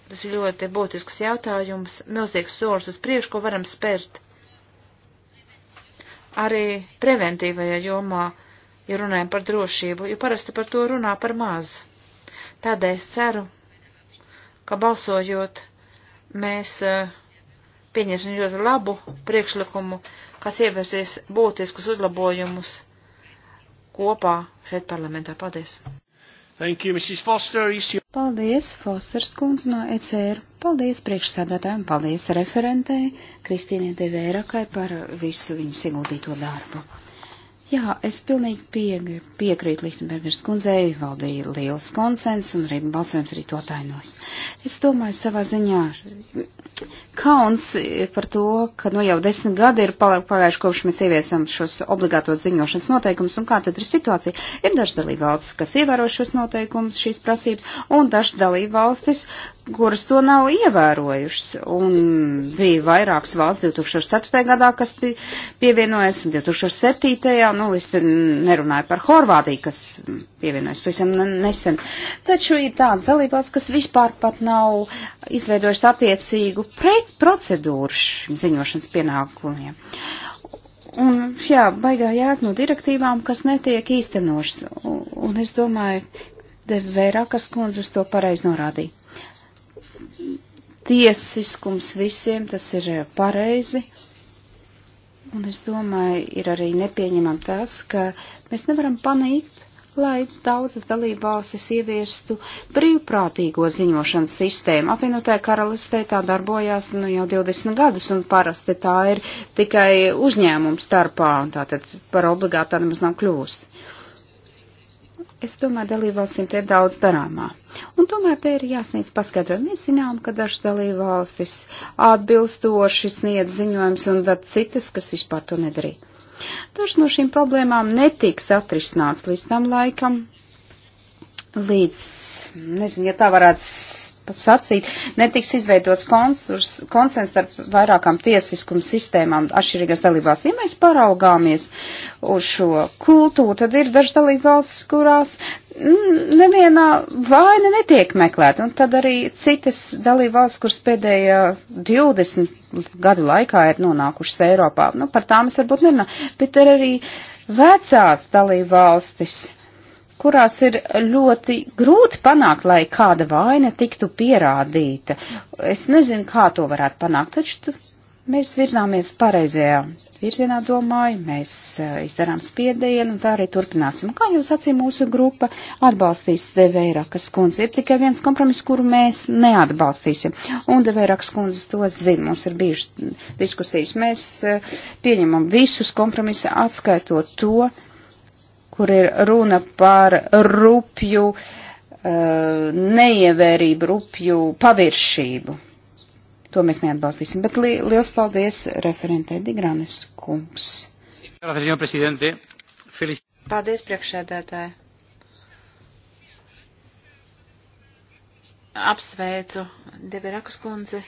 B: Tas ir ļoti būtisks jautājums, milzīgs solis uz priekšu, ko varam spērt. Arī preventīvajā jomā, ja runājam par drošību, jo parasti par to runā par maz. Tādēļ es ceru, ka balsojot mēs eh, pieņemsim ļoti labu priekšlikumu, kas ieviesīs būtiskus uzlabojumus kopā šeit parlamentā. Paldies! Thank you, Mrs. Foster. Paldies, Fosters kundze
D: no ECR. Paldies priekšsēdētājiem, paldies referentei Kristīnai Devērakai par visu viņas ieguldīto darbu. Jā, es pilnīgi pie, piekrītu Lichtenbergers kundzei, valdīja liels konsens un arī balsojums arī to tainos. Es domāju savā ziņā, kauns par to, ka nu jau desmit gadi ir pagājuši kopš mēs ieviesam šos obligātos ziņošanas noteikumus un kā tad ir situācija. Ir dažas dalībvalstis, kas ievēro šos noteikumus, šīs prasības, un dažas dalībvalstis, kuras to nav ievērojušas. Un bija vairākas valsts 2004. gadā, kas bija pievienojas, un 2007. nu, es te nerunāju par Horvātiju, kas pievienojas pavisam nesen. Taču ir tāds dalībās, kas vispār pat nav izveidojuši attiecīgu pret procedūru šim ziņošanas pienākumiem. Un, jā, baigā jāk no direktīvām, kas netiek īstenošas. Un, un es domāju, Devērākas kundze uz to pareizi norādīja tiesiskums visiem, tas ir eh, pareizi. Un es domāju, ir arī nepieņemam tas, ka mēs nevaram panīkt, lai daudzas dalībvalstis ieviestu brīvprātīgo ziņošanas sistēmu. Apvienotajā karalistē tā darbojās nu, jau 20 gadus, un parasti tā ir tikai uzņēmumu starpā, un tātad par obligātu tā nemaz nav kļūst. Es domāju, dalībvalstīm te ir daudz darāmā. Un tomēr te ir jāsniedz paskaidrojumi. Mēs zinām, ka dažas dalībvalstis atbilstoši sniedz ziņojums un tad citas, kas vispār to nedarīja. Dažas no šīm problēmām netiks atrisināts līdz tam laikam, līdz, nezinu, ja tā varētu sacīt, netiks izveidots konsurs, konsens starp vairākām tiesiskuma sistēmām atšķirīgās dalībās. Ja mēs paraugāmies uz šo kultūru, tad ir dažas dalībvalstis, kurās mm, nevienā vaina netiek meklēta, un tad arī citas dalībvalsts, kuras pēdējā 20 gadu laikā ir nonākušas Eiropā. Nu, par tām es varbūt nerunāju, bet ir arī vecās dalībvalstis kurās ir ļoti grūti panākt, lai kāda vaina tiktu pierādīta. Es nezinu, kā to varētu panākt, taču mēs virzāmies pareizajā virzienā, domāju, mēs eh, izdarām spiedienu un tā arī turpināsim. Kā jūs acīm mūsu grupa atbalstīs Deveirakas kundzi? Ir tikai viens kompromiss, kuru mēs neatbalstīsim. Un Deveirakas kundze to zina, mums ir bijušas diskusijas. Mēs eh, pieņemam visus kompromisus, atskaitot to, kur ir runa par rupju eh, neievērību, rupju paviršību. To mēs neatbalstīsim, bet li liels paldies referentē Digranes kungs.
B: Paldies, priekšsēdētāji. Apsveicu Devirakas kundzi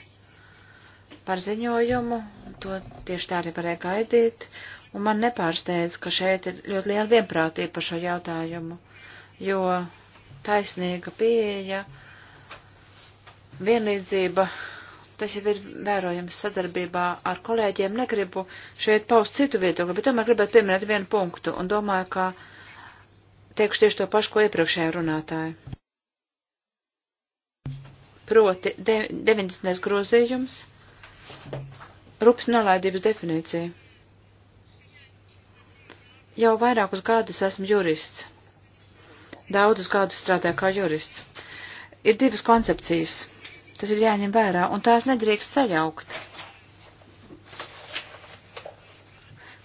B: par ziņojumu, to tieši tā arī varēja gaidīt. Uh, un man nepārsteidz, ka šeit ir ļoti liela vienprātība par šo jautājumu, jo taisnīga pieeja, vienlīdzība, tas jau ir vērojams sadarbībā ar kolēģiem. Negribu šeit paust citu viedokli, bet tomēr gribētu pieminēt vienu punktu un domāju, ka teikšu tieši to pašu, ko iepriekšējā runātāja. Proti 90. grozījums, rupas nolaidības definīcija. Jau vairākus gadus esmu jurists. Daudzus gadus strādāju kā jurists. Ir divas koncepcijas. Tas ir jāņem vērā, un tās nedrīkst sajaukt.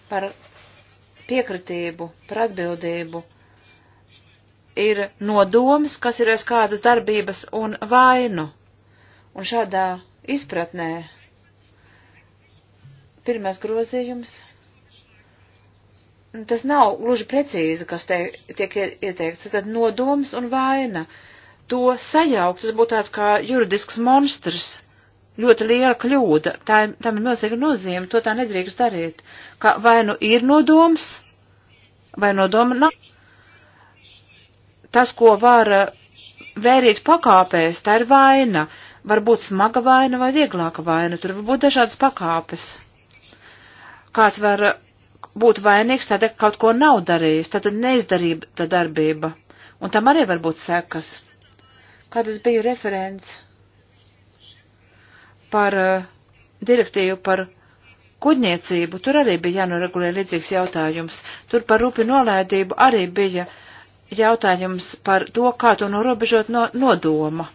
B: Par piekritību, par atbildību ir nodoms, kas ir aiz kādas darbības un vainu. Un šādā izpratnē pirmais grozījums tas nav gluži precīzi, kas te tiek ieteikts. Tad nodoms un vaina. To sajaukt, tas būtu tāds kā juridisks monstrs. Ļoti liela kļūda. Tā, tam ir milzīga nozīme. To tā nedrīkst darīt. Kā vai nu ir nodoms, vai nodoma nav. Tas, ko var eh, vērīt pakāpēs, tā ir vaina. Varbūt smaga vaina vai vieglāka vaina. Tur var būt dažādas pakāpes. Kāds var būt vainīgs tādēļ, ka kaut ko nav darījis, tātad neizdarība tā darbība, un tam arī var būt sekas. Kādas bija referents par uh, direktīvu par kuģniecību, tur arī bija jānoregulē līdzīgs jautājums, tur par rupi nolaidību arī bija jautājums par to, kā to norobežot no nodoma.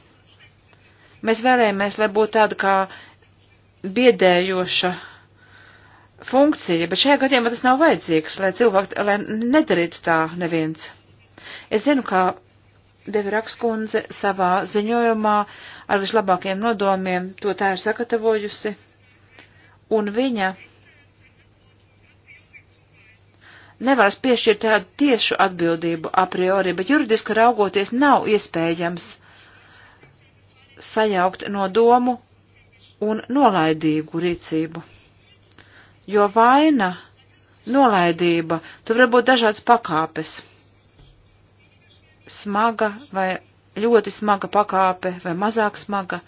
B: Mēs vēlējāmies, lai būtu tāda kā biedējoša funkcija, bet šajā gadījumā tas nav vajadzīgs, lai cilvēki, lai nedarītu tā neviens. Es zinu, ka Deviraks kundze savā ziņojumā ar vislabākiem nodomiem to tā ir sagatavojusi, un viņa nevaras piešķirt tādu tiešu atbildību a priori, bet juridiski raugoties nav iespējams sajaukt no domu un nolaidīgu rīcību jo vaina, nolaidība, tur var būt dažādas pakāpes. Smaga vai ļoti smaga pakāpe vai mazāk smaga.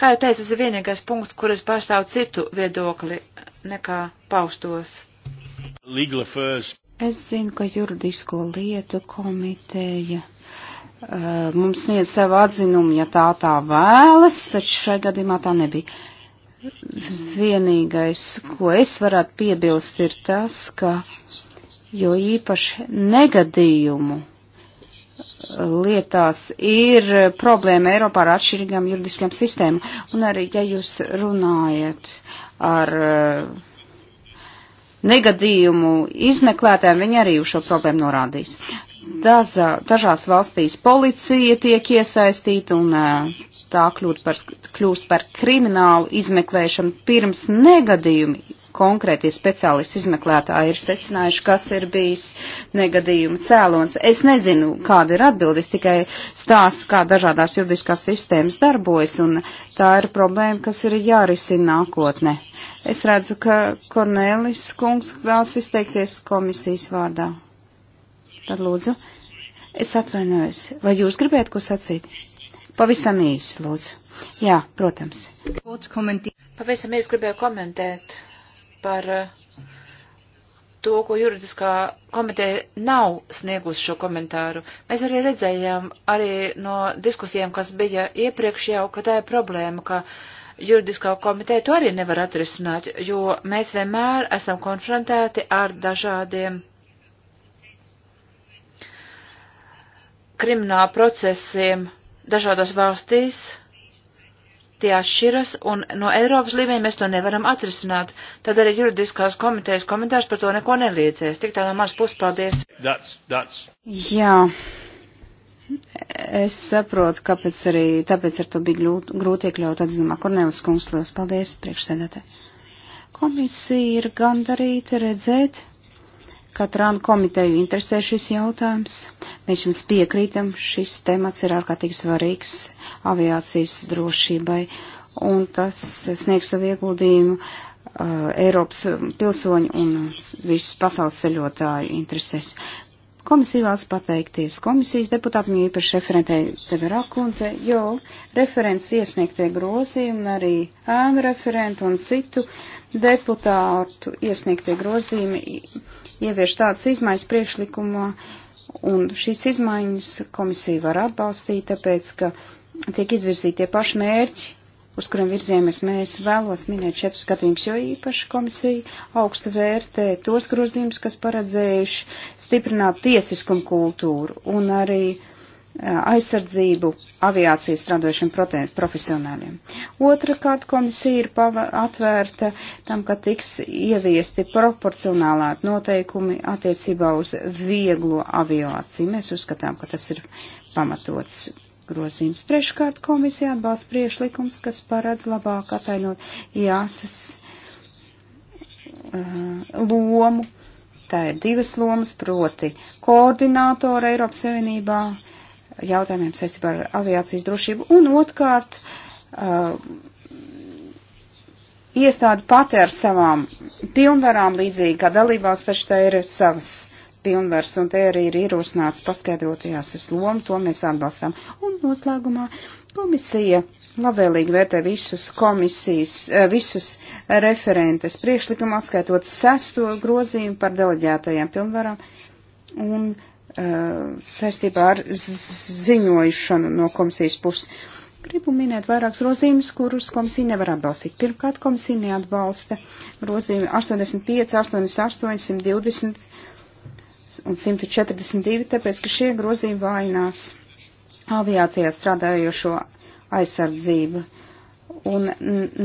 B: Kā jau teicu, tas ir vienīgais punkts, kur es pārstāvu citu viedokli nekā paustos.
C: Legal affairs.
D: Es zinu, ka juridisko lietu komiteja eh, mums sniedz savu atzinumu, ja tā tā vēlas, taču šai gadījumā tā nebija. Vienīgais, ko es varētu piebilst, ir tas, ka jo īpaši negadījumu lietās ir problēma Eiropā ar atšķirīgām juridiskām sistēmām. Un arī, ja jūs runājat ar eh, negadījumu izmeklētājiem, viņi arī uz šo problēmu norādīs. Dažā, dažās valstīs policija tiek iesaistīta un tā kļūst par, kļūst par kriminālu izmeklēšanu pirms negadījumi. Konkrētie speciālisti izmeklētāji ir secinājuši, kas ir bijis negadījuma cēlons. Es nezinu, kāda ir atbildes, tikai stāstu, kā dažādās juridiskās sistēmas darbojas, un tā ir problēma, kas ir jārisina nākotne. Es redzu, ka Kornelis kungs vēlas izteikties komisijas vārdā. Tad lūdzu, es atvainojos. Vai jūs gribētu ko sacīt? Pavisam īsi, lūdzu. Jā, protams.
B: Pavisam īsi gribēju komentēt par eh, to, ko juridiskā komiteja nav sniegusi šo komentāru. Mēs arī redzējām arī no diskusijām, kas bija iepriekš jau, ka tā ir problēma, ka juridiskā komiteja to arī nevar atrisināt, jo mēs vienmēr esam konfrontēti ar dažādiem krimināla procesiem dažādās valstīs, tie atšķiras, un no Eiropas līmeņa mēs to nevaram atrisināt. Tad arī juridiskās komitejas komentārs par to neko neliecēs. Tik tā no manas puses, paldies. That's, that's. Jā.
D: Es saprotu, kāpēc arī, tāpēc ar to bija grūti, grūti iekļaut atzinumā. Kornelis Kungs, liels paldies, priekšsēdētāji. Komisija ir gandarīta redzēt, Katrām komiteju interesē šis jautājums. Mēs jums piekrītam, šis temats ir ārkārtīgi svarīgs aviācijas drošībai, un tas sniegs savu ieguldījumu uh, Eiropas pilsoņu un visus pasaules ceļotāju interesēs. Komisija vēlas pateikties komisijas deputātam, jo īpaši referentei Teverā kundze, jo referents iesniegtie grozījumi, arī ēnu referentu un citu deputātu iesniegtie grozījumi ievieš tādas izmaiņas priekšlikumā, un šīs izmaiņas komisija var atbalstīt, tāpēc, ka tiek izvirzīti tie paši mērķi, uz kuriem virzījāmies mēs vēlos minēt četrus gadījumus, jo īpaši komisija augstu vērtē tos grozījumus, kas paredzējuši stiprināt tiesiskumu kultūru un arī aizsardzību aviācijas strādošiem profesionāļiem. Otrakārt komisija ir atvērta tam, ka tiks ieviesti proporcionālā noteikumi attiecībā uz vieglo aviāciju. Mēs uzskatām, ka tas ir pamatots grozījums. Treškārt komisija atbalsta priešlikums, kas paredz labāk atainot jāsas uh, lomu. Tā ir divas lomas, proti koordinātora Eiropas Savienībā jautājumiem saistībā ar aviācijas drošību, un otrkārt uh, iestāde pati ar savām pilnvarām, līdzīgi kā dalībās, taču tā ir savas pilnvars, un te arī ir ierosināts paskaidrotajās es lomu, to mēs atbalstām. Un noslēgumā komisija labvēlīgi vērtē visus komisijas, visus referentes priekšlikumu, atskaitot sesto grozījumu par deleģētajām pilnvarām, un uh, Uh, saistībā ar ziņojušanu no komisijas puses. Gribu minēt vairākus grozījumus, kurus komisija nevar atbalstīt. Pirmkārt, komisija neatbalsta grozījumi 85, 88, 120 un 142, tāpēc, ka šie grozījumi vājinās aviācijā strādājošo aizsardzību un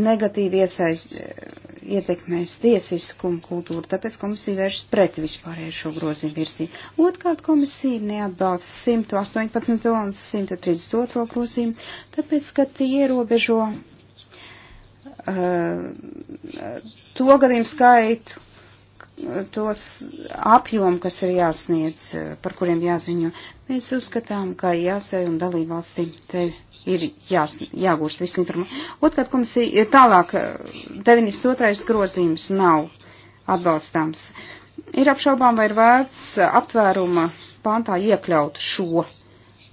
D: negatīvi iesaist ietekmēs tiesiskumu kultūru, tāpēc komisija vēršas pret vispārēju šo grozījumu virsību. Otkārt komisija neatbalsta 118. un 132. grozījumu, tāpēc, ka tie ierobežo uh, uh to gadījumu skaitu, tos apjomu, kas ir jāsniedz, par kuriem jāziņo. Mēs uzskatām, ka jāsēj un dalībvalstīm te ir jās, jāgūst visu informāciju. Otkārt, komisija ir tālāk, 92. grozījums nav atbalstāms. Ir apšaubām, vai ir vērts aptvēruma pāntā iekļaut šo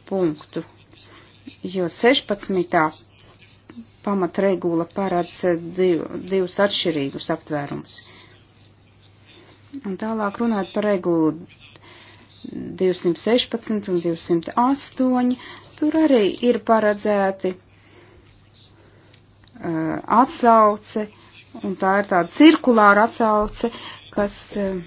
D: punktu, jo 16. pamatregula paredz div, divus atšķirīgus aptvērumus Un tālāk runāt par regulu 216 un 208. Tur arī ir paredzēti uh, atsauce, un tā ir tāda cirkulāra atsauce, kas uh, uh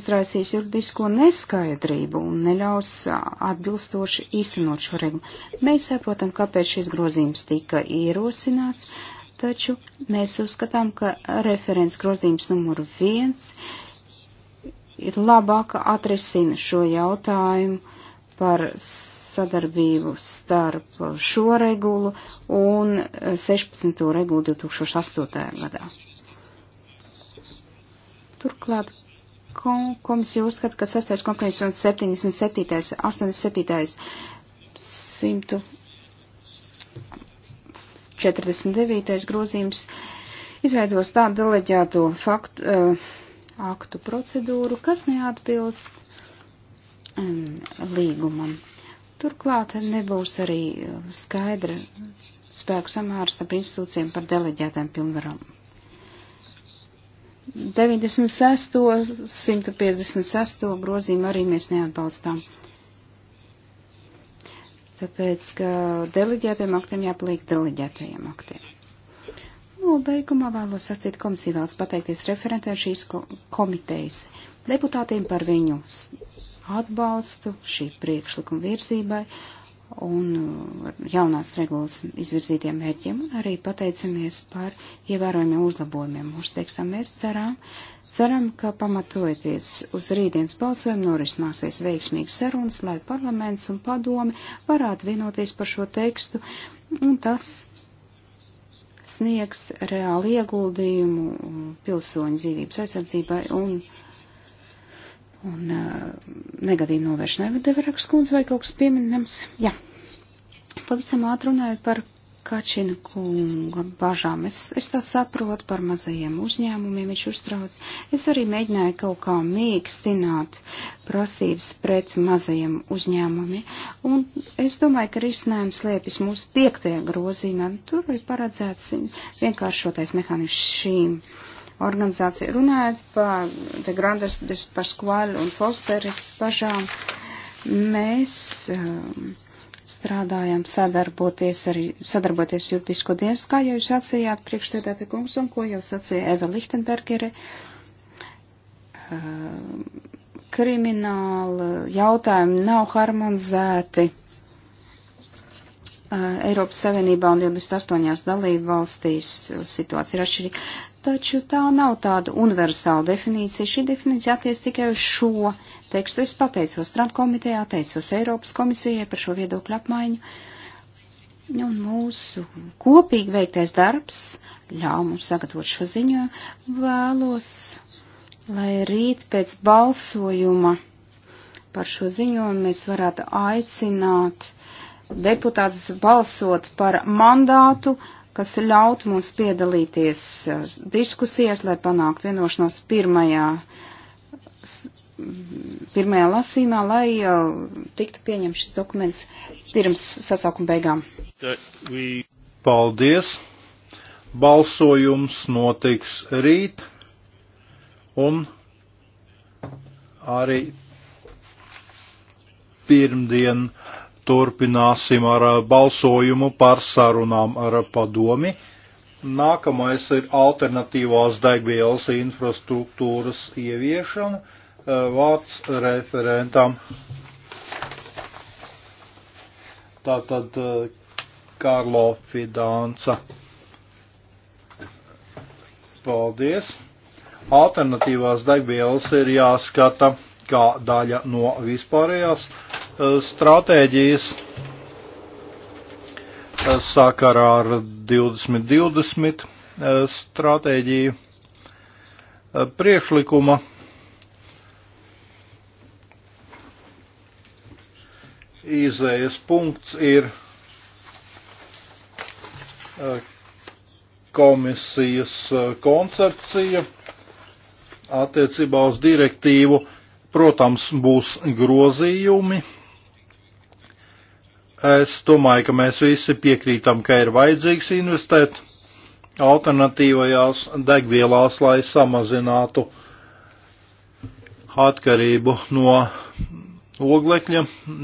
D: izraisīs juridisko neskaidrību un neļaus uh, atbilstoši īstenot šo regulu. Mēs saprotam, kāpēc šis grozījums tika ierosināts. Uh, Taču mēs uzskatām, ka referents grozījums numuru viens ir labāk atrisina šo jautājumu par sadarbību starp šo regulu un 16. regulu 2008. gadā. Turklāt komisija uzskata, ka 6. kompromiss un 77. 87. 100. 49. grozījums izveidos tādu deleģēto faktu, uh, aktu procedūru, kas neatbilst um, līgumam. Turklāt nebūs arī eh, skaidra spēku samērs starp institūcijiem par deleģētām pilnvarām. 96. 156. grozījumu arī mēs neatbalstām tāpēc, ka deleģētiem aktiem jāpaliek deleģētajiem aktiem. Nobeigumā nu, vēlos sacīt komisiju vēlas pateikties referentē šīs komitejas deputātiem par viņu atbalstu šī priekšlikuma virzībai un uh, jaunās regulas izvirzītiem mērķiem, un arī pateicamies par ievērojumiem uzlabojumiem. Mums, teiksim, mēs cerām, Ceram, ka pamatojoties uz rītdienas balsojumu norisināsies veiksmīgas sarunas, lai parlaments un padomi varētu vienoties par šo tekstu, un tas sniegs reāli ieguldījumu pilsoņu dzīvības aizsardzībai un, un uh, negadījumu novēršanai. Vai Deveraks kundze vai kaut kas pieminams? Jā. Pavisam ātrunājot par Kačina kunga bažām. Es, es tā saprotu par mazajiem uzņēmumiem, viņš uztrauc. Es arī mēģināju kaut kā mīkstināt prasības pret mazajiem uzņēmumiem. Un es domāju, ka risinājums liepjas mūsu piektajā grozīmē. Tur ir paredzēts vienkāršotais mehānisms šīm organizācijām. Runājot par De Grandes, Pasquale un Fosteris bažām, mēs. Uh, um, strādājam sadarboties arī, sadarboties juridisko dienas, kā jau jūs sacījāt priekšstādāte kungs un ko jau sacīja Eva Lichtenbergere. Krimināla jautājumi nav harmonizēti Eiropas Savienībā un 28 dalību valstīs situācija ir atšķirīga. Taču tā nav tāda universāla definīcija. Šī definīcija attiec tikai uz šo tekstu. Es pateicos Trump komitejā, teicos Eiropas komisijai par šo viedokļu apmaiņu. Un mūsu kopīgi veiktais darbs ļauj mums sagatavot šo ziņu. Vēlos, lai rīt pēc balsojuma par šo ziņojumu mēs varētu aicināt deputātus balsot par mandātu, kas ļautu mums piedalīties eh, diskusijās, lai panāktu vienošanos pirmajā pirmajā lasīmā, lai uh, tiktu pieņemts šis dokuments pirms sasaukuma beigām.
A: Paldies! Balsojums notiks rīt un arī pirmdien turpināsim ar uh, balsojumu par sarunām ar uh, padomi. Nākamais ir alternatīvās degvielas infrastruktūras ieviešana vārds referentam. Tātad eh, Karlo Fidanca. Paldies. Alternatīvās degvielas ir jāskata kā daļa no vispārējās eh, stratēģijas eh, sakarā ar 2020 stratēģiju priekšlikuma izējas punkts ir komisijas koncepcija attiecībā uz direktīvu. Protams, būs grozījumi. Es domāju, ka mēs visi piekrītam, ka ir vajadzīgs investēt alternatīvajās degvielās, lai samazinātu atkarību no oglekļa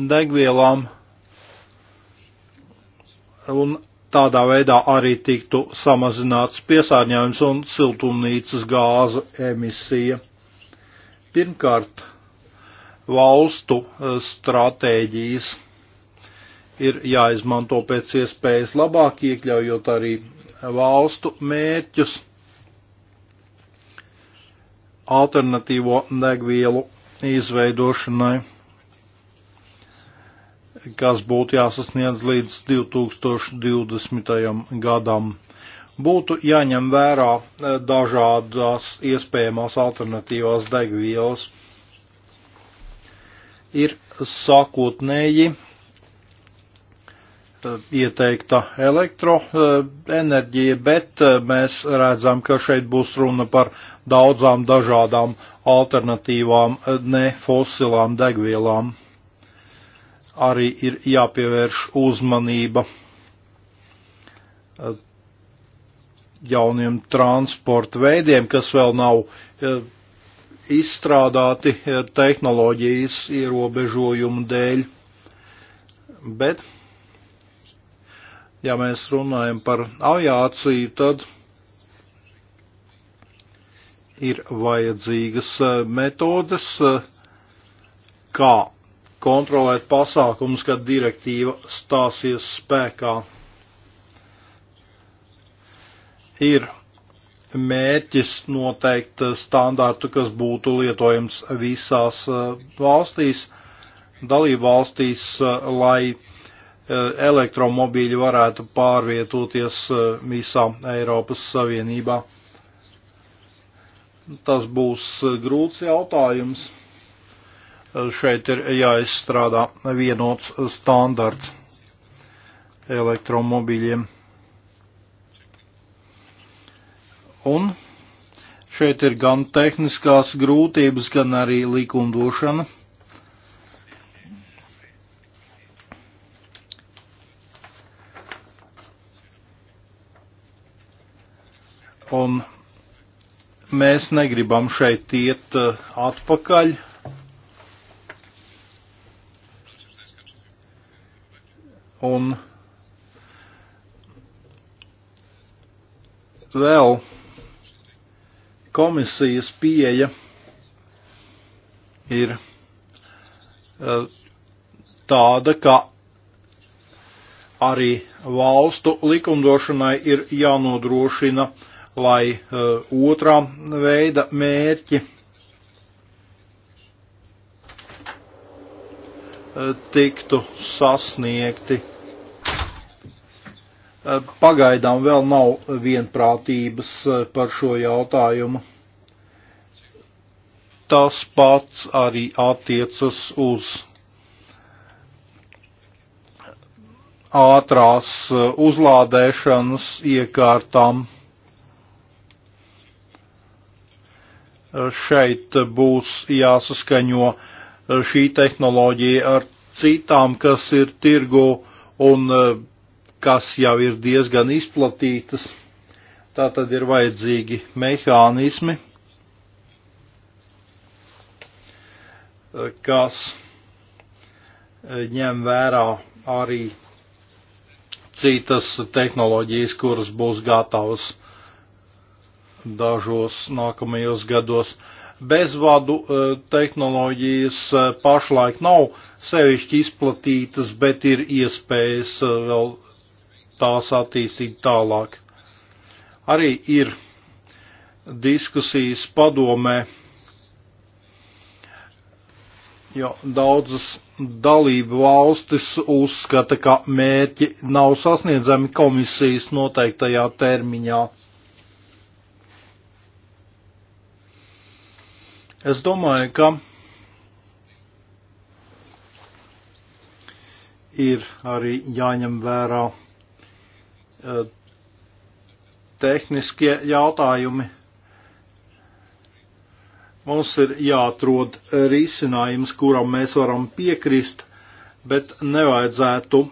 A: degvielām un tādā veidā arī tiktu samazināts piesārņojums un siltumnīcas gāzu emisija. Pirmkārt, valstu eh, stratēģijas ir jāizmanto pēc iespējas labāk, iekļaujot arī valstu mērķus alternatīvo degvielu izveidošanai kas būtu jāsasniedz līdz 2020. gadam. Būtu jāņem vērā e, dažādās iespējamās alternatīvās degvielas. Ir sākotnēji e, ieteikta elektroenerģija, bet e, mēs redzam, ka šeit būs runa par daudzām dažādām alternatīvām nefosilām degvielām arī ir jāpievērš uzmanība eh, jauniem transporta veidiem, kas vēl nav eh, izstrādāti eh, tehnoloģijas ierobežojumu dēļ. Bet, ja mēs runājam par aviāciju, tad ir vajadzīgas metodes, kā kontrolēt pasākumus, kad direktīva stāsies spēkā. Ir mērķis noteikt standārtu, kas būtu lietojams visās uh, valstīs, dalību valstīs, uh, lai uh, elektromobīļi varētu pārvietoties visā Eiropas Savienībā. Tas būs grūts jautājums. Šeit ir jāizstrādā vienots standarts elektromobīļiem. Un šeit ir gan tehniskās grūtības, gan arī likumdošana. Un mēs negribam šeit iet eh, atpakaļ Un vēl komisijas pieeja ir eh, tāda, ka arī valstu likumdošanai ir jānodrošina, lai eh, otrā veida mērķi tiktu sasniegti. Pagaidām vēl nav vienprātības par šo jautājumu. Tas pats arī attiecas uz ātrās uzlādēšanas iekārtām. Šeit būs jāsaskaņo uh, šī tehnoloģija ar citām, kas ir tirgu un e, kas jau ir diezgan izplatītas. Tā tad ir vajadzīgi mehānismi, e, kas e, ņem vērā arī citas tehnoloģijas, kuras būs gatavas dažos nākamajos gados. Uh, bezvadu eh, tehnoloģijas eh, pašlaik nav sevišķi izplatītas, bet ir iespējas eh, vēl tās attīstīt tālāk. Arī ir diskusijas padomē, jo daudzas dalību valstis uzskata, ka mērķi nav sasniedzami komisijas noteiktajā termiņā. Es domāju, ka ir arī jāņem vērā e, tehniskie jautājumi. Mums ir jāatrod risinājums, kuram mēs varam piekrist, bet nevajadzētu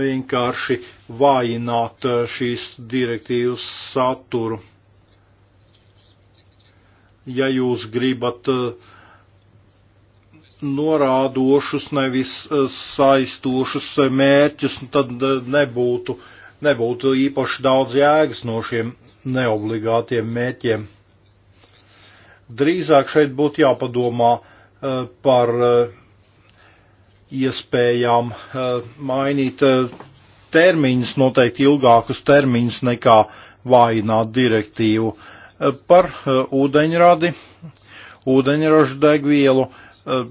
A: vienkārši vājināt e, šīs direktīvas saturu ja jūs gribat eh, norādošus, nevis eh, saistošus eh, mērķus, nu tad nebūtu, nebūtu īpaši daudz jēgas no šiem neobligātiem mērķiem. Drīzāk šeit būtu jāpadomā par iespējām mainīt termiņus, noteikti ilgākus termiņus nekā vājināt direktīvu. Uh, par eh, ūdeņradi, ūdeņražu degvielu. Eh,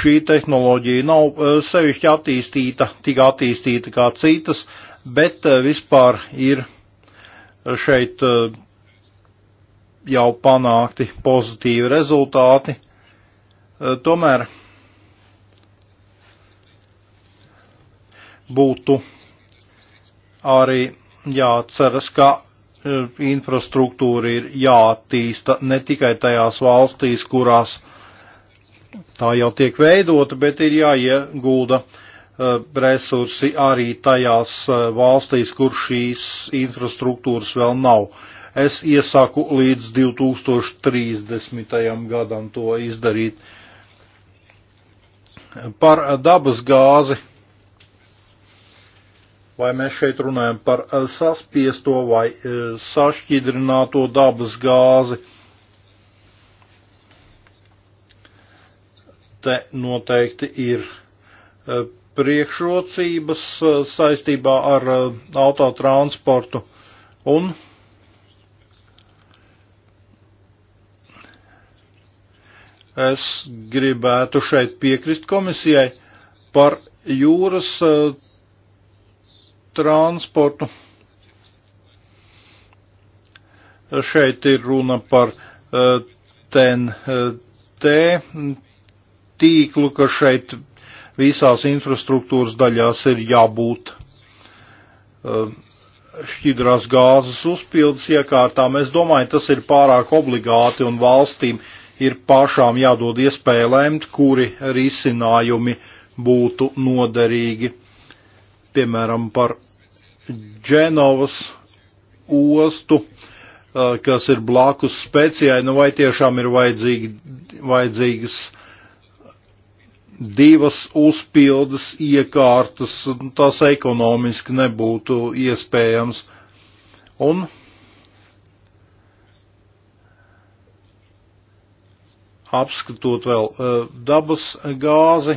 A: šī tehnoloģija nav eh, sevišķi attīstīta, tik attīstīta kā citas, bet vispār ir šeit jau panākti pozitīvi rezultāti. Tomēr būtu arī jāatceras, ka Eh, infrastruktūra ir jātīsta ne tikai tajās valstīs, kurās tā jau tiek veidota, bet ir jāiegulda eh, resursi arī tajās eh, valstīs, kur šīs infrastruktūras vēl nav. Es iesaku līdz 2030. gadam to izdarīt. Par dabas gāzi vai mēs šeit runājam par eh, saspiesto vai eh, sašķidrināto dabas gāzi. Te noteikti ir eh, priekšrocības saistībā ar autotransportu un es gribētu šeit piekrist komisijai par jūras transportu. Šeit ir runa par TNT eh, tīklu, ka šeit visās infrastruktūras daļās ir jābūt eh, šķidrās gāzes uzpildes iekārtām. Es domāju, tas ir pārāk obligāti un valstīm ir pašām jādod iespēja lemt, kuri risinājumi būtu noderīgi piemēram, par Dženovas ostu, kas ir blakus specijai, nu vai tiešām ir vajadzīgi, vajadzīgas divas uzpildes iekārtas, nu, tas ekonomiski nebūtu iespējams. Un apskatot vēl dabas gāzi.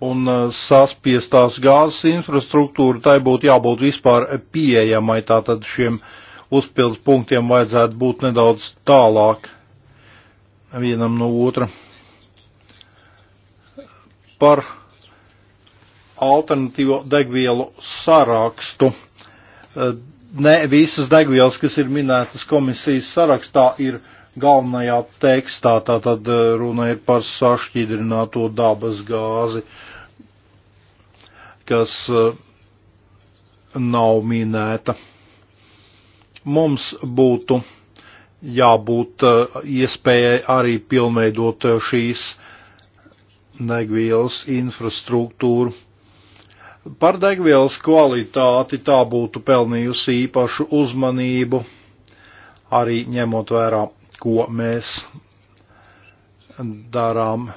A: un eh, saspiestās gāzes infrastruktūra, tai būtu jābūt vispār pieejamai, tātad šiem uzpils punktiem vajadzētu būt nedaudz tālāk vienam no otra. Par alternatīvo degvielu sarakstu. Eh, ne visas degvielas, kas ir minētas komisijas sarakstā, ir galvenajā tekstā, tātad eh, runa ir par sašķidrināto dabas gāzi. Uh, kas eh, nav minēta. Mums būtu jābūt eh, iespējai arī pilnveidot eh, šīs degvielas infrastruktūru. Par degvielas kvalitāti tā būtu pelnījusi īpašu uzmanību, arī ņemot vērā, ko mēs darām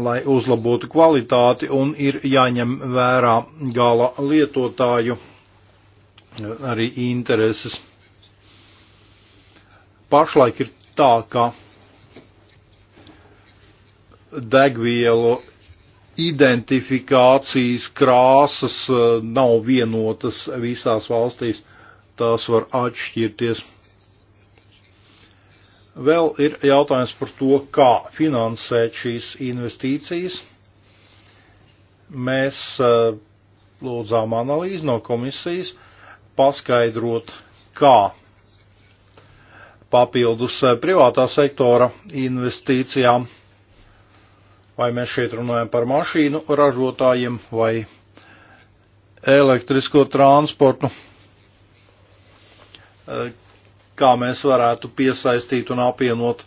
A: lai uzlabotu kvalitāti un ir jāņem vērā gala lietotāju eh, arī intereses. Pašlaik ir tā, ka degvielu identifikācijas krāsas eh, nav vienotas visās valstīs, tās var atšķirties. Vēl ir jautājums par to, kā finansēt šīs investīcijas. Mēs eh, lūdzām analīzi no komisijas paskaidrot, kā papildus eh, privātā sektora investīcijām, vai mēs šeit runājam par mašīnu ražotājiem vai elektrisko transportu, eh, kā mēs varētu piesaistīt un apvienot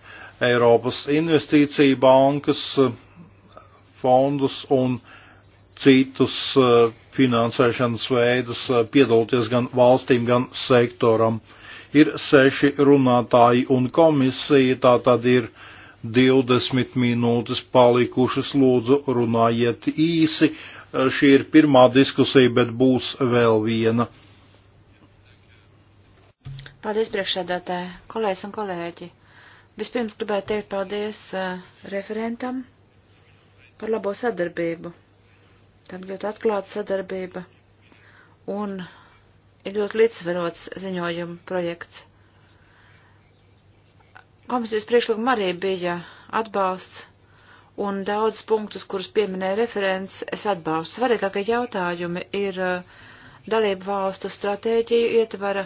A: Eiropas investīciju bankas fondus un citus eh, finansēšanas veidus, eh, piedalīties gan valstīm, gan sektoram. Ir seši runātāji un komisija, tā tad ir 20 minūtes palikušas, lūdzu runājiet īsi. Eh, šī ir pirmā diskusija, bet būs vēl viena.
B: Paldies, priekšsēdētē, kolēģis un kolēģi. Vispirms gribētu teikt paldies uh, referentam par labo sadarbību. Tā bija ļoti atklāta sadarbība un ir ļoti līdzsvarots ziņojuma projekts. Komisijas priekšlikuma arī bija atbalsts un daudz punktus, kurus pieminēja referents, es atbalstu. Svarīgākie jautājumi ir eh, dalību valstu stratēģiju ietvara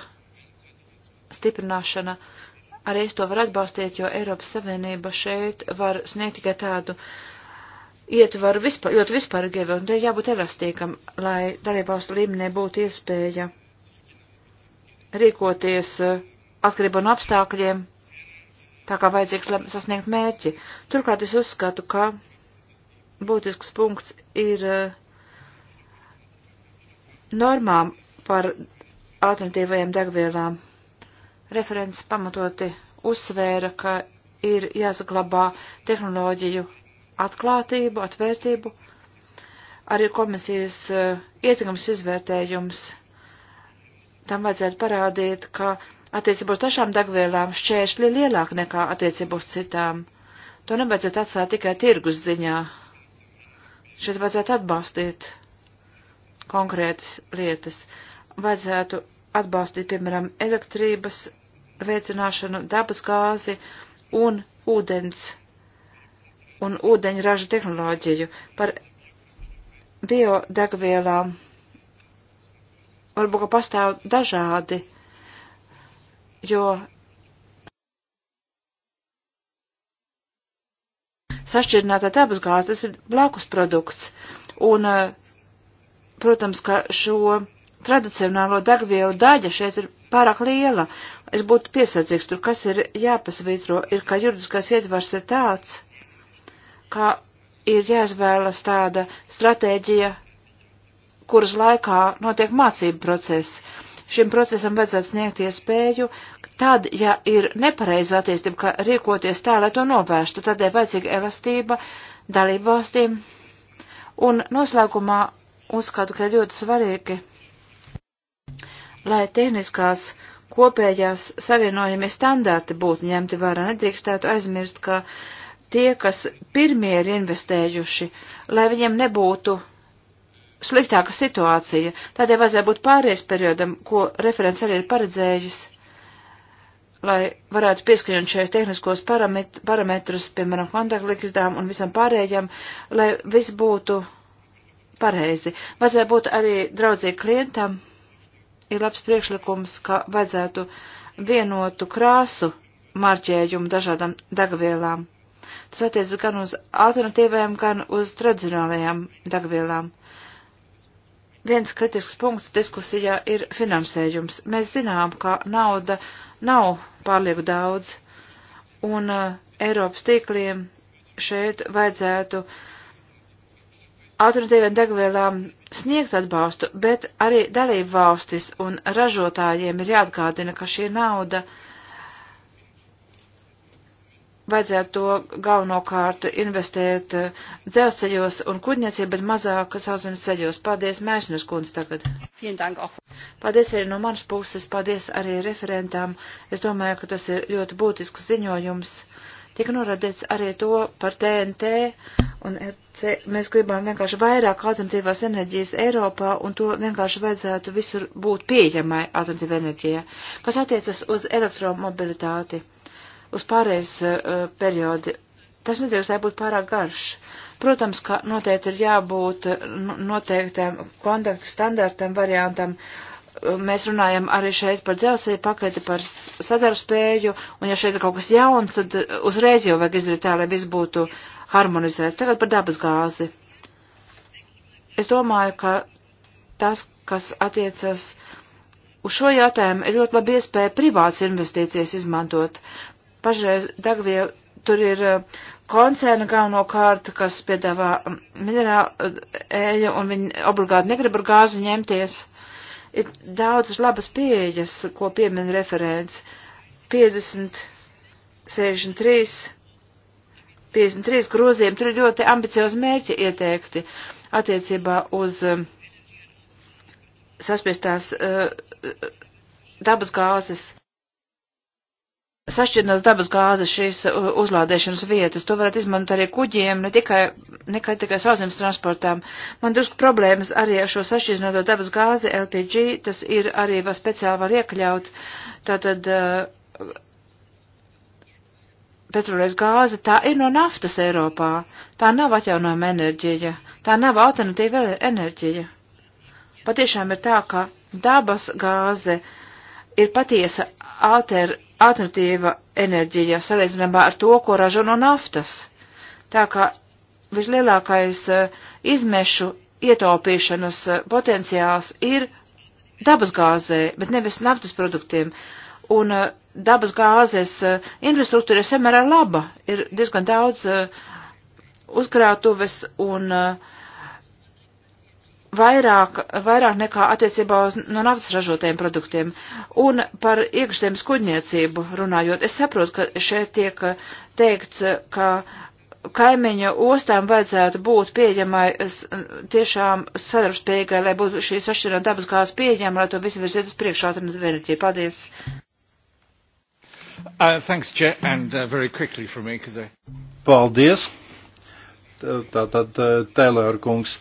B: stiprināšana, arī es to varu atbalstīt, jo Eiropas Savienība šeit var sniegt tikai tādu ietvaru vispār, ļoti vispārīgi ietvaru, un te jābūt elastīgam, lai dalībvalstu līmenī būtu iespēja rīkoties eh, atkarībā no apstākļiem, tā kā vajadzīgs, lai sasniegt mērķi. Turklāt es uzskatu, ka būtisks punkts ir eh, normām par alternatīvajām degvielām. Referents pamatoti uzsvēra, ka ir jāsaglabā tehnoloģiju atklātību, atvērtību. Arī komisijas eh, ietekmes izvērtējums tam vajadzētu parādīt, ka attiecībā uz tašām degvielām šķēršļi ir lielāki nekā attiecībā uz citām. To nevajadzētu atstāt tikai tirgus ziņā. Šeit vajadzētu atbalstīt konkrētas lietas. Vajadzētu atbalstīt, piemēram, elektrības veicināšanu, dabas gāzi un ūdens un ūdeņraža tehnoloģiju, par biodegvielām. Varbūt, ka pastāv dažādi, jo sašķirinātā dabasgāze tas ir blakus produkts. Un, eh, protams, ka šo tradicionālo degvielu daļa šeit ir pārāk liela. Es būtu piesardzīgs tur, kas ir jāpasvītro, ir, ka juridiskais ietvars ir tāds, ka ir jāizvēlas tāda stratēģija, kuras laikā notiek mācību process. Šim procesam vajadzētu sniegt iespēju, tad, ja ir nepareiza attīstība, ka rīkoties tā, lai to novērstu, tad ir vajadzīga elastība dalību valstīm. Un noslēgumā uzskatu, ka ir ļoti svarīgi lai tehniskās kopējās savienojumie standarti būtu ņemti vērā. Nedrīkstētu aizmirst, ka tie, kas pirmie ir investējuši, lai viņiem nebūtu sliktāka situācija. Tādēļ vajadzēja būt pāries periodam, ko referents arī ir paredzējis, lai varētu pieskaņot šajos tehniskos paramet parametrus, piemēram, kontaktlikstām un visam pārējiem, lai viss būtu pareizi. Vajadzēja būt arī draudzīgi klientam ir labs priekšlikums, ka vajadzētu vienotu krāsu marķējumu dažādām degvielām. Tas attiecas gan uz alternatīvajām, gan uz tradicionālajām degvielām. Viens kritisks punkts diskusijā ir finansējums. Mēs zinām, ka nauda nav pārlieku daudz, un uh, Eiropas tīkliem šeit vajadzētu alternatīviem degvielām sniegt atbalstu, bet arī darību valstis un ražotājiem ir jāatgādina, ka šī nauda vajadzētu to galvenokārt investēt eh, dzelzceļos un kuģniecību, bet mazāk sauszemes ceļos. Paldies, Mēsnes kundze tagad. Paldies arī no manas puses, paldies arī referentām. Es domāju, ka tas ir ļoti būtisks ziņojums. Tika norādīts arī to par TNT Un EC, eh, mēs gribam vienkārši vairāk alternatīvās enerģijas Eiropā, un to vienkārši vajadzētu visur būt pieejamai alternatīvai enerģijai. Kas attiecas uz elektromobilitāti, uz pārējais uh, periodi, tas nedrīkst, lai būtu pārāk garš. Protams, ka noteikti ir jābūt eh, nu, noteiktam kontaktu standartam, variantam. Mēs runājam arī šeit par dzelzceļa paketi, par sadarbspēju, un ja šeit ir kaut kas jauns, tad uzreiz jau vajag izdarīt tā, lai viss būtu uh, harmonizēt. Tagad par dabas gāzi. Es domāju, ka tas, kas attiecas uz šo jautājumu, ir ļoti labi iespēja privāts investīcijas izmantot. Pašreiz dagvielu tur ir eh, koncerni galvenokārt, kas piedāvā mm, minerālu eh, eļu, un viņi obligāti negrib ar gāzi ņemties. Ir daudzas labas pieejas, ko piemin referents. 50, 63 53 groziem, tur ir ļoti ambiciozi mērķi ieteikti attiecībā uz uh, saspiestās uh, dabas gāzes, sašķirnās dabas gāzes šīs uh, uzlādēšanas vietas. To varētu izmantot arī kuģiem, ne tikai, ne tikai sauszemes transportām. Man drusku problēmas arī ar šo sašķirnāto dabas gāzi LPG, tas ir arī vēl speciāli var iekļaut. Tātad, uh, petrolejas gāze, tā ir no naftas Eiropā. Tā nav atjaunojama enerģija, tā nav alternatīva e- enerģija. Patiešām ir tā, ka dabas gāze ir patiesa alter, alternatīva enerģija, salīdzinājumā ar to, ko ražo no naftas. Tā kā vislielākais e, izmešu ietaupīšanas e, potenciāls ir dabas gāzē, bet nevis naftas produktiem. Un uh, dabas gāzes eh, infrastruktūra ir samērā laba, ir diezgan daudz eh, uzkrātuves un eh, vairāk, vairāk nekā attiecībā uz no naftas ražotajiem produktiem. Un par iekšķiem skuģniecību runājot, es saprotu, ka šeit tiek teikts, ka kaimiņa ostām vajadzētu būt pieejamai tiešām sadarbspējīgai, lai būtu šīs atšķirā dabas gāzes pieejama, lai to visi virziet uz priekšā, tad enerģija. Paldies!
A: Uh, thanks, Chair, and uh, very quickly from me, because I... Paldies. Tātad, uh, Taylor kungs,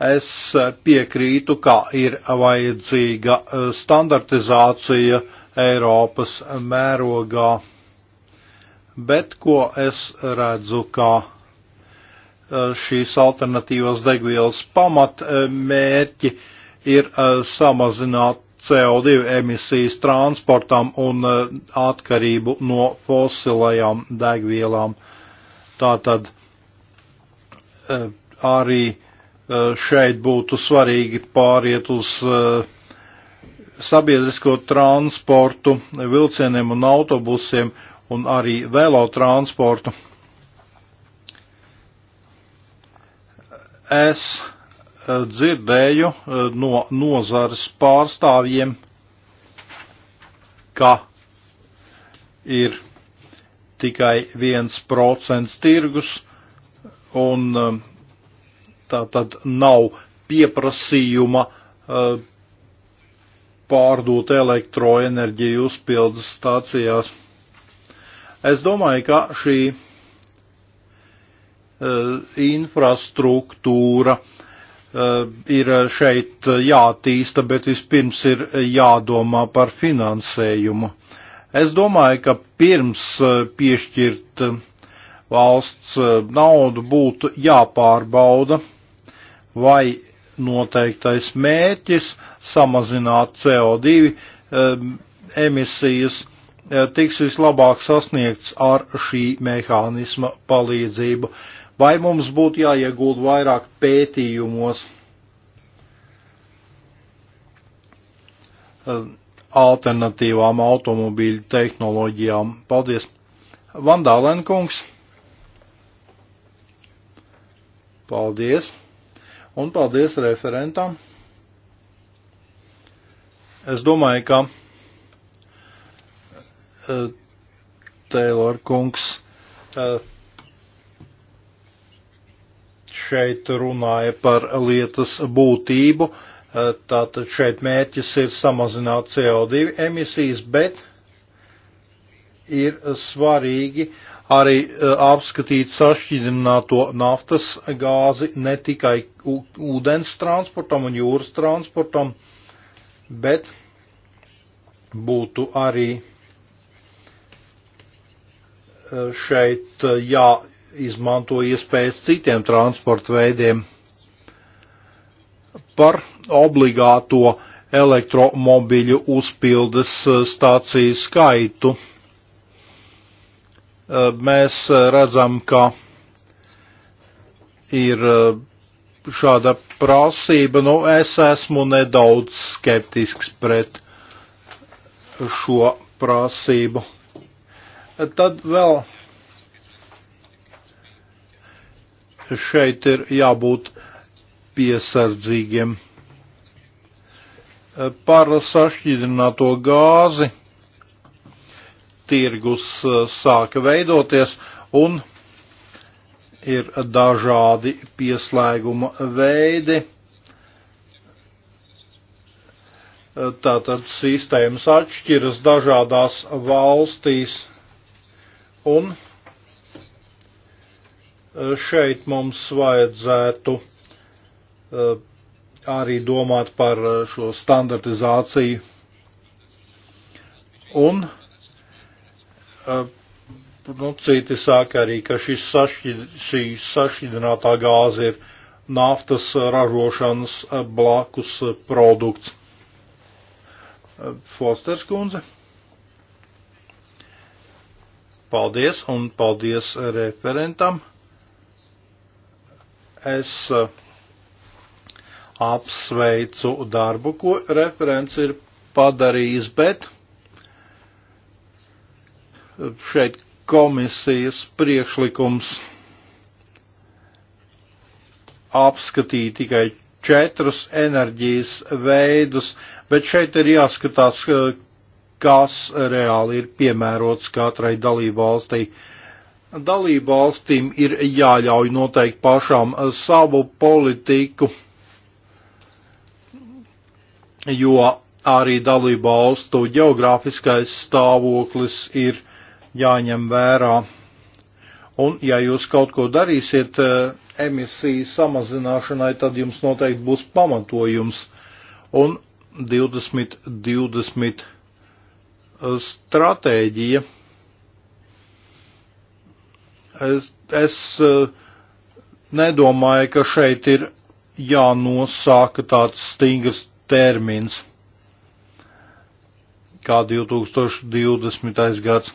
A: es uh, piekrītu, ka ir vajadzīga uh, standartizācija Eiropas mērogā, bet ko es redzu, ka šīs alternatīvas degvielas pamatmērķi ir samazināt CO2 emisijas transportam un eh, atkarību no fosilajām degvielām. Tātad eh, arī eh, šeit būtu svarīgi pāriet uz sabiedrisko transportu, vilcieniem un autobusiem un arī velotransportu. Es Eh, dzirdēju eh, no nozares pārstāvjiem, ka ir tikai viens procents tirgus un eh, tā tad nav pieprasījuma pārdot elektroenerģiju uzpildes stācijās. Es domāju, ka šī infrastruktūra uh, Eh, ir eh, šeit eh, jātīsta, bet vispirms ir jādomā par finansējumu. Es domāju, ka pirms piešķirt valsts naudu būtu jāpārbauda, vai noteiktais mērķis samazināt CO2 emisijas tiks vislabāk sasniegts ar šī mehānisma palīdzību. Uh, Vai mums būtu jāiegulda vairāk pētījumos? alternatīvām automobīļu tehnoloģijām. Paldies! Vandālenkungs! Paldies! Un paldies referentam! Es domāju, ka uh, Taylor kungs uh, šeit runāja par lietas būtību. Eh, tātad šeit mērķis ir samazināt CO2 emisijas, bet ir svarīgi arī eh, apskatīt sašķidrināto naftas gāzi ne tikai ūdens transportam un jūras transportam, bet būtu arī eh, šeit jā. Ja, izmanto iespējas citiem transporta veidiem. Par obligāto elektromobīļu uzpildes eh, stāciju skaitu eh, mēs eh, redzam, ka ir šāda prasība. Nu, es esmu nedaudz skeptisks pret šo prasību. Tad vēl šeit ir jābūt piesardzīgiem. Par sašķidrināto gāzi tirgus eh, sāka veidoties un ir dažādi pieslēguma veidi. Tātad sistēmas atšķiras dažādās valstīs un Eh, šeit mums vajadzētu eh, arī domāt par eh, šo standartizāciju. Un nu, citi saka arī, ka šis sašķid, šī sašķidrinātā gāze ir naftas ražošanas blakus produkts. Fosters kundze. Paldies un paldies referentam. Es uh, apsveicu darbu, ko referents ir padarījis, bet šeit komisijas priekšlikums apskatīja tikai četrus enerģijas veidus, bet šeit ir jāskatās, uh, kas reāli ir piemērots katrai dalībvalstī. valstī Dalību valstīm ir jāļauj noteikt pašām eh, savu politiku, jo arī dalību valstu geogrāfiskais stāvoklis ir jāņem vērā. Un, ja jūs kaut ko darīsiet eh, emisiju samazināšanai, tad jums noteikti būs pamatojums. Un 2020 eh, stratēģija Es, es eh, nedomāju, ka šeit ir jānosāka tāds stingrs termins kā 2020. gads.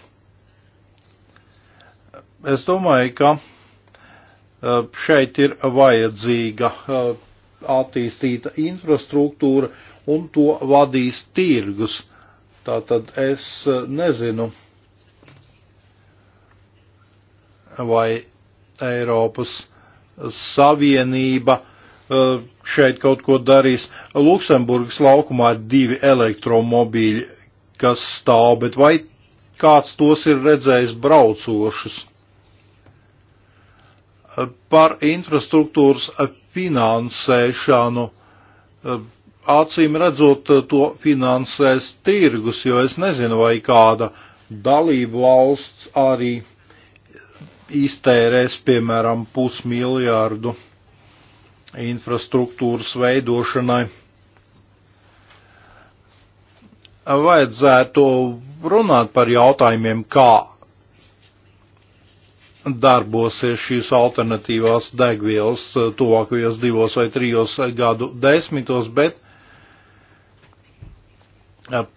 A: Es domāju, ka eh, šeit ir vajadzīga eh, attīstīta infrastruktūra un to vadīs tirgus. Tātad es nezinu, vai Eiropas Savienība e, šeit kaut ko darīs. Luksemburgas laukumā ir divi elektromobīļi, kas stāv, bet vai kāds tos ir redzējis braucošus? E, par infrastruktūras finansēšanu e, acīm redzot, to finansēs tirgus, jo es nezinu, vai kāda dalību valsts arī iztērēs, piemēram, pusmiljārdu infrastruktūras veidošanai. Vajadzētu runāt par jautājumiem, kā darbosies šīs alternatīvās degvielas tuvākajos divos vai trijos gadu desmitos, bet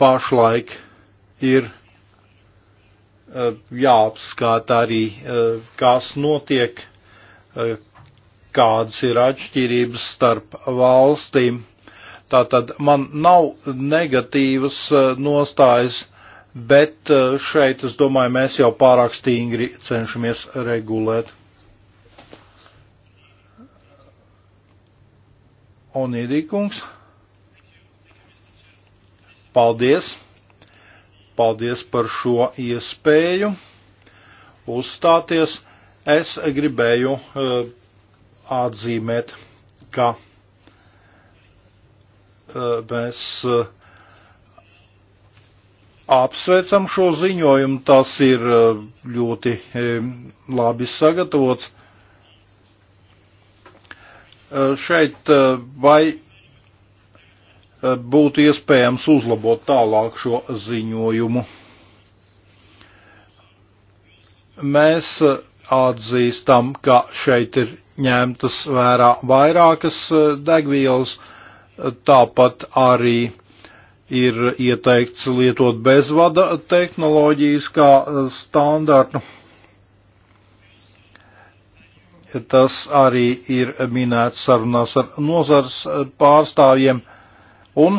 A: pašlaik ir Eh, jāapskata arī, eh, kas notiek, eh, kādas ir atšķirības starp valstīm. Tātad man nav negatīvas nostājas, bet šeit, es domāju, mēs jau pārāk stingri cenšamies regulēt. Onīdīkungs. Paldies! Paldies par šo iespēju uzstāties. Es gribēju uh, atzīmēt, ka uh, mēs uh, apsveicam šo ziņojumu. Tas ir uh, ļoti uh, labi sagatavots. Uh, šeit uh, vai Eh, būtu iespējams uzlabot tālāk šo ziņojumu. Mēs eh, atzīstam, ka šeit ir ņemtas vērā vairākas eh, degvielas, tāpat arī ir ieteikts lietot bezvada tehnoloģijas kā standartu. Tas arī ir minēts sarunās ar nozars pārstāvjiem Un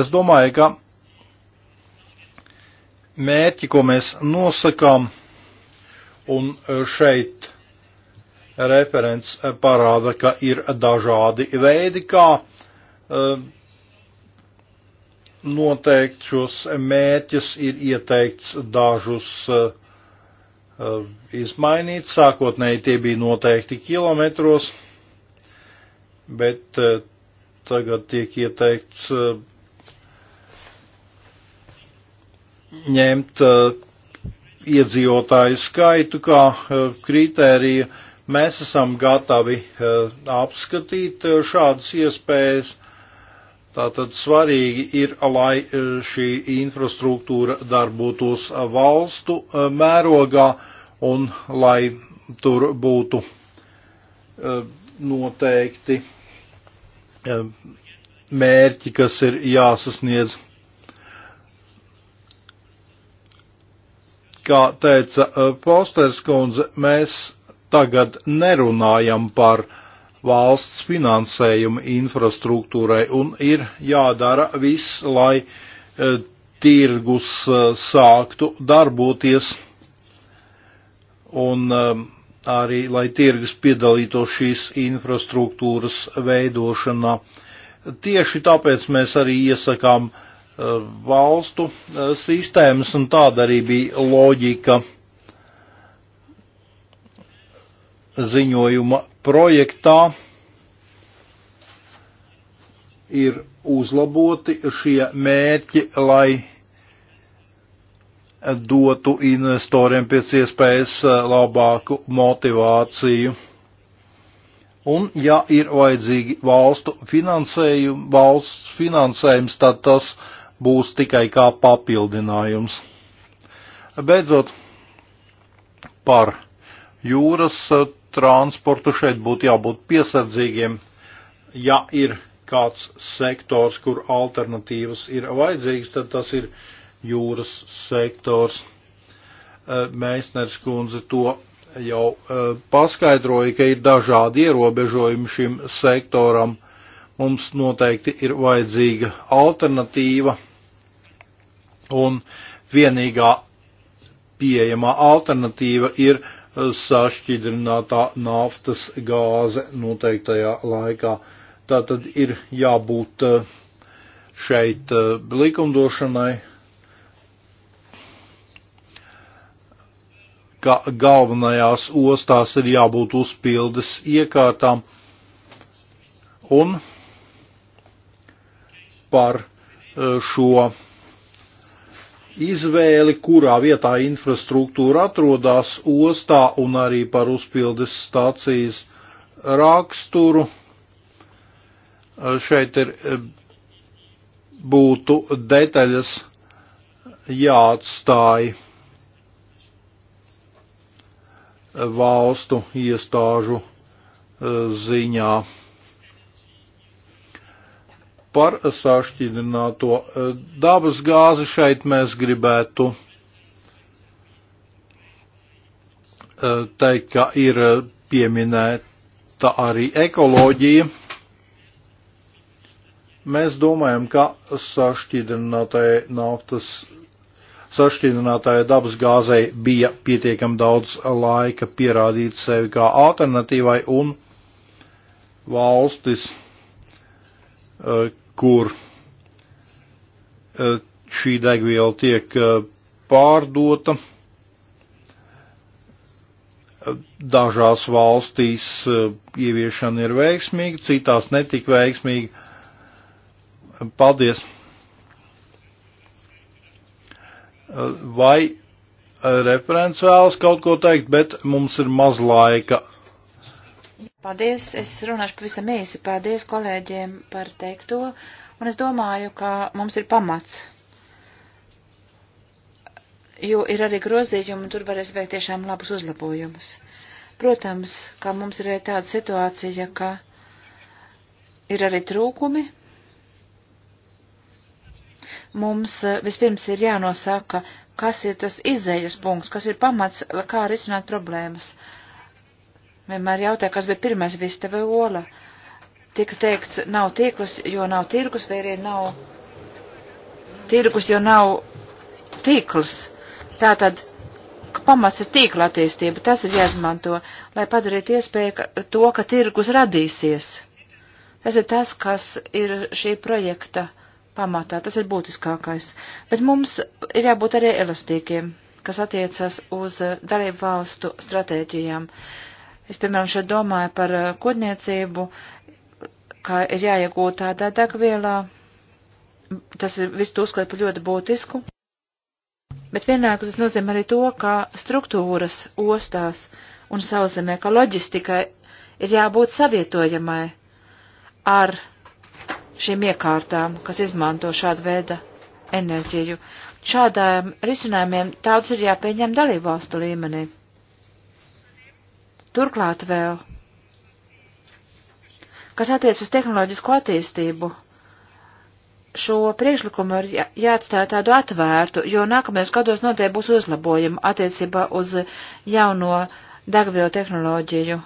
A: es domāju, ka mērķi, ko mēs nosakām, un šeit referents parāda, ka ir dažādi veidi, kā e, noteikt šos mērķus, ir ieteikts dažus e, e, izmainīt. Sākotnēji tie bija noteikti kilometros, bet tagad tiek ieteikts eh, ņemt eh, iedzīvotāju skaitu kā eh, kritēriju. Mēs esam gatavi apskatīt šādas iespējas. Tātad svarīgi ir, lai šī infrastruktūra darbotos valstu mērogā un lai tur būtu noteikti mērķi, kas ir jāsasniedz. Kā teica eh, Posters kundze, mēs tagad nerunājam par valsts finansējumu infrastruktūrai un ir jādara viss, lai eh, tirgus eh, sāktu darboties. Un um, arī, lai tirgus piedalītos šīs infrastruktūras veidošanā. Tieši tāpēc mēs arī iesakām eh, valstu eh, sistēmas, un tāda arī bija loģika ziņojuma projektā. Ir uzlaboti šie mērķi, lai dotu investoriem pēc iespējas eh, labāku motivāciju. Un, ja ir vajadzīgi valstu finansējumi, valsts finansējums, tad tas būs tikai kā papildinājums. Beidzot, par jūras eh, transportu šeit būtu jābūt piesardzīgiem, ja ir kāds sektors, kur alternatīvas ir vajadzīgas, tad tas ir jūras sektors. Eh, Mēsners kundze to jau eh, paskaidroja, ka ir dažādi ierobežojumi šim sektoram. Mums noteikti ir vajadzīga alternatīva, un vienīgā pieejamā alternatīva ir eh, sašķidrinātā naftas gāze noteiktajā laikā. Tā tad ir jābūt šeit likumdošanai, ka galvenajās ostās ir jābūt uzpildes iekārtām un par e, šo izvēli, kurā vietā infrastruktūra atrodas ostā un arī par uzpildes stācijas raksturu. E, šeit ir e, būtu detaļas jāatstāja valstu iestāžu eh, ziņā. Par sašķidrināto eh, dabas gāzi šeit mēs gribētu eh, teikt, ka ir pieminēta arī ekoloģija. Mēs domājam, ka sašķidrinātai naftas sašķidrinātāja dabas gāzei bija pietiekam daudz laika pierādīt sevi kā alternatīvai un valstis, e, kur e, šī degviela tiek e, pārdota. Dažās valstīs ieviešana ir veiksmīga, citās netik veiksmīga. Paldies! Eh, vai eh, referents vēlas kaut ko teikt, bet mums ir maz laika.
B: Paldies, es runāšu pavisam īsi. Paldies kolēģiem par teikto, un es domāju, ka mums ir pamats. Jo ir arī grozījumi, un tur varēs veikt tiešām labus uzlabojumus. Protams, ka mums ir arī tāda situācija, ka ir arī trūkumi, mums eh, vispirms ir jānosaka, kas ir tas izējas punkts, kas ir pamats, kā risināt problēmas. Vienmēr jautā, kas bija pirmais vista vai ola. Tika teikts, nav tīklus, jo nav tirgus, vai arī nav tirgus, jo nav tīkls. Tātad pamats ir tīkla attīstība, tas ir jāizmanto, lai padarītu iespēju ka, to, ka tirgus radīsies. Tas ir tas, kas ir šī projekta pamatā. Tas ir būtiskākais. Bet mums ir jābūt arī elastīgiem, kas attiecas uz eh, darību valstu stratēģijām. Es, piemēram, šeit domāju par eh, kodniecību, kā ir jāiegūt tādā degvielā. Tas ir visu to uzskatu par ļoti būtisku. Bet vienlaikus tas nozīmē arī to, ka struktūras ostās un sauzemē, ka loģistikai ir jābūt savietojamai ar šīm iekārtām, kas izmanto šādu veidu enerģiju. Šādām risinājumiem daudz ir jāpieņem dalībvalstu līmenī. Turklāt vēl, kas attiec uz tehnoloģisko attīstību, šo priekšlikumu ir jā, jāatstāja tādu atvērtu, jo nākamajos gados noteikti būs uzlabojumi attiecībā uz jauno degvielu tehnoloģiju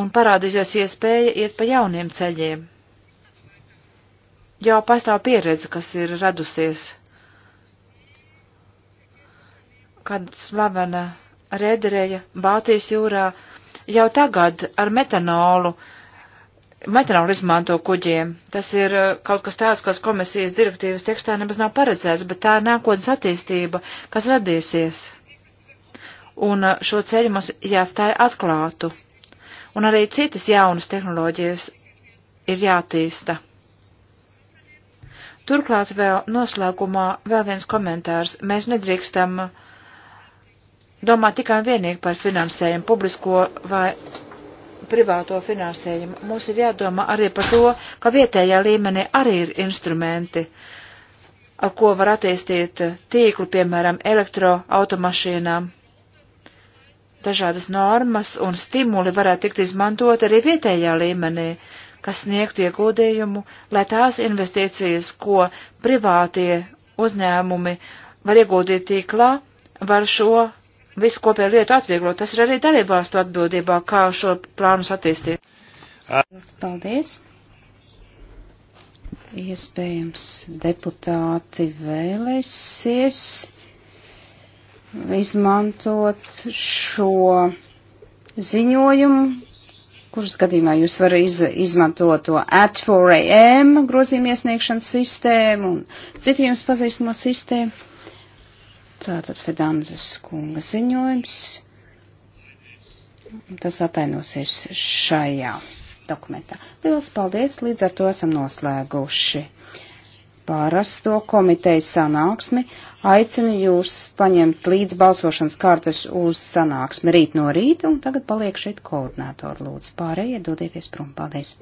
B: un parādīsies iespēja iet pa jauniem ceļiem jau pastāv pieredze, kas ir radusies. Kad slavena rēderēja Baltijas jūrā jau tagad ar metanolu, metanolu izmanto kuģiem. Tas ir uh, kaut kas tāds, kas komisijas direktīvas tekstā nemaz nav paredzēts, bet tā ir nākotnes attīstība, kas radīsies. Un uh, šo ceļu mums jāstāja atklātu. Un arī citas jaunas tehnoloģijas ir jātīsta. Turklāt vēl noslēgumā vēl viens komentārs. Mēs nedrīkstam domāt tikai un vienīgi par finansējumu, publisko vai privāto finansējumu. Mums ir jādomā arī par to, ka vietējā līmenī arī ir instrumenti, ar ko var attīstīt tīklu, piemēram, elektroautomašīnām. Dažādas normas un stimuli varētu tikt izmantot arī vietējā līmenī, kas sniegtu ieguldījumu, lai tās investīcijas, ko privātie uzņēmumi var ieguldīt tīklā, var šo visu kopēju lietu atvieglot. Tas ir arī dalībvalstu atbildībā, kā šo plānu attīstīt. Paldies! Iespējams, deputāti
D: vēlēsies izmantot šo ziņojumu kuras gadījumā jūs varat iz, izmantot to at 4am grozījumu iesniegšanas sistēmu un citu jums pazīstamo sistēmu. Tātad Fedanzes kunga ziņojums. Tas atainosies šajā dokumentā. Lielas paldies, līdz ar to esam noslēguši parasto komitejas sanāksmi, aicinu jūs paņemt līdz balsošanas kartes uz sanāksmi rīt no rīta, un tagad paliek šeit koordinātori lūdzu. Pārējie dodieties prom. Paldies!